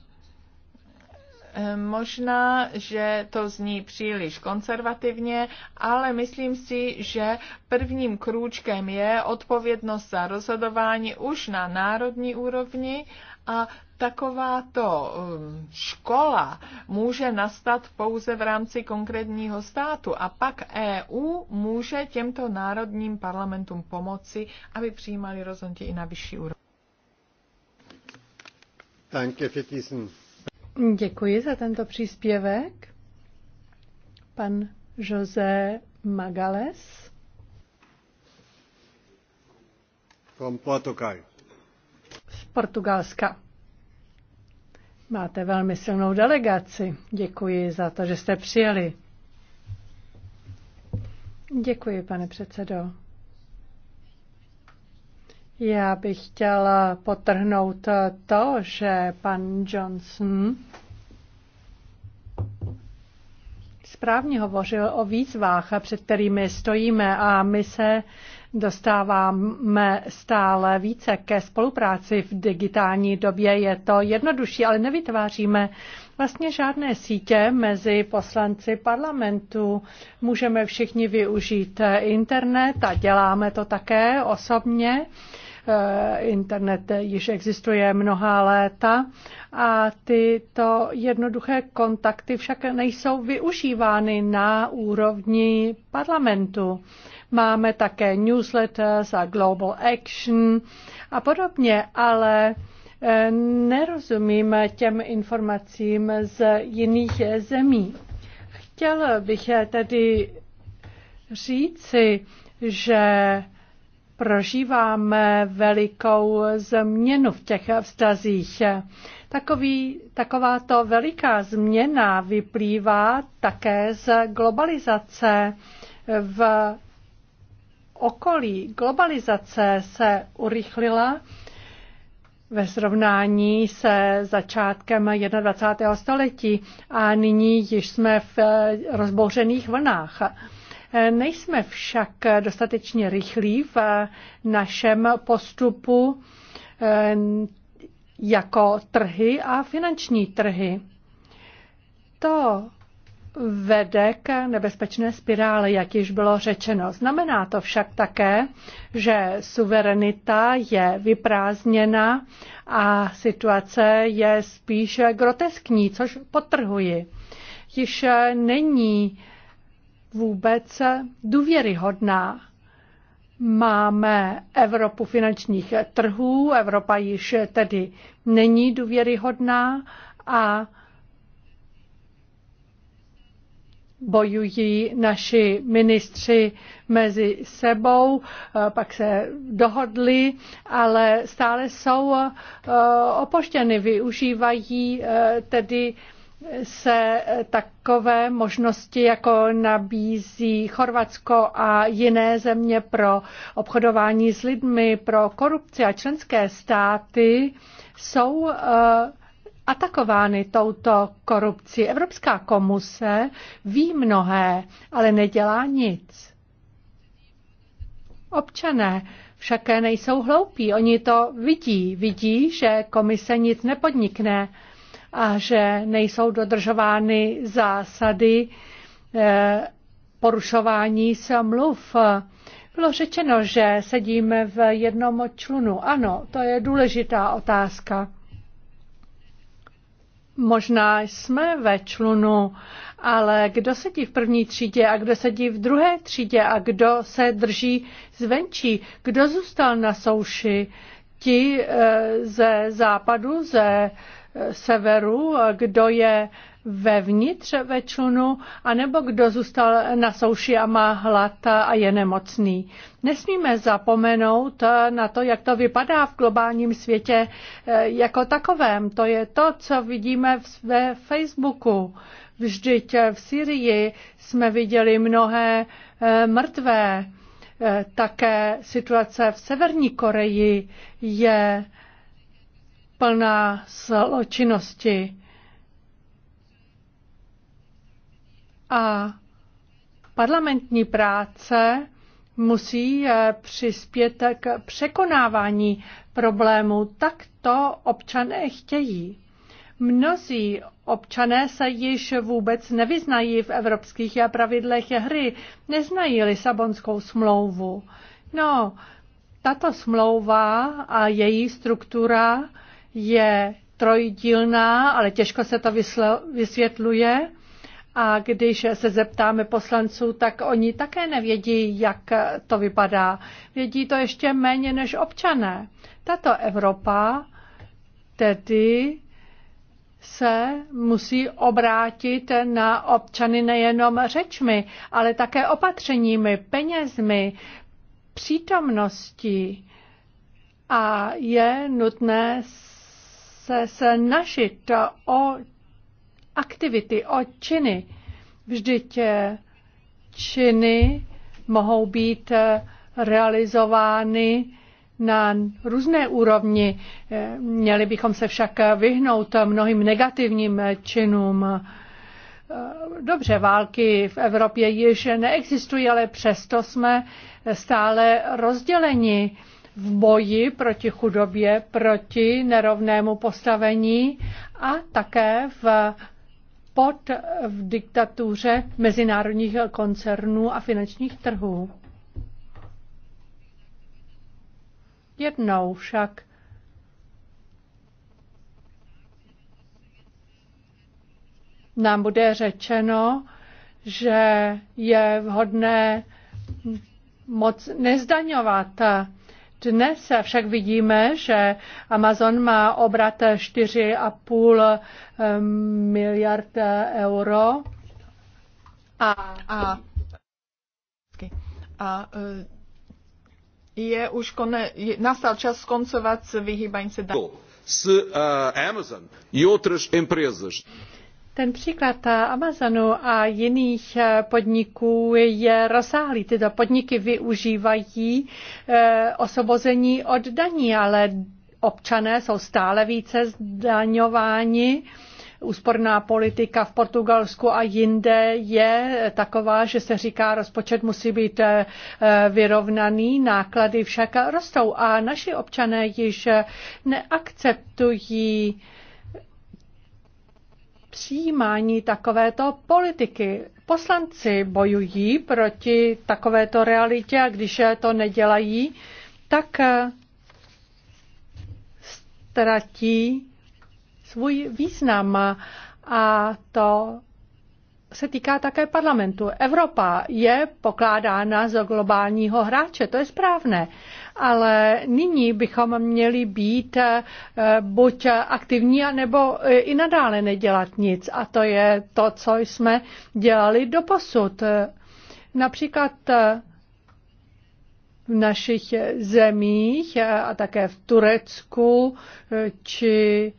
[SPEAKER 3] Možná, že to zní příliš konzervativně, ale myslím si, že prvním krůčkem je odpovědnost za rozhodování už na národní úrovni a takováto um, škola může nastat pouze v rámci konkrétního státu a pak EU může těmto národním parlamentům pomoci, aby přijímali rozhodnutí i na vyšší úrovni.
[SPEAKER 1] Děkuji za tento příspěvek. Pan José Magales. From Portugal. Portugalska. Máte velmi silnou delegaci. Děkuji za to, že jste přijeli. Děkuji, pane předsedo. Já bych chtěla potrhnout to, že pan Johnson správně hovořil o výzvách, před kterými stojíme a my se dostáváme stále více ke spolupráci v digitální době. Je to jednodušší, ale nevytváříme vlastně žádné sítě mezi poslanci parlamentu. Můžeme všichni využít eh, internet a děláme to také osobně. Eh, internet již existuje mnohá léta a tyto jednoduché kontakty však nejsou využívány na úrovni parlamentu máme také newsletter za Global Action a podobně, ale eh, nerozumíme těm informacím z jiných zemí. Chtěl bych tedy říci, že prožíváme velikou změnu v těch vztazích. Takový, takováto veliká změna vyplývá také z globalizace v okolí. Globalizace se urychlila ve srovnání se začátkem 21. století a nyní již jsme v eh, rozbouřených vlnách. Eh, nejsme však dostatečně rychlí v eh, našem postupu jako trhy a finanční trhy. To vede k nebezpečné spirále, jak již bylo řečeno. Znamená to však také, že suverenita je vyprázdněna a situace je spíše groteskní, což potrhuji. Již není vůbec důvěryhodná. Máme Evropu finančních trhů, Evropa již tedy není důvěryhodná a bojují naši ministři mezi sebou, eh, pak se dohodli, ale stále jsou eh, opoštěny, využívají eh, tedy se takové možnosti, jako nabízí Chorvatsko a jiné země pro obchodování s lidmi, pro korupci a členské státy, jsou atakovány touto korupcí. Evropská komise ví mnohé, ale nedělá nic. Občané však nejsou hloupí. Oni to vidí. Vidí, že komise nic nepodnikne a že nejsou dodržovány zásady eh, porušování smluv. Bylo řečeno, že sedíme v jednom člunu. Ano, to je důležitá otázka. Možná jsme ve člunu, ale kdo sedí v první třídě a kdo sedí v druhé třídě a kdo se drží zvenčí, kdo zůstal na souši, ti eh, ze západu, ze eh, severu, eh, kdo je vevnitř ve člunu, anebo kdo zůstal na souši a má hlad a je nemocný. Nesmíme zapomenout na to, jak to vypadá v globálním světě eh, jako takovém. To je to, co vidíme ve Facebooku. Vždyť v Syrii jsme viděli mnohé eh, mrtvé. Eh, také situace v Severní Koreji je plná zločinnosti. A parlamentní práce musí eh, přispět k překonávání problému. Tak to občané chtějí. Mnozí občané se již vůbec nevyznají v evropských pravidlech hry, neznají Lisabonskou smlouvu. No, tato smlouva a její struktura je trojdílná, ale těžko se to vysvětluje. A když se zeptáme poslanců, tak oni také nevědí, jak to vypadá. Vědí to ještě méně než občané. Tato Evropa tedy se musí obrátit na občany nejenom řečmi, ale také opatřeními, penězmi, přítomností. A je nutné se snažit o aktivity, o činy. Vždyť eh, činy mohou být eh, realizovány na různé úrovni. Eh, měli bychom se však vyhnout mnohým negativním činům. Dobře, války v Evropě již neexistují, ale přesto jsme stále rozděleni v boji proti chudobě, proti nerovnému postavení a také v pod v diktatuře mezinárodních koncernů a finančních trhů. Jednou však nám bude řečeno, že je vhodné moc nezdaňovat dnes však vidíme, že Amazon má obrat 4,5 miliard euro
[SPEAKER 3] a, a, a e, je už kone, je, nastal čas skoncovat s vyhýbaním se daní.
[SPEAKER 1] S uh, Amazon i otrž empresas.
[SPEAKER 3] Ten příklad
[SPEAKER 1] Amazonu a jiných eh, podniků je rozsáhlý. Tyto podniky využívají eh, osvobození od daní, ale občané jsou stále více zdaňováni úsporná politika v Portugalsku a jinde je taková, že se říká, rozpočet musí být eh, vyrovnaný, náklady však rostou a naši občané již neakceptují přijímání takovéto politiky. Poslanci bojují proti takovéto realitě a když to nedělají, tak eh, ztratí svůj význam a to se týká také parlamentu. Evropa je pokládána za globálního hráče, to je správné, ale nyní bychom měli být eh, buď aktivní, nebo eh, i nadále nedělat nic. A to je to, co jsme dělali do posud. Například eh, v našich zemích a také v Turecku či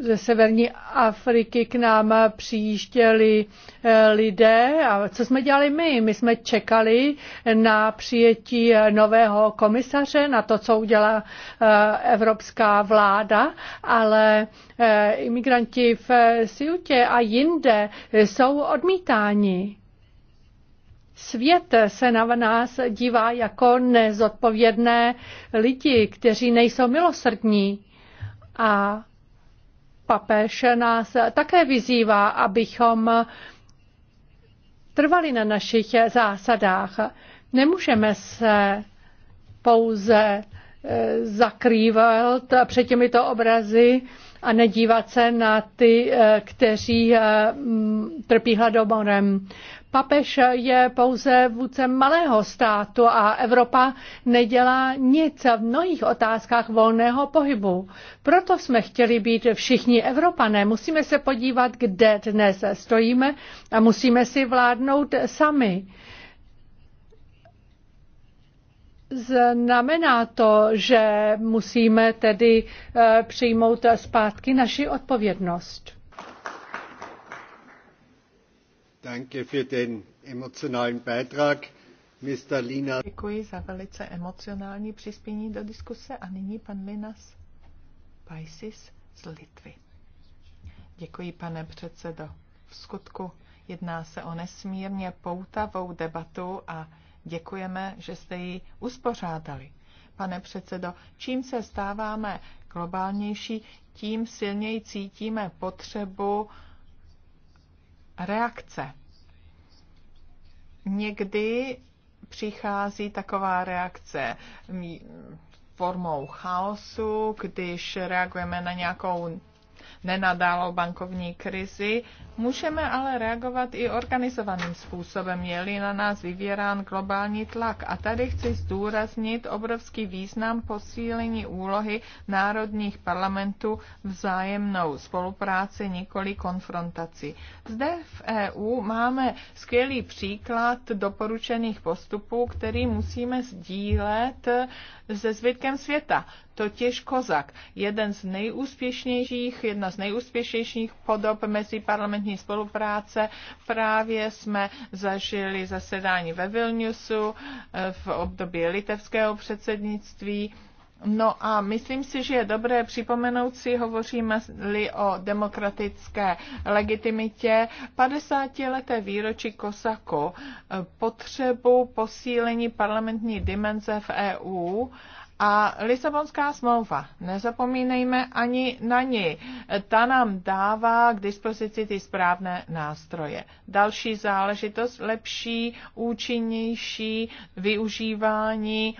[SPEAKER 1] ze severní Afriky k nám přijížděli eh, lidé a co jsme dělali my? My jsme čekali na přijetí nového komisaře, na to, co udělá eh, evropská vláda, ale eh, imigranti v Siutě a jinde jsou odmítáni. Svět se na nás dívá jako nezodpovědné lidi, kteří nejsou milosrdní a papež nás také vyzývá, abychom trvali na našich zásadách. Nemůžeme se pouze eh, zakrývat před těmito obrazy a nedívat se na ty, eh, kteří eh, trpí hladomorem. Papež je pouze vůdcem malého státu a Evropa nedělá nic v mnohých otázkách volného pohybu. Proto jsme chtěli být všichni Evropané. Musíme se podívat, kde dnes stojíme a musíme si vládnout sami. Znamená to, že musíme tedy eh, přijmout zpátky naši odpovědnost.
[SPEAKER 3] Děkuji za velice emocionální přispění do diskuse a nyní pan Linas Paisis z Litvy. Děkuji, pane předsedo. V skutku jedná se o nesmírně poutavou debatu a děkujeme, že jste ji uspořádali. Pane předsedo, čím se stáváme globálnější, tím silněji cítíme potřebu reakce. Někdy přichází taková reakce formou chaosu, když reagujeme na nějakou nenadálo bankovní krizi. Můžeme ale reagovat i organizovaným způsobem, je-li na nás vyvěrán globální tlak. A tady chci zdůraznit obrovský význam posílení úlohy národních parlamentů vzájemnou spolupráci, nikoli konfrontaci. Zde v EU máme skvělý příklad doporučených postupů, který musíme sdílet se zbytkem světa totiž Kozak, jeden z nejúspěšnějších, jedna z nejúspěšnějších podob mezi parlamentní spolupráce. Právě jsme zažili zasedání ve Vilniusu eh, v období litevského předsednictví. No a myslím si, že je dobré připomenout si, hovoříme-li o demokratické legitimitě, 50. leté výročí Kosaku, eh, potřebu posílení parlamentní dimenze v EU a Lisabonská smlouva, nezapomínejme ani na ní, ta nám dává k dispozici ty správné nástroje. Další záležitost, lepší, účinnější využívání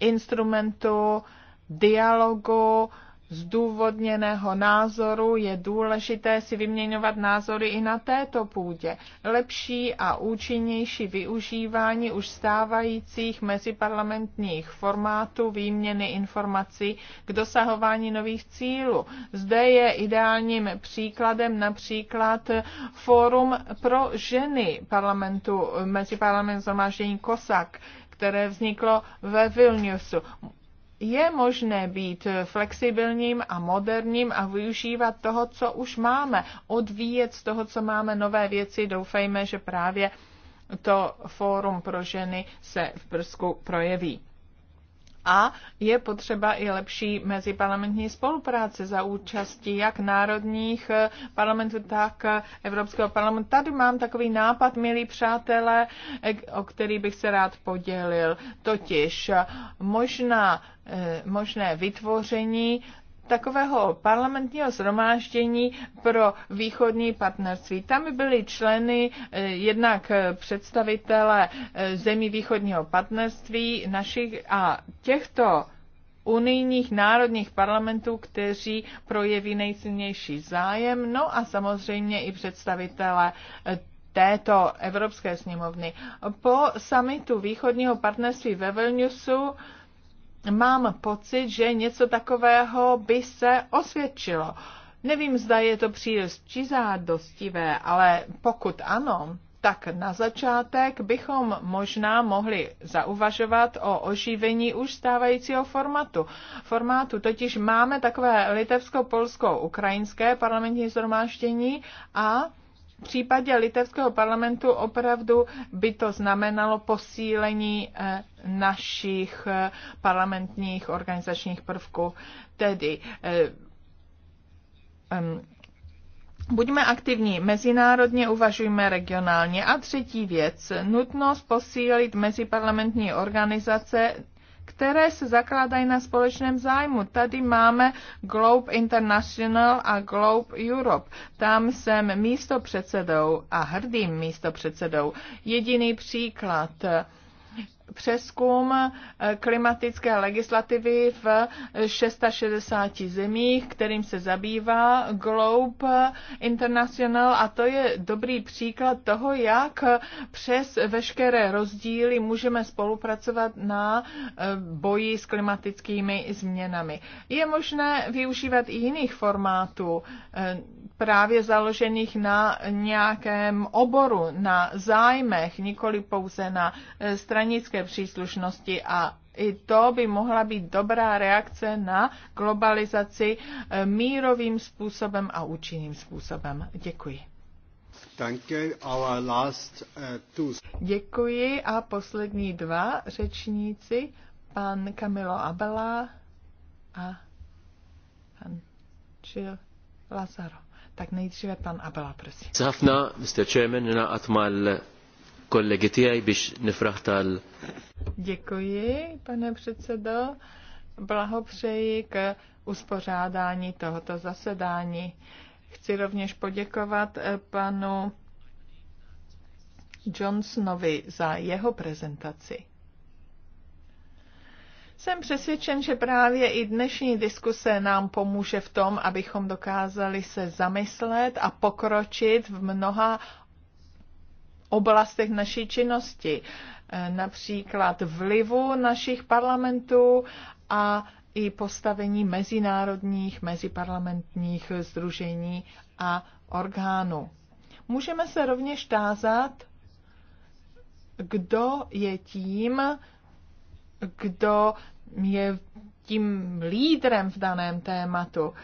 [SPEAKER 3] instrumentu dialogu, zdůvodněného názoru je důležité si vyměňovat názory i na této půdě. Lepší a účinnější využívání už stávajících meziparlamentních formátů výměny informací k dosahování nových cílů. Zde je ideálním příkladem například Fórum pro ženy parlamentu, meziparlamentního zhromáždění COSAC, které vzniklo ve Vilniusu je možné být flexibilním a moderním a využívat toho, co už máme, odvíjet z toho, co máme nové věci. Doufejme, že právě to fórum pro ženy se v Brzku projeví. A je potřeba i lepší meziparlamentní spolupráce za účasti jak národních eh, parlamentů, tak eh, Evropského parlamentu. Tady mám takový nápad, milí přátelé, eh, o který bych se rád podělil. Totiž možná možné vytvoření takového parlamentního zhromáždění pro východní partnerství. Tam byly členy eh, jednak eh, představitele eh, zemí východního partnerství našich a těchto unijních národních parlamentů, kteří projeví nejsilnější zájem, no a samozřejmě i představitele této Evropské sněmovny. Po samitu východního partnerství ve Vilniusu mám pocit, že něco takového by se osvědčilo. Nevím, zda je to příliš zádostivé, ale pokud ano, tak na začátek bychom možná mohli zauvažovat o oživení už stávajícího formatu. Formátu totiž máme takové litevsko-polsko-ukrajinské parlamentní zhromáždění a v případě litevského parlamentu opravdu by to znamenalo posílení eh, našich eh, parlamentních organizačních prvků. Tedy eh, Buďme aktivní mezinárodně, uvažujme regionálně. A třetí věc, nutnost posílit meziparlamentní organizace které se zakládají na společném zájmu. Tady máme Globe International a Globe Europe. Tam jsem místo předsedou a hrdým místo předsedou. Jediný příklad přeskum eh, klimatické legislativy v 660 zemích, kterým se zabývá Globe International a to je dobrý příklad toho, jak přes veškeré rozdíly můžeme spolupracovat na eh, boji s klimatickými změnami. Je možné využívat i jiných formátů, eh, právě založených na nějakém oboru, na zájmech, nikoli pouze na e, stranické příslušnosti a i to by mohla být dobrá reakce na globalizaci e, mírovým způsobem a účinným způsobem. Děkuji. E, Děkuji a poslední dva řečníci, pan Camilo Abela a pan Čil Lazaro. Tak nejdříve pan Abela, prosím.
[SPEAKER 2] Zafna, Mr. Chairman, na atmal kolegy tiegħi byš nefrachtal.
[SPEAKER 3] Děkuji, pane předsedo. Blahopřeji k uspořádání tohoto zasedání. Chci rovněž poděkovat eh, panu Johnsonovi za jeho prezentaci. Jsem přesvědčen, že právě i dnešní diskuse nám pomůže v tom, abychom dokázali se zamyslet a pokročit v mnoha oblastech naší činnosti, eh, například vlivu našich parlamentů a i postavení mezinárodních, meziparlamentních združení a orgánů. Můžeme se rovněž tázat, kdo je tím, kdo je tím lídrem v daném tématu,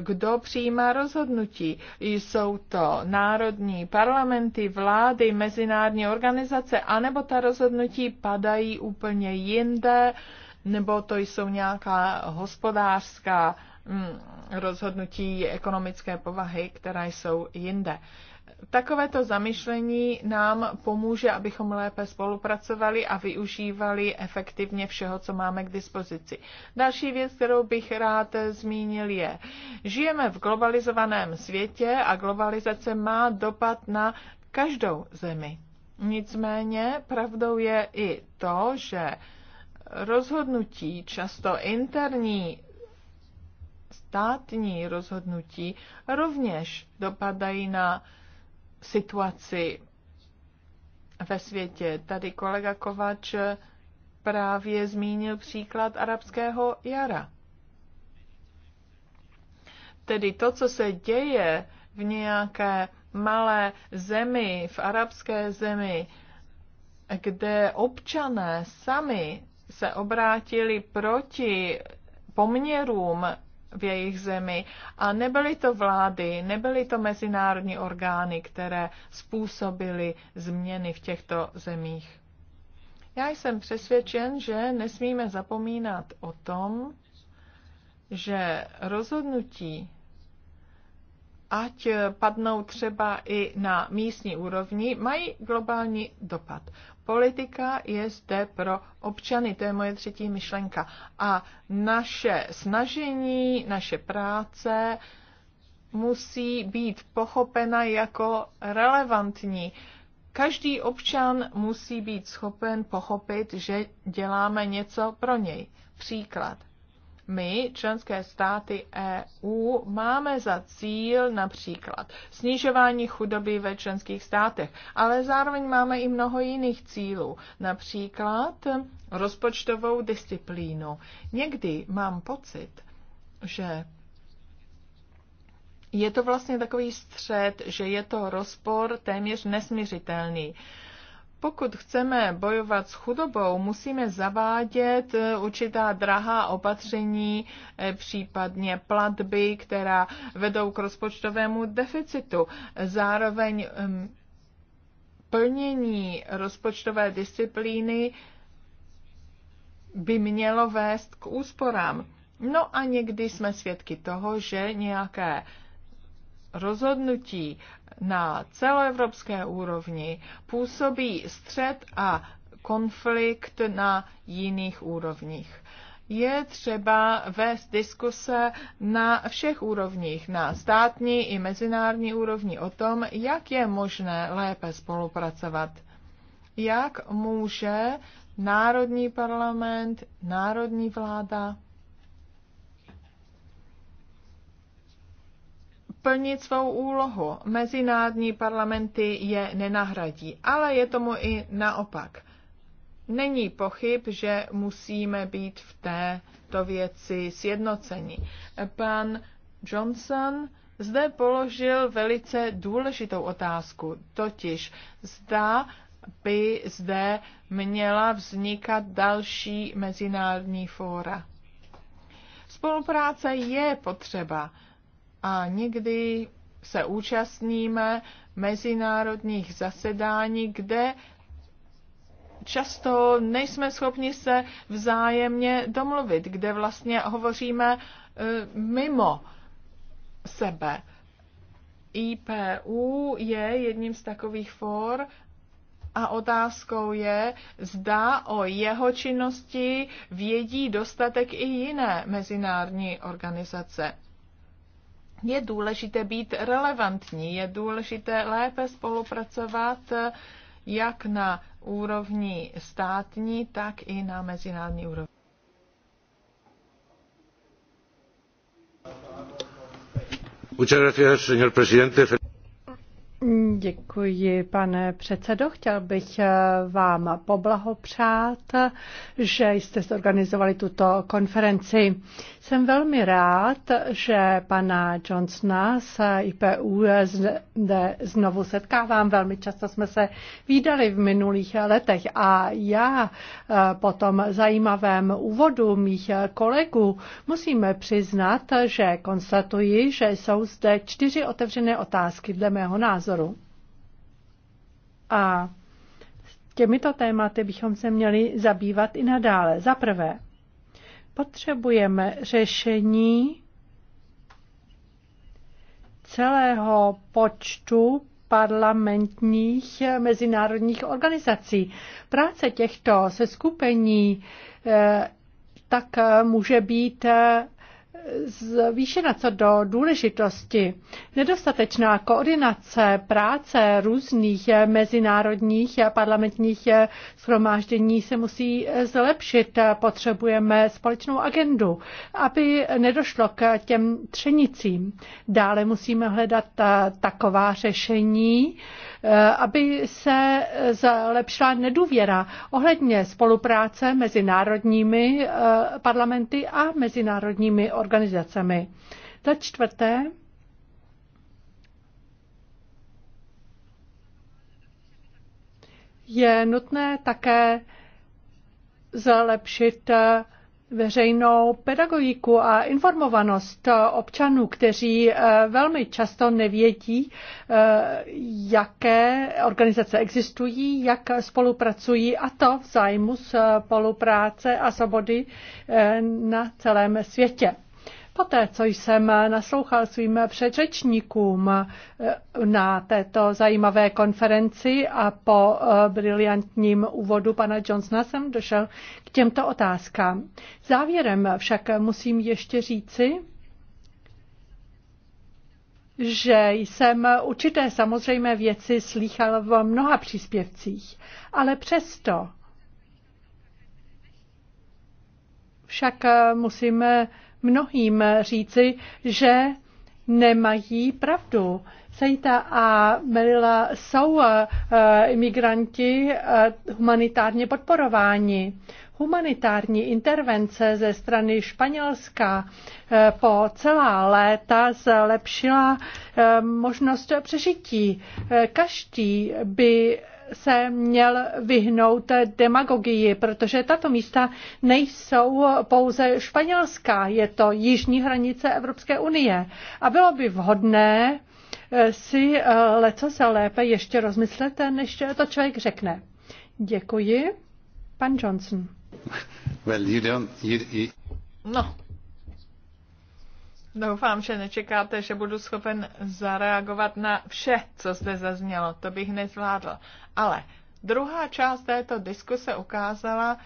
[SPEAKER 3] kdo přijímá rozhodnutí. Jsou to národní parlamenty, vlády, mezinárodní organizace, anebo ta rozhodnutí padají úplně jinde, nebo to jsou nějaká hospodářská mm, rozhodnutí ekonomické povahy, která jsou jinde. Takovéto zamyšlení nám pomůže, abychom lépe spolupracovali a využívali efektivně všeho, co máme k dispozici. Další věc, kterou bych rád zmínil, je, žijeme v globalizovaném světě a globalizace má dopad na každou zemi. Nicméně pravdou je i to, že rozhodnutí, často interní státní rozhodnutí, rovněž dopadají na situaci ve světě. Tady kolega Kovač právě zmínil příklad arabského jara. Tedy to, co se děje v nějaké malé zemi, v arabské zemi, kde občané sami se obrátili proti poměrům v jejich zemi. A nebyly to vlády, nebyly to mezinárodní orgány, které způsobily změny v těchto zemích. Já jsem přesvědčen, že nesmíme zapomínat o tom, že rozhodnutí ať padnou třeba i na místní úrovni, mají globální dopad. Politika je zde pro občany, to je moje třetí myšlenka. A naše snažení, naše práce musí být pochopena jako relevantní. Každý občan musí být schopen pochopit, že děláme něco pro něj. Příklad my, členské státy EU, máme za cíl například snižování chudoby ve členských státech, ale zároveň máme i mnoho jiných cílů, například rozpočtovou disciplínu. Někdy mám pocit, že je to vlastně takový střed, že je to rozpor téměř nesměřitelný. Uh, pokud chceme bojovat s chudobou, musíme zavádět eh, určitá drahá opatření, eh, případně platby, která vedou k rozpočtovému deficitu. Zároveň ehm, plnění rozpočtové disciplíny by mělo vést k úsporám. No a někdy jsme svědky toho, že nějaké rozhodnutí na celoevropské úrovni působí střed a konflikt na jiných úrovních je třeba vést diskuse na všech úrovních, na státní i mezinárodní úrovni o tom, jak je možné lépe spolupracovat. Jak může národní parlament, národní vláda plnit svou úlohu. Mezinárodní parlamenty je nenahradí, ale je tomu i naopak. Není pochyb, že musíme být v této věci sjednoceni. Pan Johnson zde položil velice důležitou otázku, totiž zda by zde měla vznikat další mezinárodní fóra. Spolupráce je potřeba a někdy se účastníme mezinárodních zasedání, kde často nejsme schopni se vzájemně domluvit, kde vlastně hovoříme e, mimo sebe. IPU je jedním z takových for a otázkou je, zda o jeho činnosti vědí dostatek i jiné mezinárodní organizace. Je důležité být relevantní, je důležité lépe spolupracovat jak na úrovni státní, tak i na mezinárodní úrovni.
[SPEAKER 1] Děkuji, pane předsedo. Chtěl bych eh, vám poblahopřát, že jste zorganizovali tuto konferenci. Jsem velmi rád, že pana Johnsona z IPU zde znovu setkávám. Velmi často jsme se výdali v minulých letech a já eh, po tom zajímavém úvodu mých kolegů musím přiznat, že konstatuji, že jsou zde čtyři otevřené otázky dle mého názoru. A těmito tématy bychom se měli zabývat i nadále. Za prvé, Potřebujeme řešení celého počtu parlamentních mezinárodních organizací. Práce těchto seskupení eh, tak může být eh, zvýšena co do důležitosti. Nedostatečná koordinace práce různých mezinárodních parlamentních schromáždění se musí zlepšit. Potřebujeme společnou agendu, aby nedošlo k těm třenicím. Dále musíme hledat taková řešení, aby se zlepšila nedůvěra ohledně spolupráce mezi národními eh, parlamenty a mezinárodními organizacemi organizacemi. Za čtvrté, je nutné také zlepšit eh, veřejnou pedagogiku a informovanost občanů, kteří eh, velmi často nevědí, eh, jaké organizace existují, jak spolupracují a to v zájmu spolupráce a svobody na celém světě. Poté, co jsem naslouchal svým předřečníkům eh, na této zajímavé konferenci a po eh, briliantním úvodu pana Johnsona jsem došel k těmto otázkám. Závěrem však musím ještě říci, že jsem určité samozřejmé věci slýchal v mnoha příspěvcích, ale přesto však musíme mnohým říci, že nemají pravdu. Sejta a Melila jsou eh, imigranti eh, humanitárně podporováni. Humanitární intervence ze strany Španělska eh, po celá léta zlepšila možnost přežití. Každý by se měl vyhnout demagogii, protože tato místa nejsou pouze španělská, je to jižní hranice Evropské unie. A bylo by vhodné eh, si eh, leco se lépe ještě rozmyslet, než to člověk řekne. Děkuji. Pan Johnson.
[SPEAKER 2] Well, you don't, you, you...
[SPEAKER 3] No, Doufám, že nečekáte, že budu schopen zareagovat na vše, co zde zaznělo. To bych nezvládl. Ale druhá část této diskuse ukázala,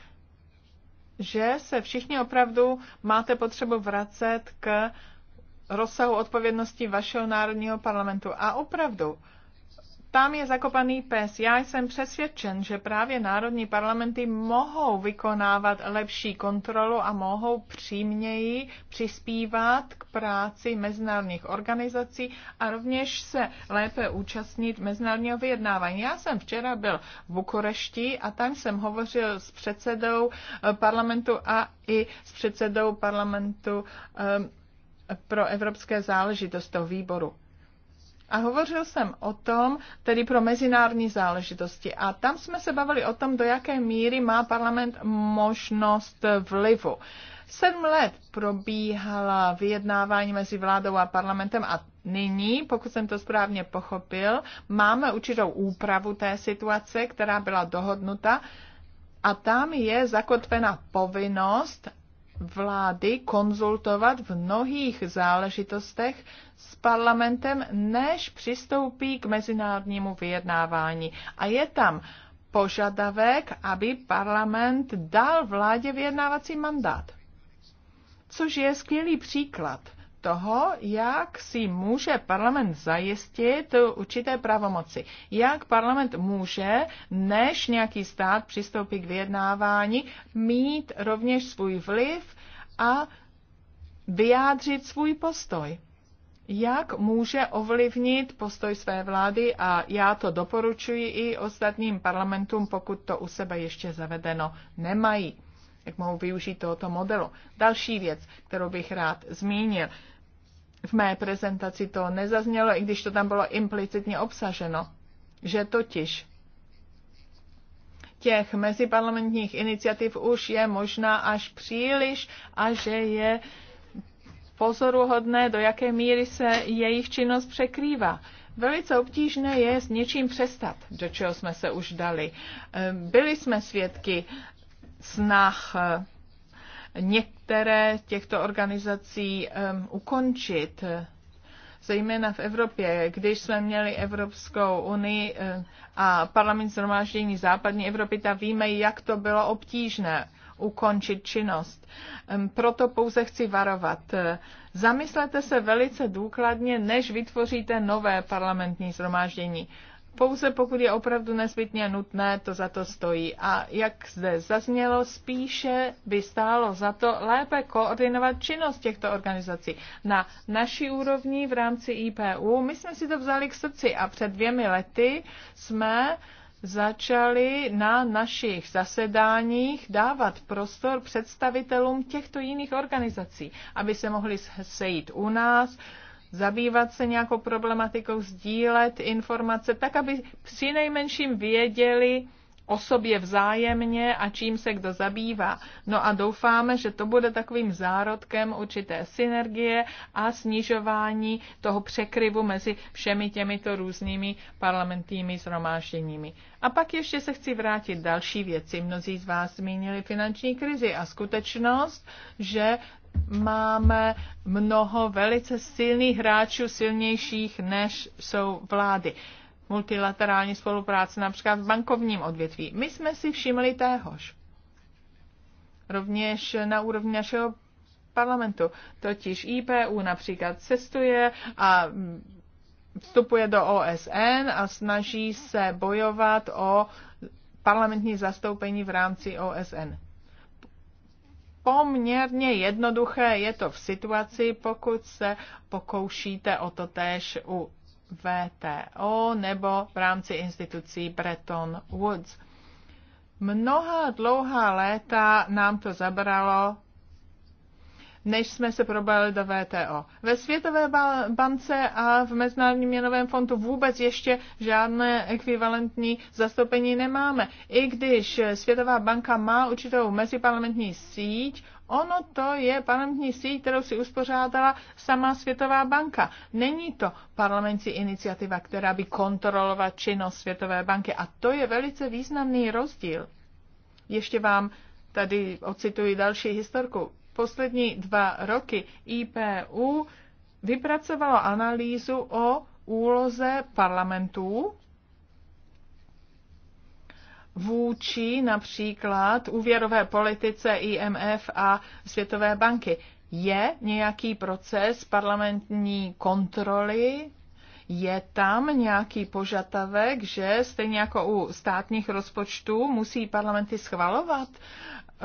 [SPEAKER 3] že se všichni opravdu máte potřebu vracet k rozsahu odpovědnosti vašeho národního parlamentu. A opravdu, tam je zakopaný pes. Já jsem přesvědčen, že právě národní parlamenty mohou vykonávat lepší kontrolu a mohou přímněji přispívat k práci mezinárodních organizací a rovněž se lépe účastnit mezinárodního vyjednávání. Já jsem včera byl v Bukurešti a tam jsem hovořil s předsedou eh, parlamentu a i s předsedou parlamentu eh, pro evropské záležitosti toho výboru a hovořil jsem o tom, tedy pro mezinárodní záležitosti. A tam jsme se bavili o tom, do jaké míry má parlament možnost vlivu. Sedm let probíhala vyjednávání mezi vládou a parlamentem a nyní, pokud jsem to správně pochopil, máme určitou úpravu té situace, která byla dohodnuta a tam je zakotvena povinnost vlády konzultovat v mnohých záležitostech s parlamentem, než přistoupí k mezinárodnímu vyjednávání. A je tam požadavek, aby parlament dal vládě vyjednávací mandát. Což je skvělý příklad toho, jak si může parlament zajistit určité pravomoci. Jak parlament může, než nějaký stát přistoupí k vyjednávání, mít rovněž svůj vliv a vyjádřit svůj postoj. Jak může ovlivnit postoj své vlády a já to doporučuji i ostatním parlamentům, pokud to u sebe ještě zavedeno nemají jak mohou využít tohoto modelu. Další věc, kterou bych rád zmínil, v mé prezentaci to nezaznělo, i když to tam bylo implicitně obsaženo, že totiž těch meziparlamentních iniciativ už je možná až příliš a že je pozoruhodné, do jaké míry se jejich činnost překrývá. Velice obtížné je s něčím přestat, do čeho jsme se už dali. Byli jsme svědky snah některé těchto organizací um, ukončit, zejména v Evropě, když jsme měli Evropskou unii a parlament zhromáždění západní Evropy, tak víme, jak to bylo obtížné ukončit činnost. Proto pouze chci varovat. Zamyslete se velice důkladně, než vytvoříte nové parlamentní zhromáždění pouze pokud je opravdu nezbytně nutné, to za to stojí. A jak zde zaznělo, spíše by stálo za to lépe koordinovat činnost těchto organizací. Na naší úrovni v rámci IPU, my jsme si to vzali k srdci a před dvěmi lety jsme začali na našich zasedáních dávat prostor představitelům těchto jiných organizací, aby se mohli sejít u nás, zabývat se nějakou problematikou, sdílet informace, tak aby při nejmenším věděli o sobě vzájemně a čím se kdo zabývá. No a doufáme, že to bude takovým zárodkem určité synergie a snižování toho překryvu mezi všemi těmito různými parlamentními zhromážděními. A pak ještě se chci vrátit další věci. Mnozí z vás zmínili finanční krizi a skutečnost, že máme mnoho velice silných hráčů, silnějších než jsou vlády. Multilaterální spolupráce například v bankovním odvětví. My jsme si všimli téhož. Rovněž na úrovni našeho parlamentu. Totiž IPU například cestuje a vstupuje do OSN a snaží se bojovat o parlamentní zastoupení v rámci OSN poměrně jednoduché. Je to v situaci, pokud se pokoušíte o to též u VTO nebo v rámci institucí Bretton Woods. Mnoha dlouhá léta nám to zabralo než jsme se probali do VTO. Ve Světové bance a v Mezinárodním měnovém fondu vůbec ještě žádné ekvivalentní zastoupení nemáme. I když Světová banka má určitou meziparlamentní síť, Ono to je parlamentní síť, kterou si uspořádala sama Světová banka. Není to parlamentní iniciativa, která by kontrolovat činnost Světové banky. A to je velice významný rozdíl. Ještě vám tady ocituji další historku poslední dva roky IPU vypracovalo analýzu o úloze parlamentů vůči například úvěrové politice IMF a Světové banky. Je nějaký proces parlamentní kontroly? Je tam nějaký požadavek, že stejně jako u státních rozpočtů musí parlamenty schvalovat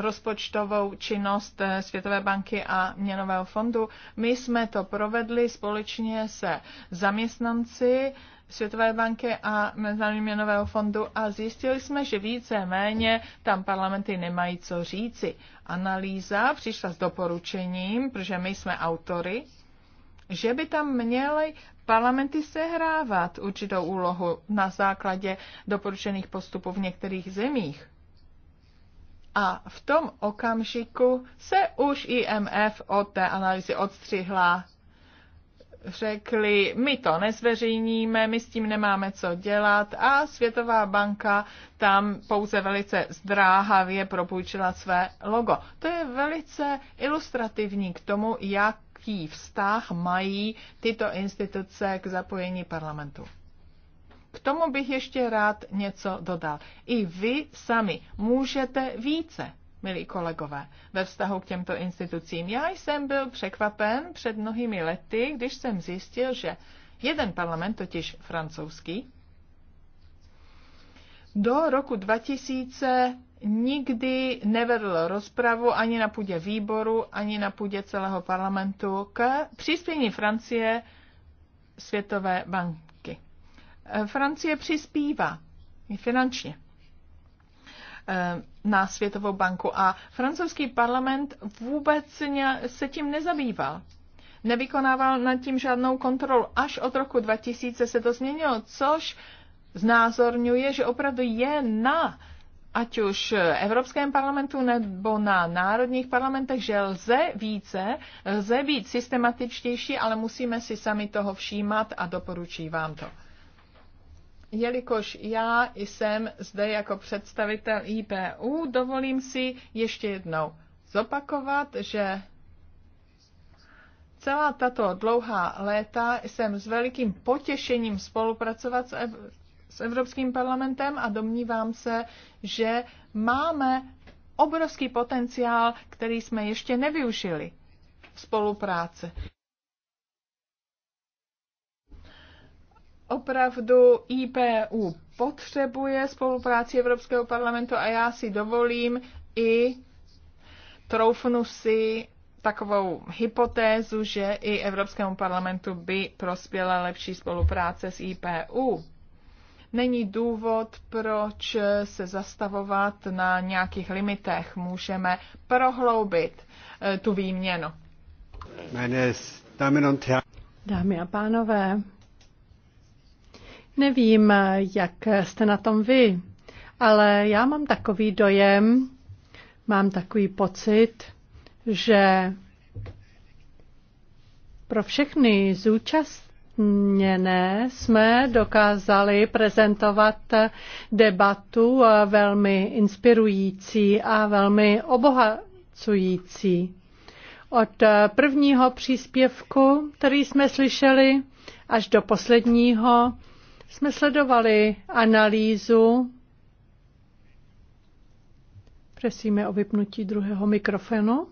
[SPEAKER 3] rozpočtovou činnost eh, Světové banky a Měnového fondu. My jsme to provedli společně se zaměstnanci Světové banky a Mezinárodního měnového fondu a zjistili jsme, že více méně tam parlamenty nemají co říci. Analýza přišla s doporučením, protože my jsme autory, že by tam měly parlamenty sehrávat určitou úlohu na základě doporučených postupů v některých zemích a v tom okamžiku se už IMF od té analýzy odstřihla. Řekli, my to nezveřejníme, my s tím nemáme co dělat a Světová banka tam pouze velice zdráhavě propůjčila své logo. To je velice ilustrativní k tomu, jaký vztah mají tyto instituce k zapojení parlamentu. K tomu bych ještě rád něco dodal. I vy sami můžete více, milí kolegové, ve vztahu k těmto institucím. Já jsem byl překvapen před mnohými lety, když jsem zjistil, že jeden parlament, totiž francouzský, do roku 2000 nikdy nevedl rozpravu ani na půdě výboru, ani na půdě celého parlamentu k příspění Francie Světové banky Eh, Francie přispívá finančně eh, na Světovou banku a francouzský parlament vůbec se tím nezabýval. Nevykonával nad tím žádnou kontrolu. Až od roku 2000 se to změnilo, což znázorňuje, že opravdu je na ať už Evropském parlamentu nebo na národních parlamentech, že lze více, lze být systematičtější, ale musíme si sami toho všímat a doporučí vám to. Jelikož já jsem zde jako představitel IPU, dovolím si ještě jednou zopakovat, že celá tato dlouhá léta jsem s velikým potěšením spolupracovat s, Ev- s Evropským parlamentem a domnívám se, že máme obrovský potenciál, který jsme ještě nevyužili v spolupráce. opravdu IPU potřebuje spolupráci Evropského parlamentu a já si dovolím i troufnu si takovou hypotézu, že i Evropskému parlamentu by prospěla lepší spolupráce s IPU. Není důvod, proč se zastavovat na nějakých limitech. Můžeme prohloubit eh, tu výměnu. Dámy a pánové, Nevím,
[SPEAKER 1] jak jste na tom vy, ale já mám takový dojem, mám takový pocit, že pro všechny zúčastněné jsme dokázali prezentovat debatu velmi inspirující a velmi obohacující. Od prvního příspěvku, který jsme slyšeli, až do posledního jsme sledovali analýzu. Prosíme o vypnutí druhého mikrofonu.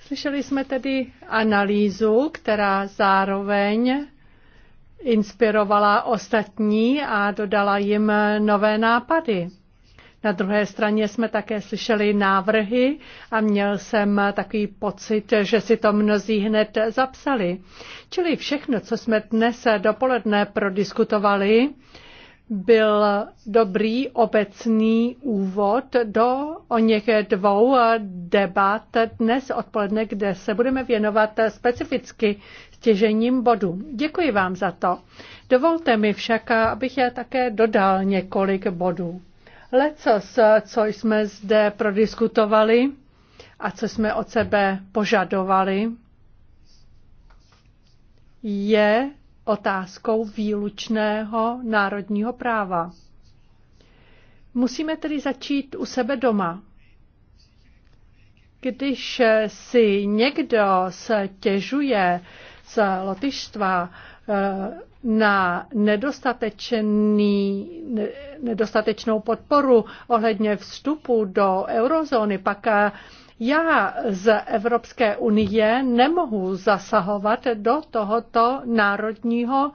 [SPEAKER 1] Slyšeli jsme tedy analýzu, která zároveň inspirovala ostatní a dodala jim nové nápady. Na druhé straně jsme také slyšeli návrhy a měl jsem takový pocit, že si to mnozí hned zapsali. Čili všechno, co jsme dnes dopoledne prodiskutovali, byl dobrý obecný úvod do o něké dvou debat dnes odpoledne, kde se budeme věnovat specificky stěžením bodů. Děkuji vám za to. Dovolte mi však, abych já také dodal několik bodů. Lecos, co jsme zde prodiskutovali a co jsme od sebe požadovali, je otázkou výlučného národního práva. Musíme tedy začít u sebe doma. Když si někdo stěžuje z lotyštva, eh, na nedostatečný, nedostatečnou podporu ohledně vstupu do eurozóny, pak eh, já z Evropské unie nemohu zasahovat do tohoto národního uh,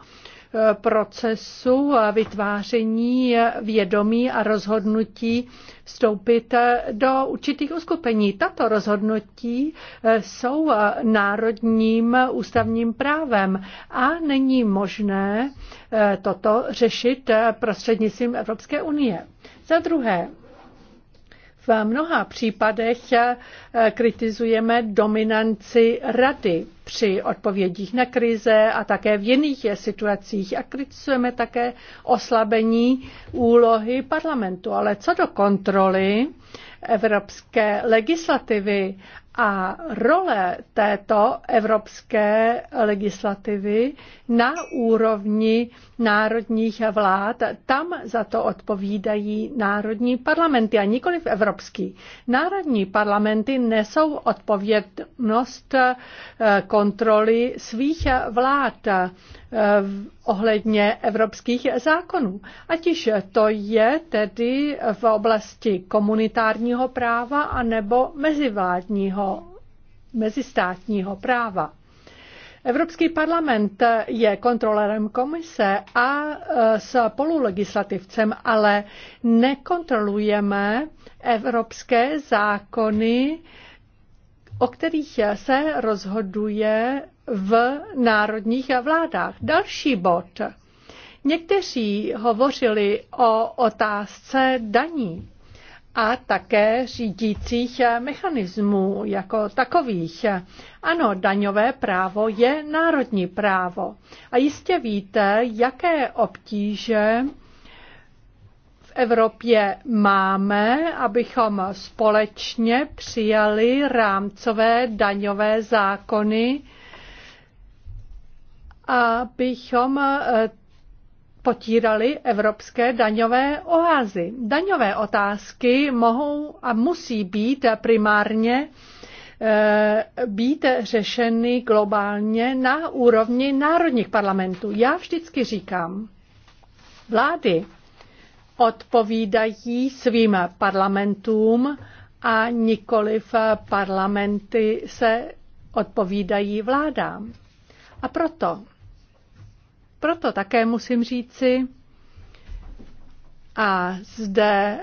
[SPEAKER 1] procesu vytváření vědomí a rozhodnutí vstoupit do určitých uskupení. Tato rozhodnutí jsou národním ústavním právem a není možné toto řešit prostřednictvím Evropské unie. Za druhé, v mnoha případech eh, kritizujeme dominanci rady při odpovědích na krize a také v jiných situacích a kritizujeme také oslabení úlohy parlamentu. Ale co do kontroly evropské legislativy a role této evropské legislativy na úrovni národních vlád, tam za to odpovídají národní parlamenty a nikoli v evropský. Národní parlamenty nesou odpovědnost eh, kontroly svých vlád eh, ohledně evropských zákonů. Ať již to je tedy v oblasti komunitárního práva anebo mezivládního, mezistátního práva. Evropský parlament je kontrolerem komise a e, polulegislativcem, ale nekontrolujeme evropské zákony, o kterých se rozhoduje v národních vládách. Další bod. Někteří hovořili o otázce daní a také řídících mechanismů jako takových. Ano, daňové právo je národní právo. A jistě víte, jaké obtíže v Evropě máme, abychom společně přijali rámcové daňové zákony, abychom potírali evropské daňové oázy. Daňové otázky mohou a musí být primárně eh, být řešeny globálně na úrovni národních parlamentů. Já vždycky říkám, vlády odpovídají svým parlamentům a nikoliv parlamenty se odpovídají vládám. A proto proto také musím říci, a zde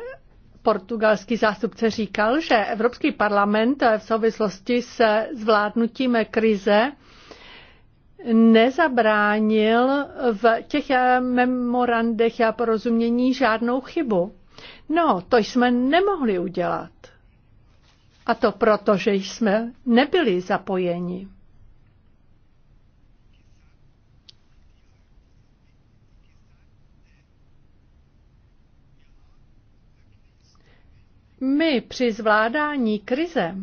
[SPEAKER 1] portugalský zástupce říkal, že Evropský parlament v souvislosti se zvládnutím krize nezabránil v těch memorandech a porozumění žádnou chybu. No, to jsme nemohli udělat. A to proto, že jsme nebyli zapojeni. My při zvládání krize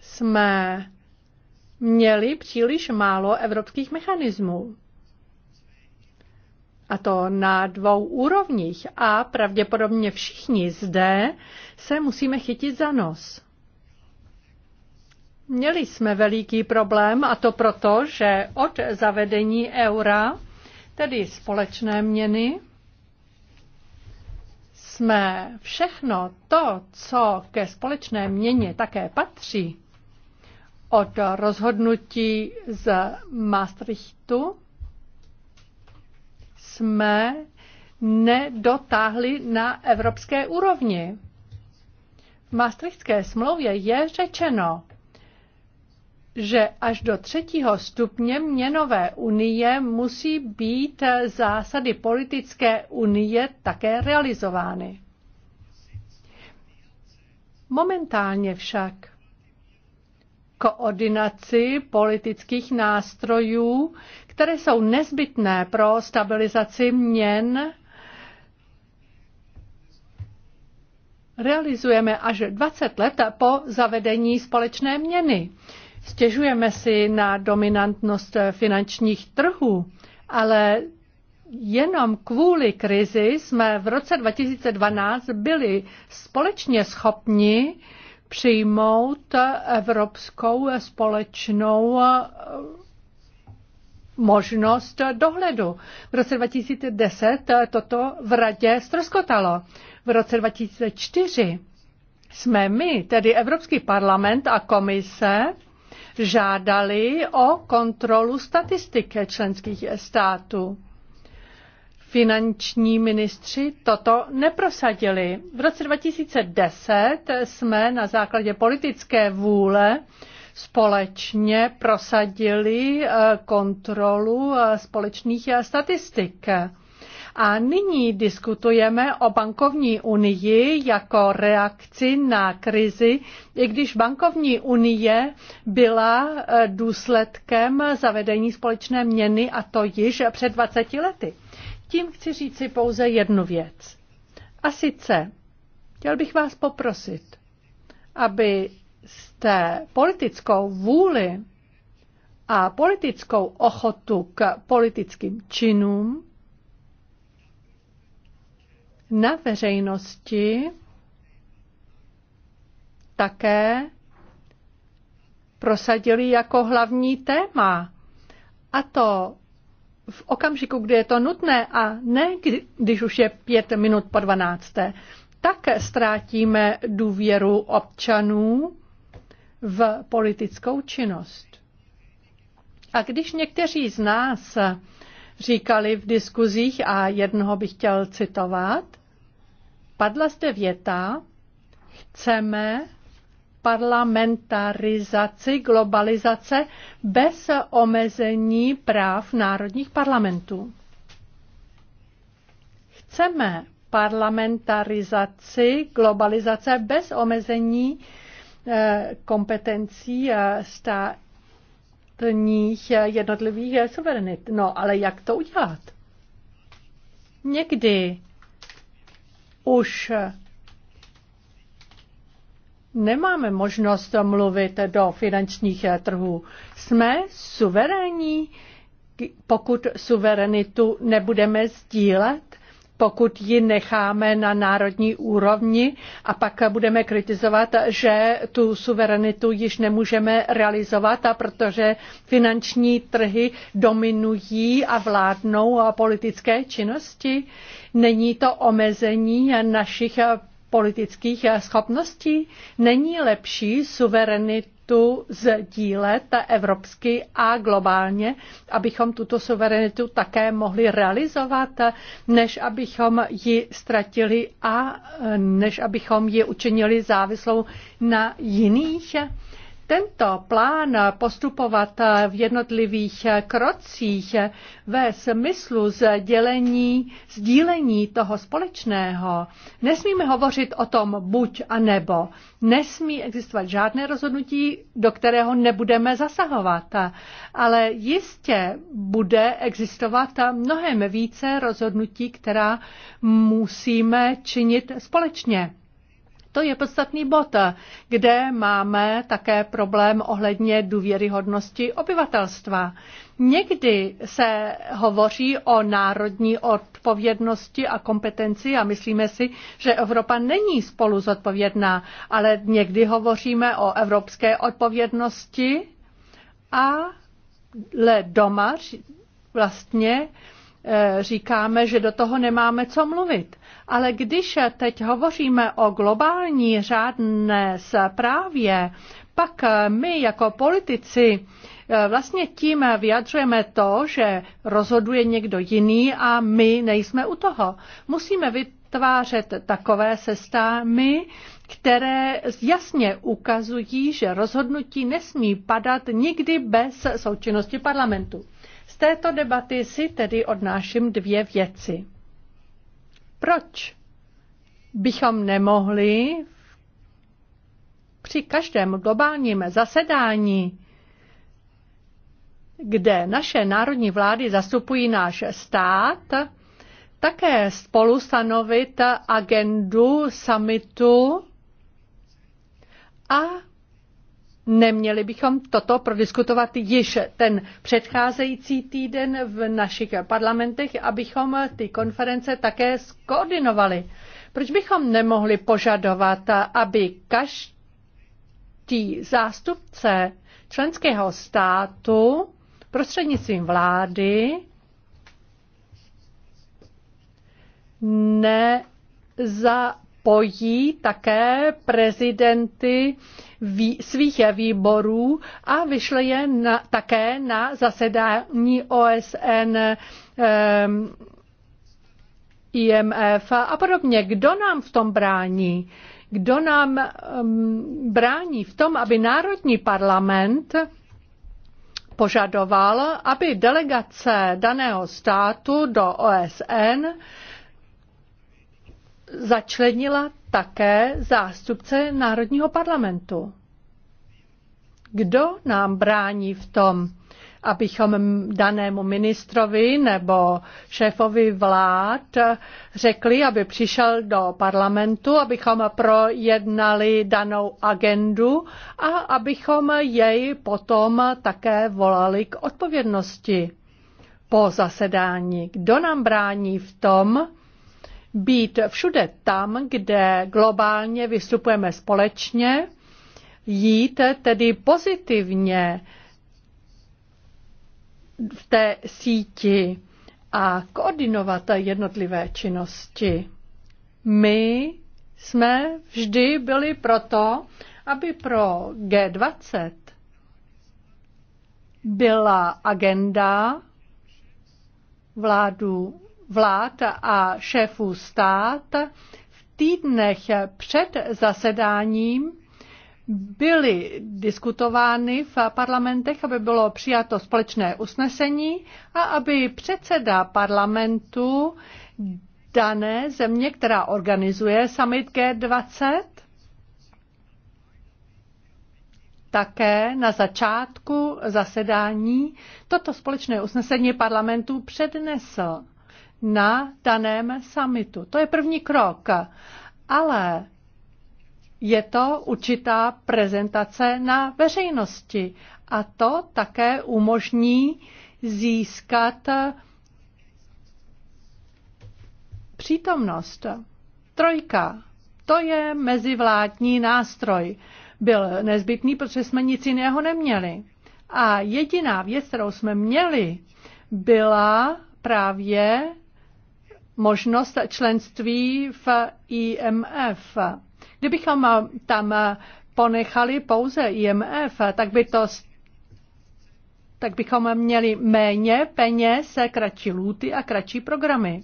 [SPEAKER 1] jsme měli příliš málo evropských mechanismů. A to na dvou úrovních. A pravděpodobně všichni zde se musíme chytit za nos. Měli jsme veliký problém a to proto, že od zavedení eura, tedy společné měny, jsme všechno to, co ke společné měně také patří, od rozhodnutí z Maastrichtu, jsme nedotáhli na evropské úrovni. V Maastrichtské smlouvě je řečeno, že až do třetího stupně měnové unie musí být zásady politické unie také realizovány. Momentálně však koordinaci politických nástrojů, které jsou nezbytné pro stabilizaci měn, realizujeme až 20 let po zavedení společné měny. Stěžujeme si na dominantnost finančních trhů, ale jenom kvůli krizi jsme v roce 2012 byli společně schopni přijmout evropskou společnou eh, možnost dohledu. V roce 2010 toto v radě ztroskotalo. V roce 2004 jsme my, tedy Evropský parlament a komise, žádali o kontrolu statistiky členských států. Finanční ministři toto neprosadili. V roce 2010 jsme na základě politické vůle společně prosadili eh, kontrolu eh, společných eh, statistik. A nyní diskutujeme o bankovní unii jako reakci na krizi, i když bankovní unie byla e, důsledkem zavedení společné měny a to již před 20 lety. Tím chci říci pouze jednu věc. A sice, chtěl bych vás poprosit, aby jste politickou vůli a politickou ochotu k politickým činům na veřejnosti také prosadili jako hlavní téma. A to v okamžiku, kdy je to nutné a ne když už je pět minut po dvanácté, tak ztrátíme důvěru občanů v politickou činnost. A když někteří z nás říkali v diskuzích, a jednoho bych chtěl citovat, Padla zde věta, chceme parlamentarizaci globalizace bez omezení práv národních parlamentů. Chceme parlamentarizaci globalizace bez omezení eh, kompetencí eh, státních eh, jednotlivých suverenit. No, ale jak to udělat? Někdy už nemáme možnost mluvit do finančních trhů. Jsme suverénní, pokud suverenitu nebudeme sdílet pokud ji necháme na národní úrovni a pak budeme kritizovat, že tu suverenitu již nemůžeme realizovat, a protože finanční trhy dominují a vládnou politické činnosti. Není to omezení našich politických schopností? Není lepší suverenitu suverenitu sdílet evropsky a globálně, abychom tuto suverenitu také mohli realizovat, než abychom ji ztratili a než abychom ji učinili závislou na jiných tento plán postupovat v jednotlivých krocích ve smyslu sdělení, sdílení toho společného. Nesmíme hovořit o tom buď a nebo. Nesmí existovat žádné rozhodnutí, do kterého nebudeme zasahovat. Ale jistě bude existovat mnohem více rozhodnutí, která musíme činit společně. To je podstatný bod, kde máme také problém ohledně důvěryhodnosti obyvatelstva. Někdy se hovoří o národní odpovědnosti a kompetenci a myslíme si, že Evropa není spolu zodpovědná, ale někdy hovoříme o evropské odpovědnosti a le doma vlastně Eh, říkáme, že do toho nemáme co mluvit. Ale když teď hovoříme o globální řádné zprávě, pak eh, my jako politici eh, vlastně tím vyjadřujeme to, že rozhoduje někdo jiný a my nejsme u toho. Musíme vytvářet takové sestámy, které jasně ukazují, že rozhodnutí nesmí padat nikdy bez součinnosti parlamentu. Z této debaty si tedy odnáším dvě věci. Proč bychom nemohli při každém globálním zasedání, kde naše národní vlády zastupují náš stát, také spolu stanovit agendu summitu a Neměli bychom toto prodiskutovat již ten předcházející týden v našich parlamentech, abychom ty konference také skoordinovali. Proč bychom nemohli požadovat, aby každý zástupce členského státu prostřednictvím vlády ne za pojí také prezidenty svých výborů a vyšle je na, také na zasedání OSN um, ehm, IMF a podobně. Kdo nám v tom brání? Kdo nám um, brání v tom, aby Národní parlament požadoval, aby delegace daného státu do OSN začlenila také zástupce Národního parlamentu. Kdo nám brání v tom, abychom danému ministrovi nebo šéfovi vlád řekli, aby přišel do parlamentu, abychom projednali danou agendu a abychom jej potom také volali k odpovědnosti po zasedání. Kdo nám brání v tom, být všude tam, kde globálně vystupujeme společně, jít tedy pozitivně v té síti a koordinovat jednotlivé činnosti. My jsme vždy byli proto, aby pro G20 byla agenda vládu vlád a šéfů stát v týdnech před zasedáním byly diskutovány v parlamentech, aby bylo přijato společné usnesení a aby předseda parlamentu dané země, která organizuje summit G20, také na začátku zasedání toto společné usnesení parlamentu přednesl na daném summitu. To je první krok, ale je to určitá prezentace na veřejnosti a to také umožní získat přítomnost. Trojka. To je mezivládní nástroj. Byl nezbytný, protože jsme nic jiného neměli. A jediná věc, kterou jsme měli, byla právě možnost členství v IMF. Kdybychom tam ponechali pouze IMF, tak by to tak bychom měli méně peněz, kratší lůty a kratší programy.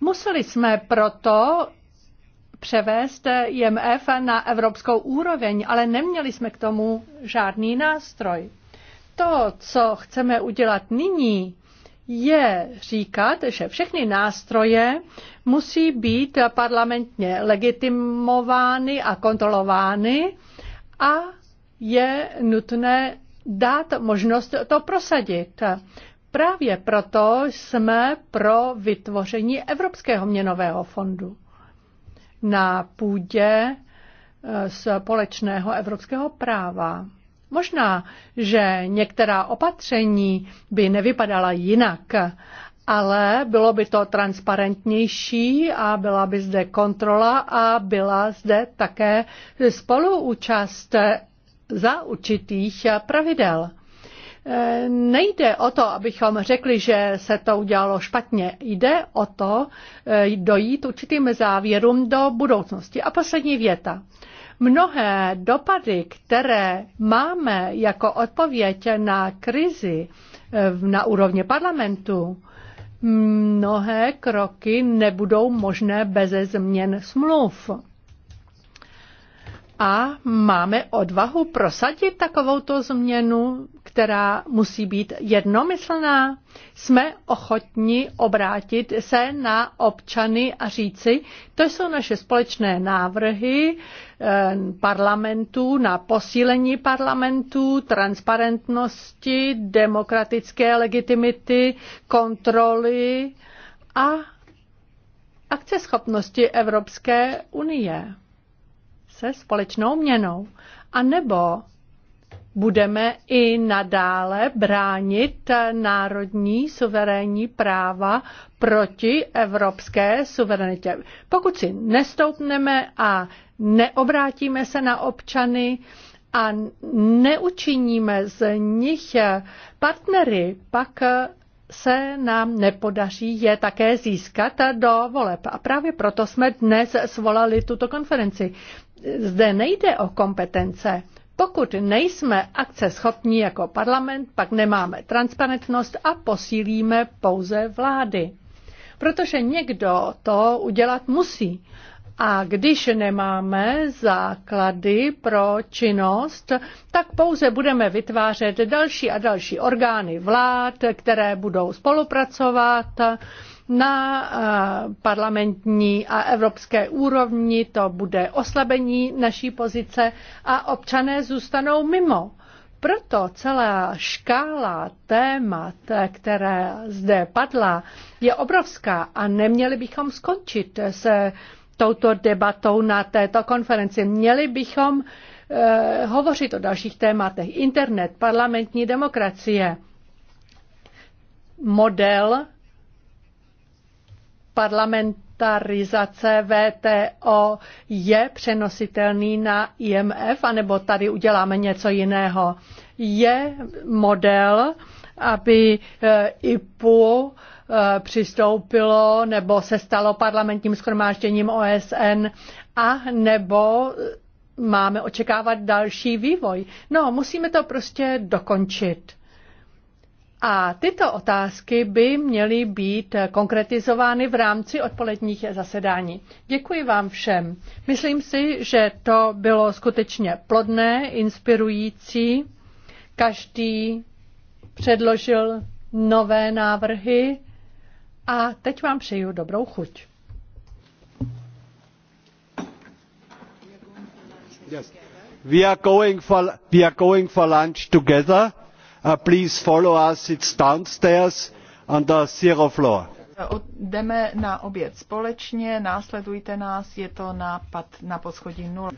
[SPEAKER 1] Museli jsme proto převést IMF na evropskou úroveň, ale neměli jsme k tomu žádný nástroj. To, co chceme udělat nyní, je říkat, že všechny nástroje musí být parlamentně legitimovány a kontrolovány a je nutné dát možnost to prosadit. Právě proto jsme pro vytvoření Evropského měnového fondu na půdě eh, společného evropského práva. Možná, že některá opatření by nevypadala jinak, ale bylo by to transparentnější a byla by zde kontrola a byla zde také spoluúčast za určitých pravidel. E, nejde o to, abychom řekli, že se to udělalo špatně. Jde o to e, dojít určitým závěrům do budoucnosti. A poslední věta. Mnohé dopady, které máme jako odpověď na krizi eh, na úrovni parlamentu, mnohé kroky nebudou možné bez změn smluv. A máme odvahu prosadit takovouto změnu, která musí být jednomyslná. Jsme ochotni obrátit se na občany a říci, to jsou naše společné návrhy, Eh, parlamentů, na posílení parlamentů, transparentnosti, demokratické legitimity, kontroly a akceschopnosti Evropské unie se společnou měnou. A nebo budeme i nadále bránit národní suverénní práva proti evropské suverenitě. Pokud si nestoupneme a neobrátíme se na občany a neučiníme z nich partnery, pak se nám nepodaří je také získat do voleb. A právě proto jsme dnes svolali tuto konferenci. Zde nejde o kompetence pokud nejsme akce schopní jako parlament, pak nemáme transparentnost a posílíme pouze vlády. Protože někdo to udělat musí. A když nemáme základy pro činnost, tak pouze budeme vytvářet další a další orgány vlád, které budou spolupracovat na eh, parlamentní a evropské úrovni to bude oslabení naší pozice a občané zůstanou mimo. Proto celá škála témat, které zde padla, je obrovská a neměli bychom skončit se touto debatou na této konferenci. Měli bychom eh, hovořit o dalších tématech. Internet, parlamentní demokracie, model parlamentarizace VTO je přenositelný na IMF, anebo tady uděláme něco jiného. Je model, aby eh, IPU eh, přistoupilo nebo se stalo parlamentním schromážděním OSN a nebo eh, máme očekávat další vývoj. No, musíme to prostě dokončit. A tyto otázky by měly být konkretizovány v rámci odpoledních zasedání. Děkuji vám všem. Myslím si, že to bylo skutečně plodné, inspirující. Každý předložil nové návrhy a teď vám přeju dobrou chuť. Yes. We are going for we are going for lunch together. Uh, please follow us it's downstairs on the zero floor.
[SPEAKER 3] Jdeme na oběd společně, následujte nás, je to na, pat, na poschodí 0.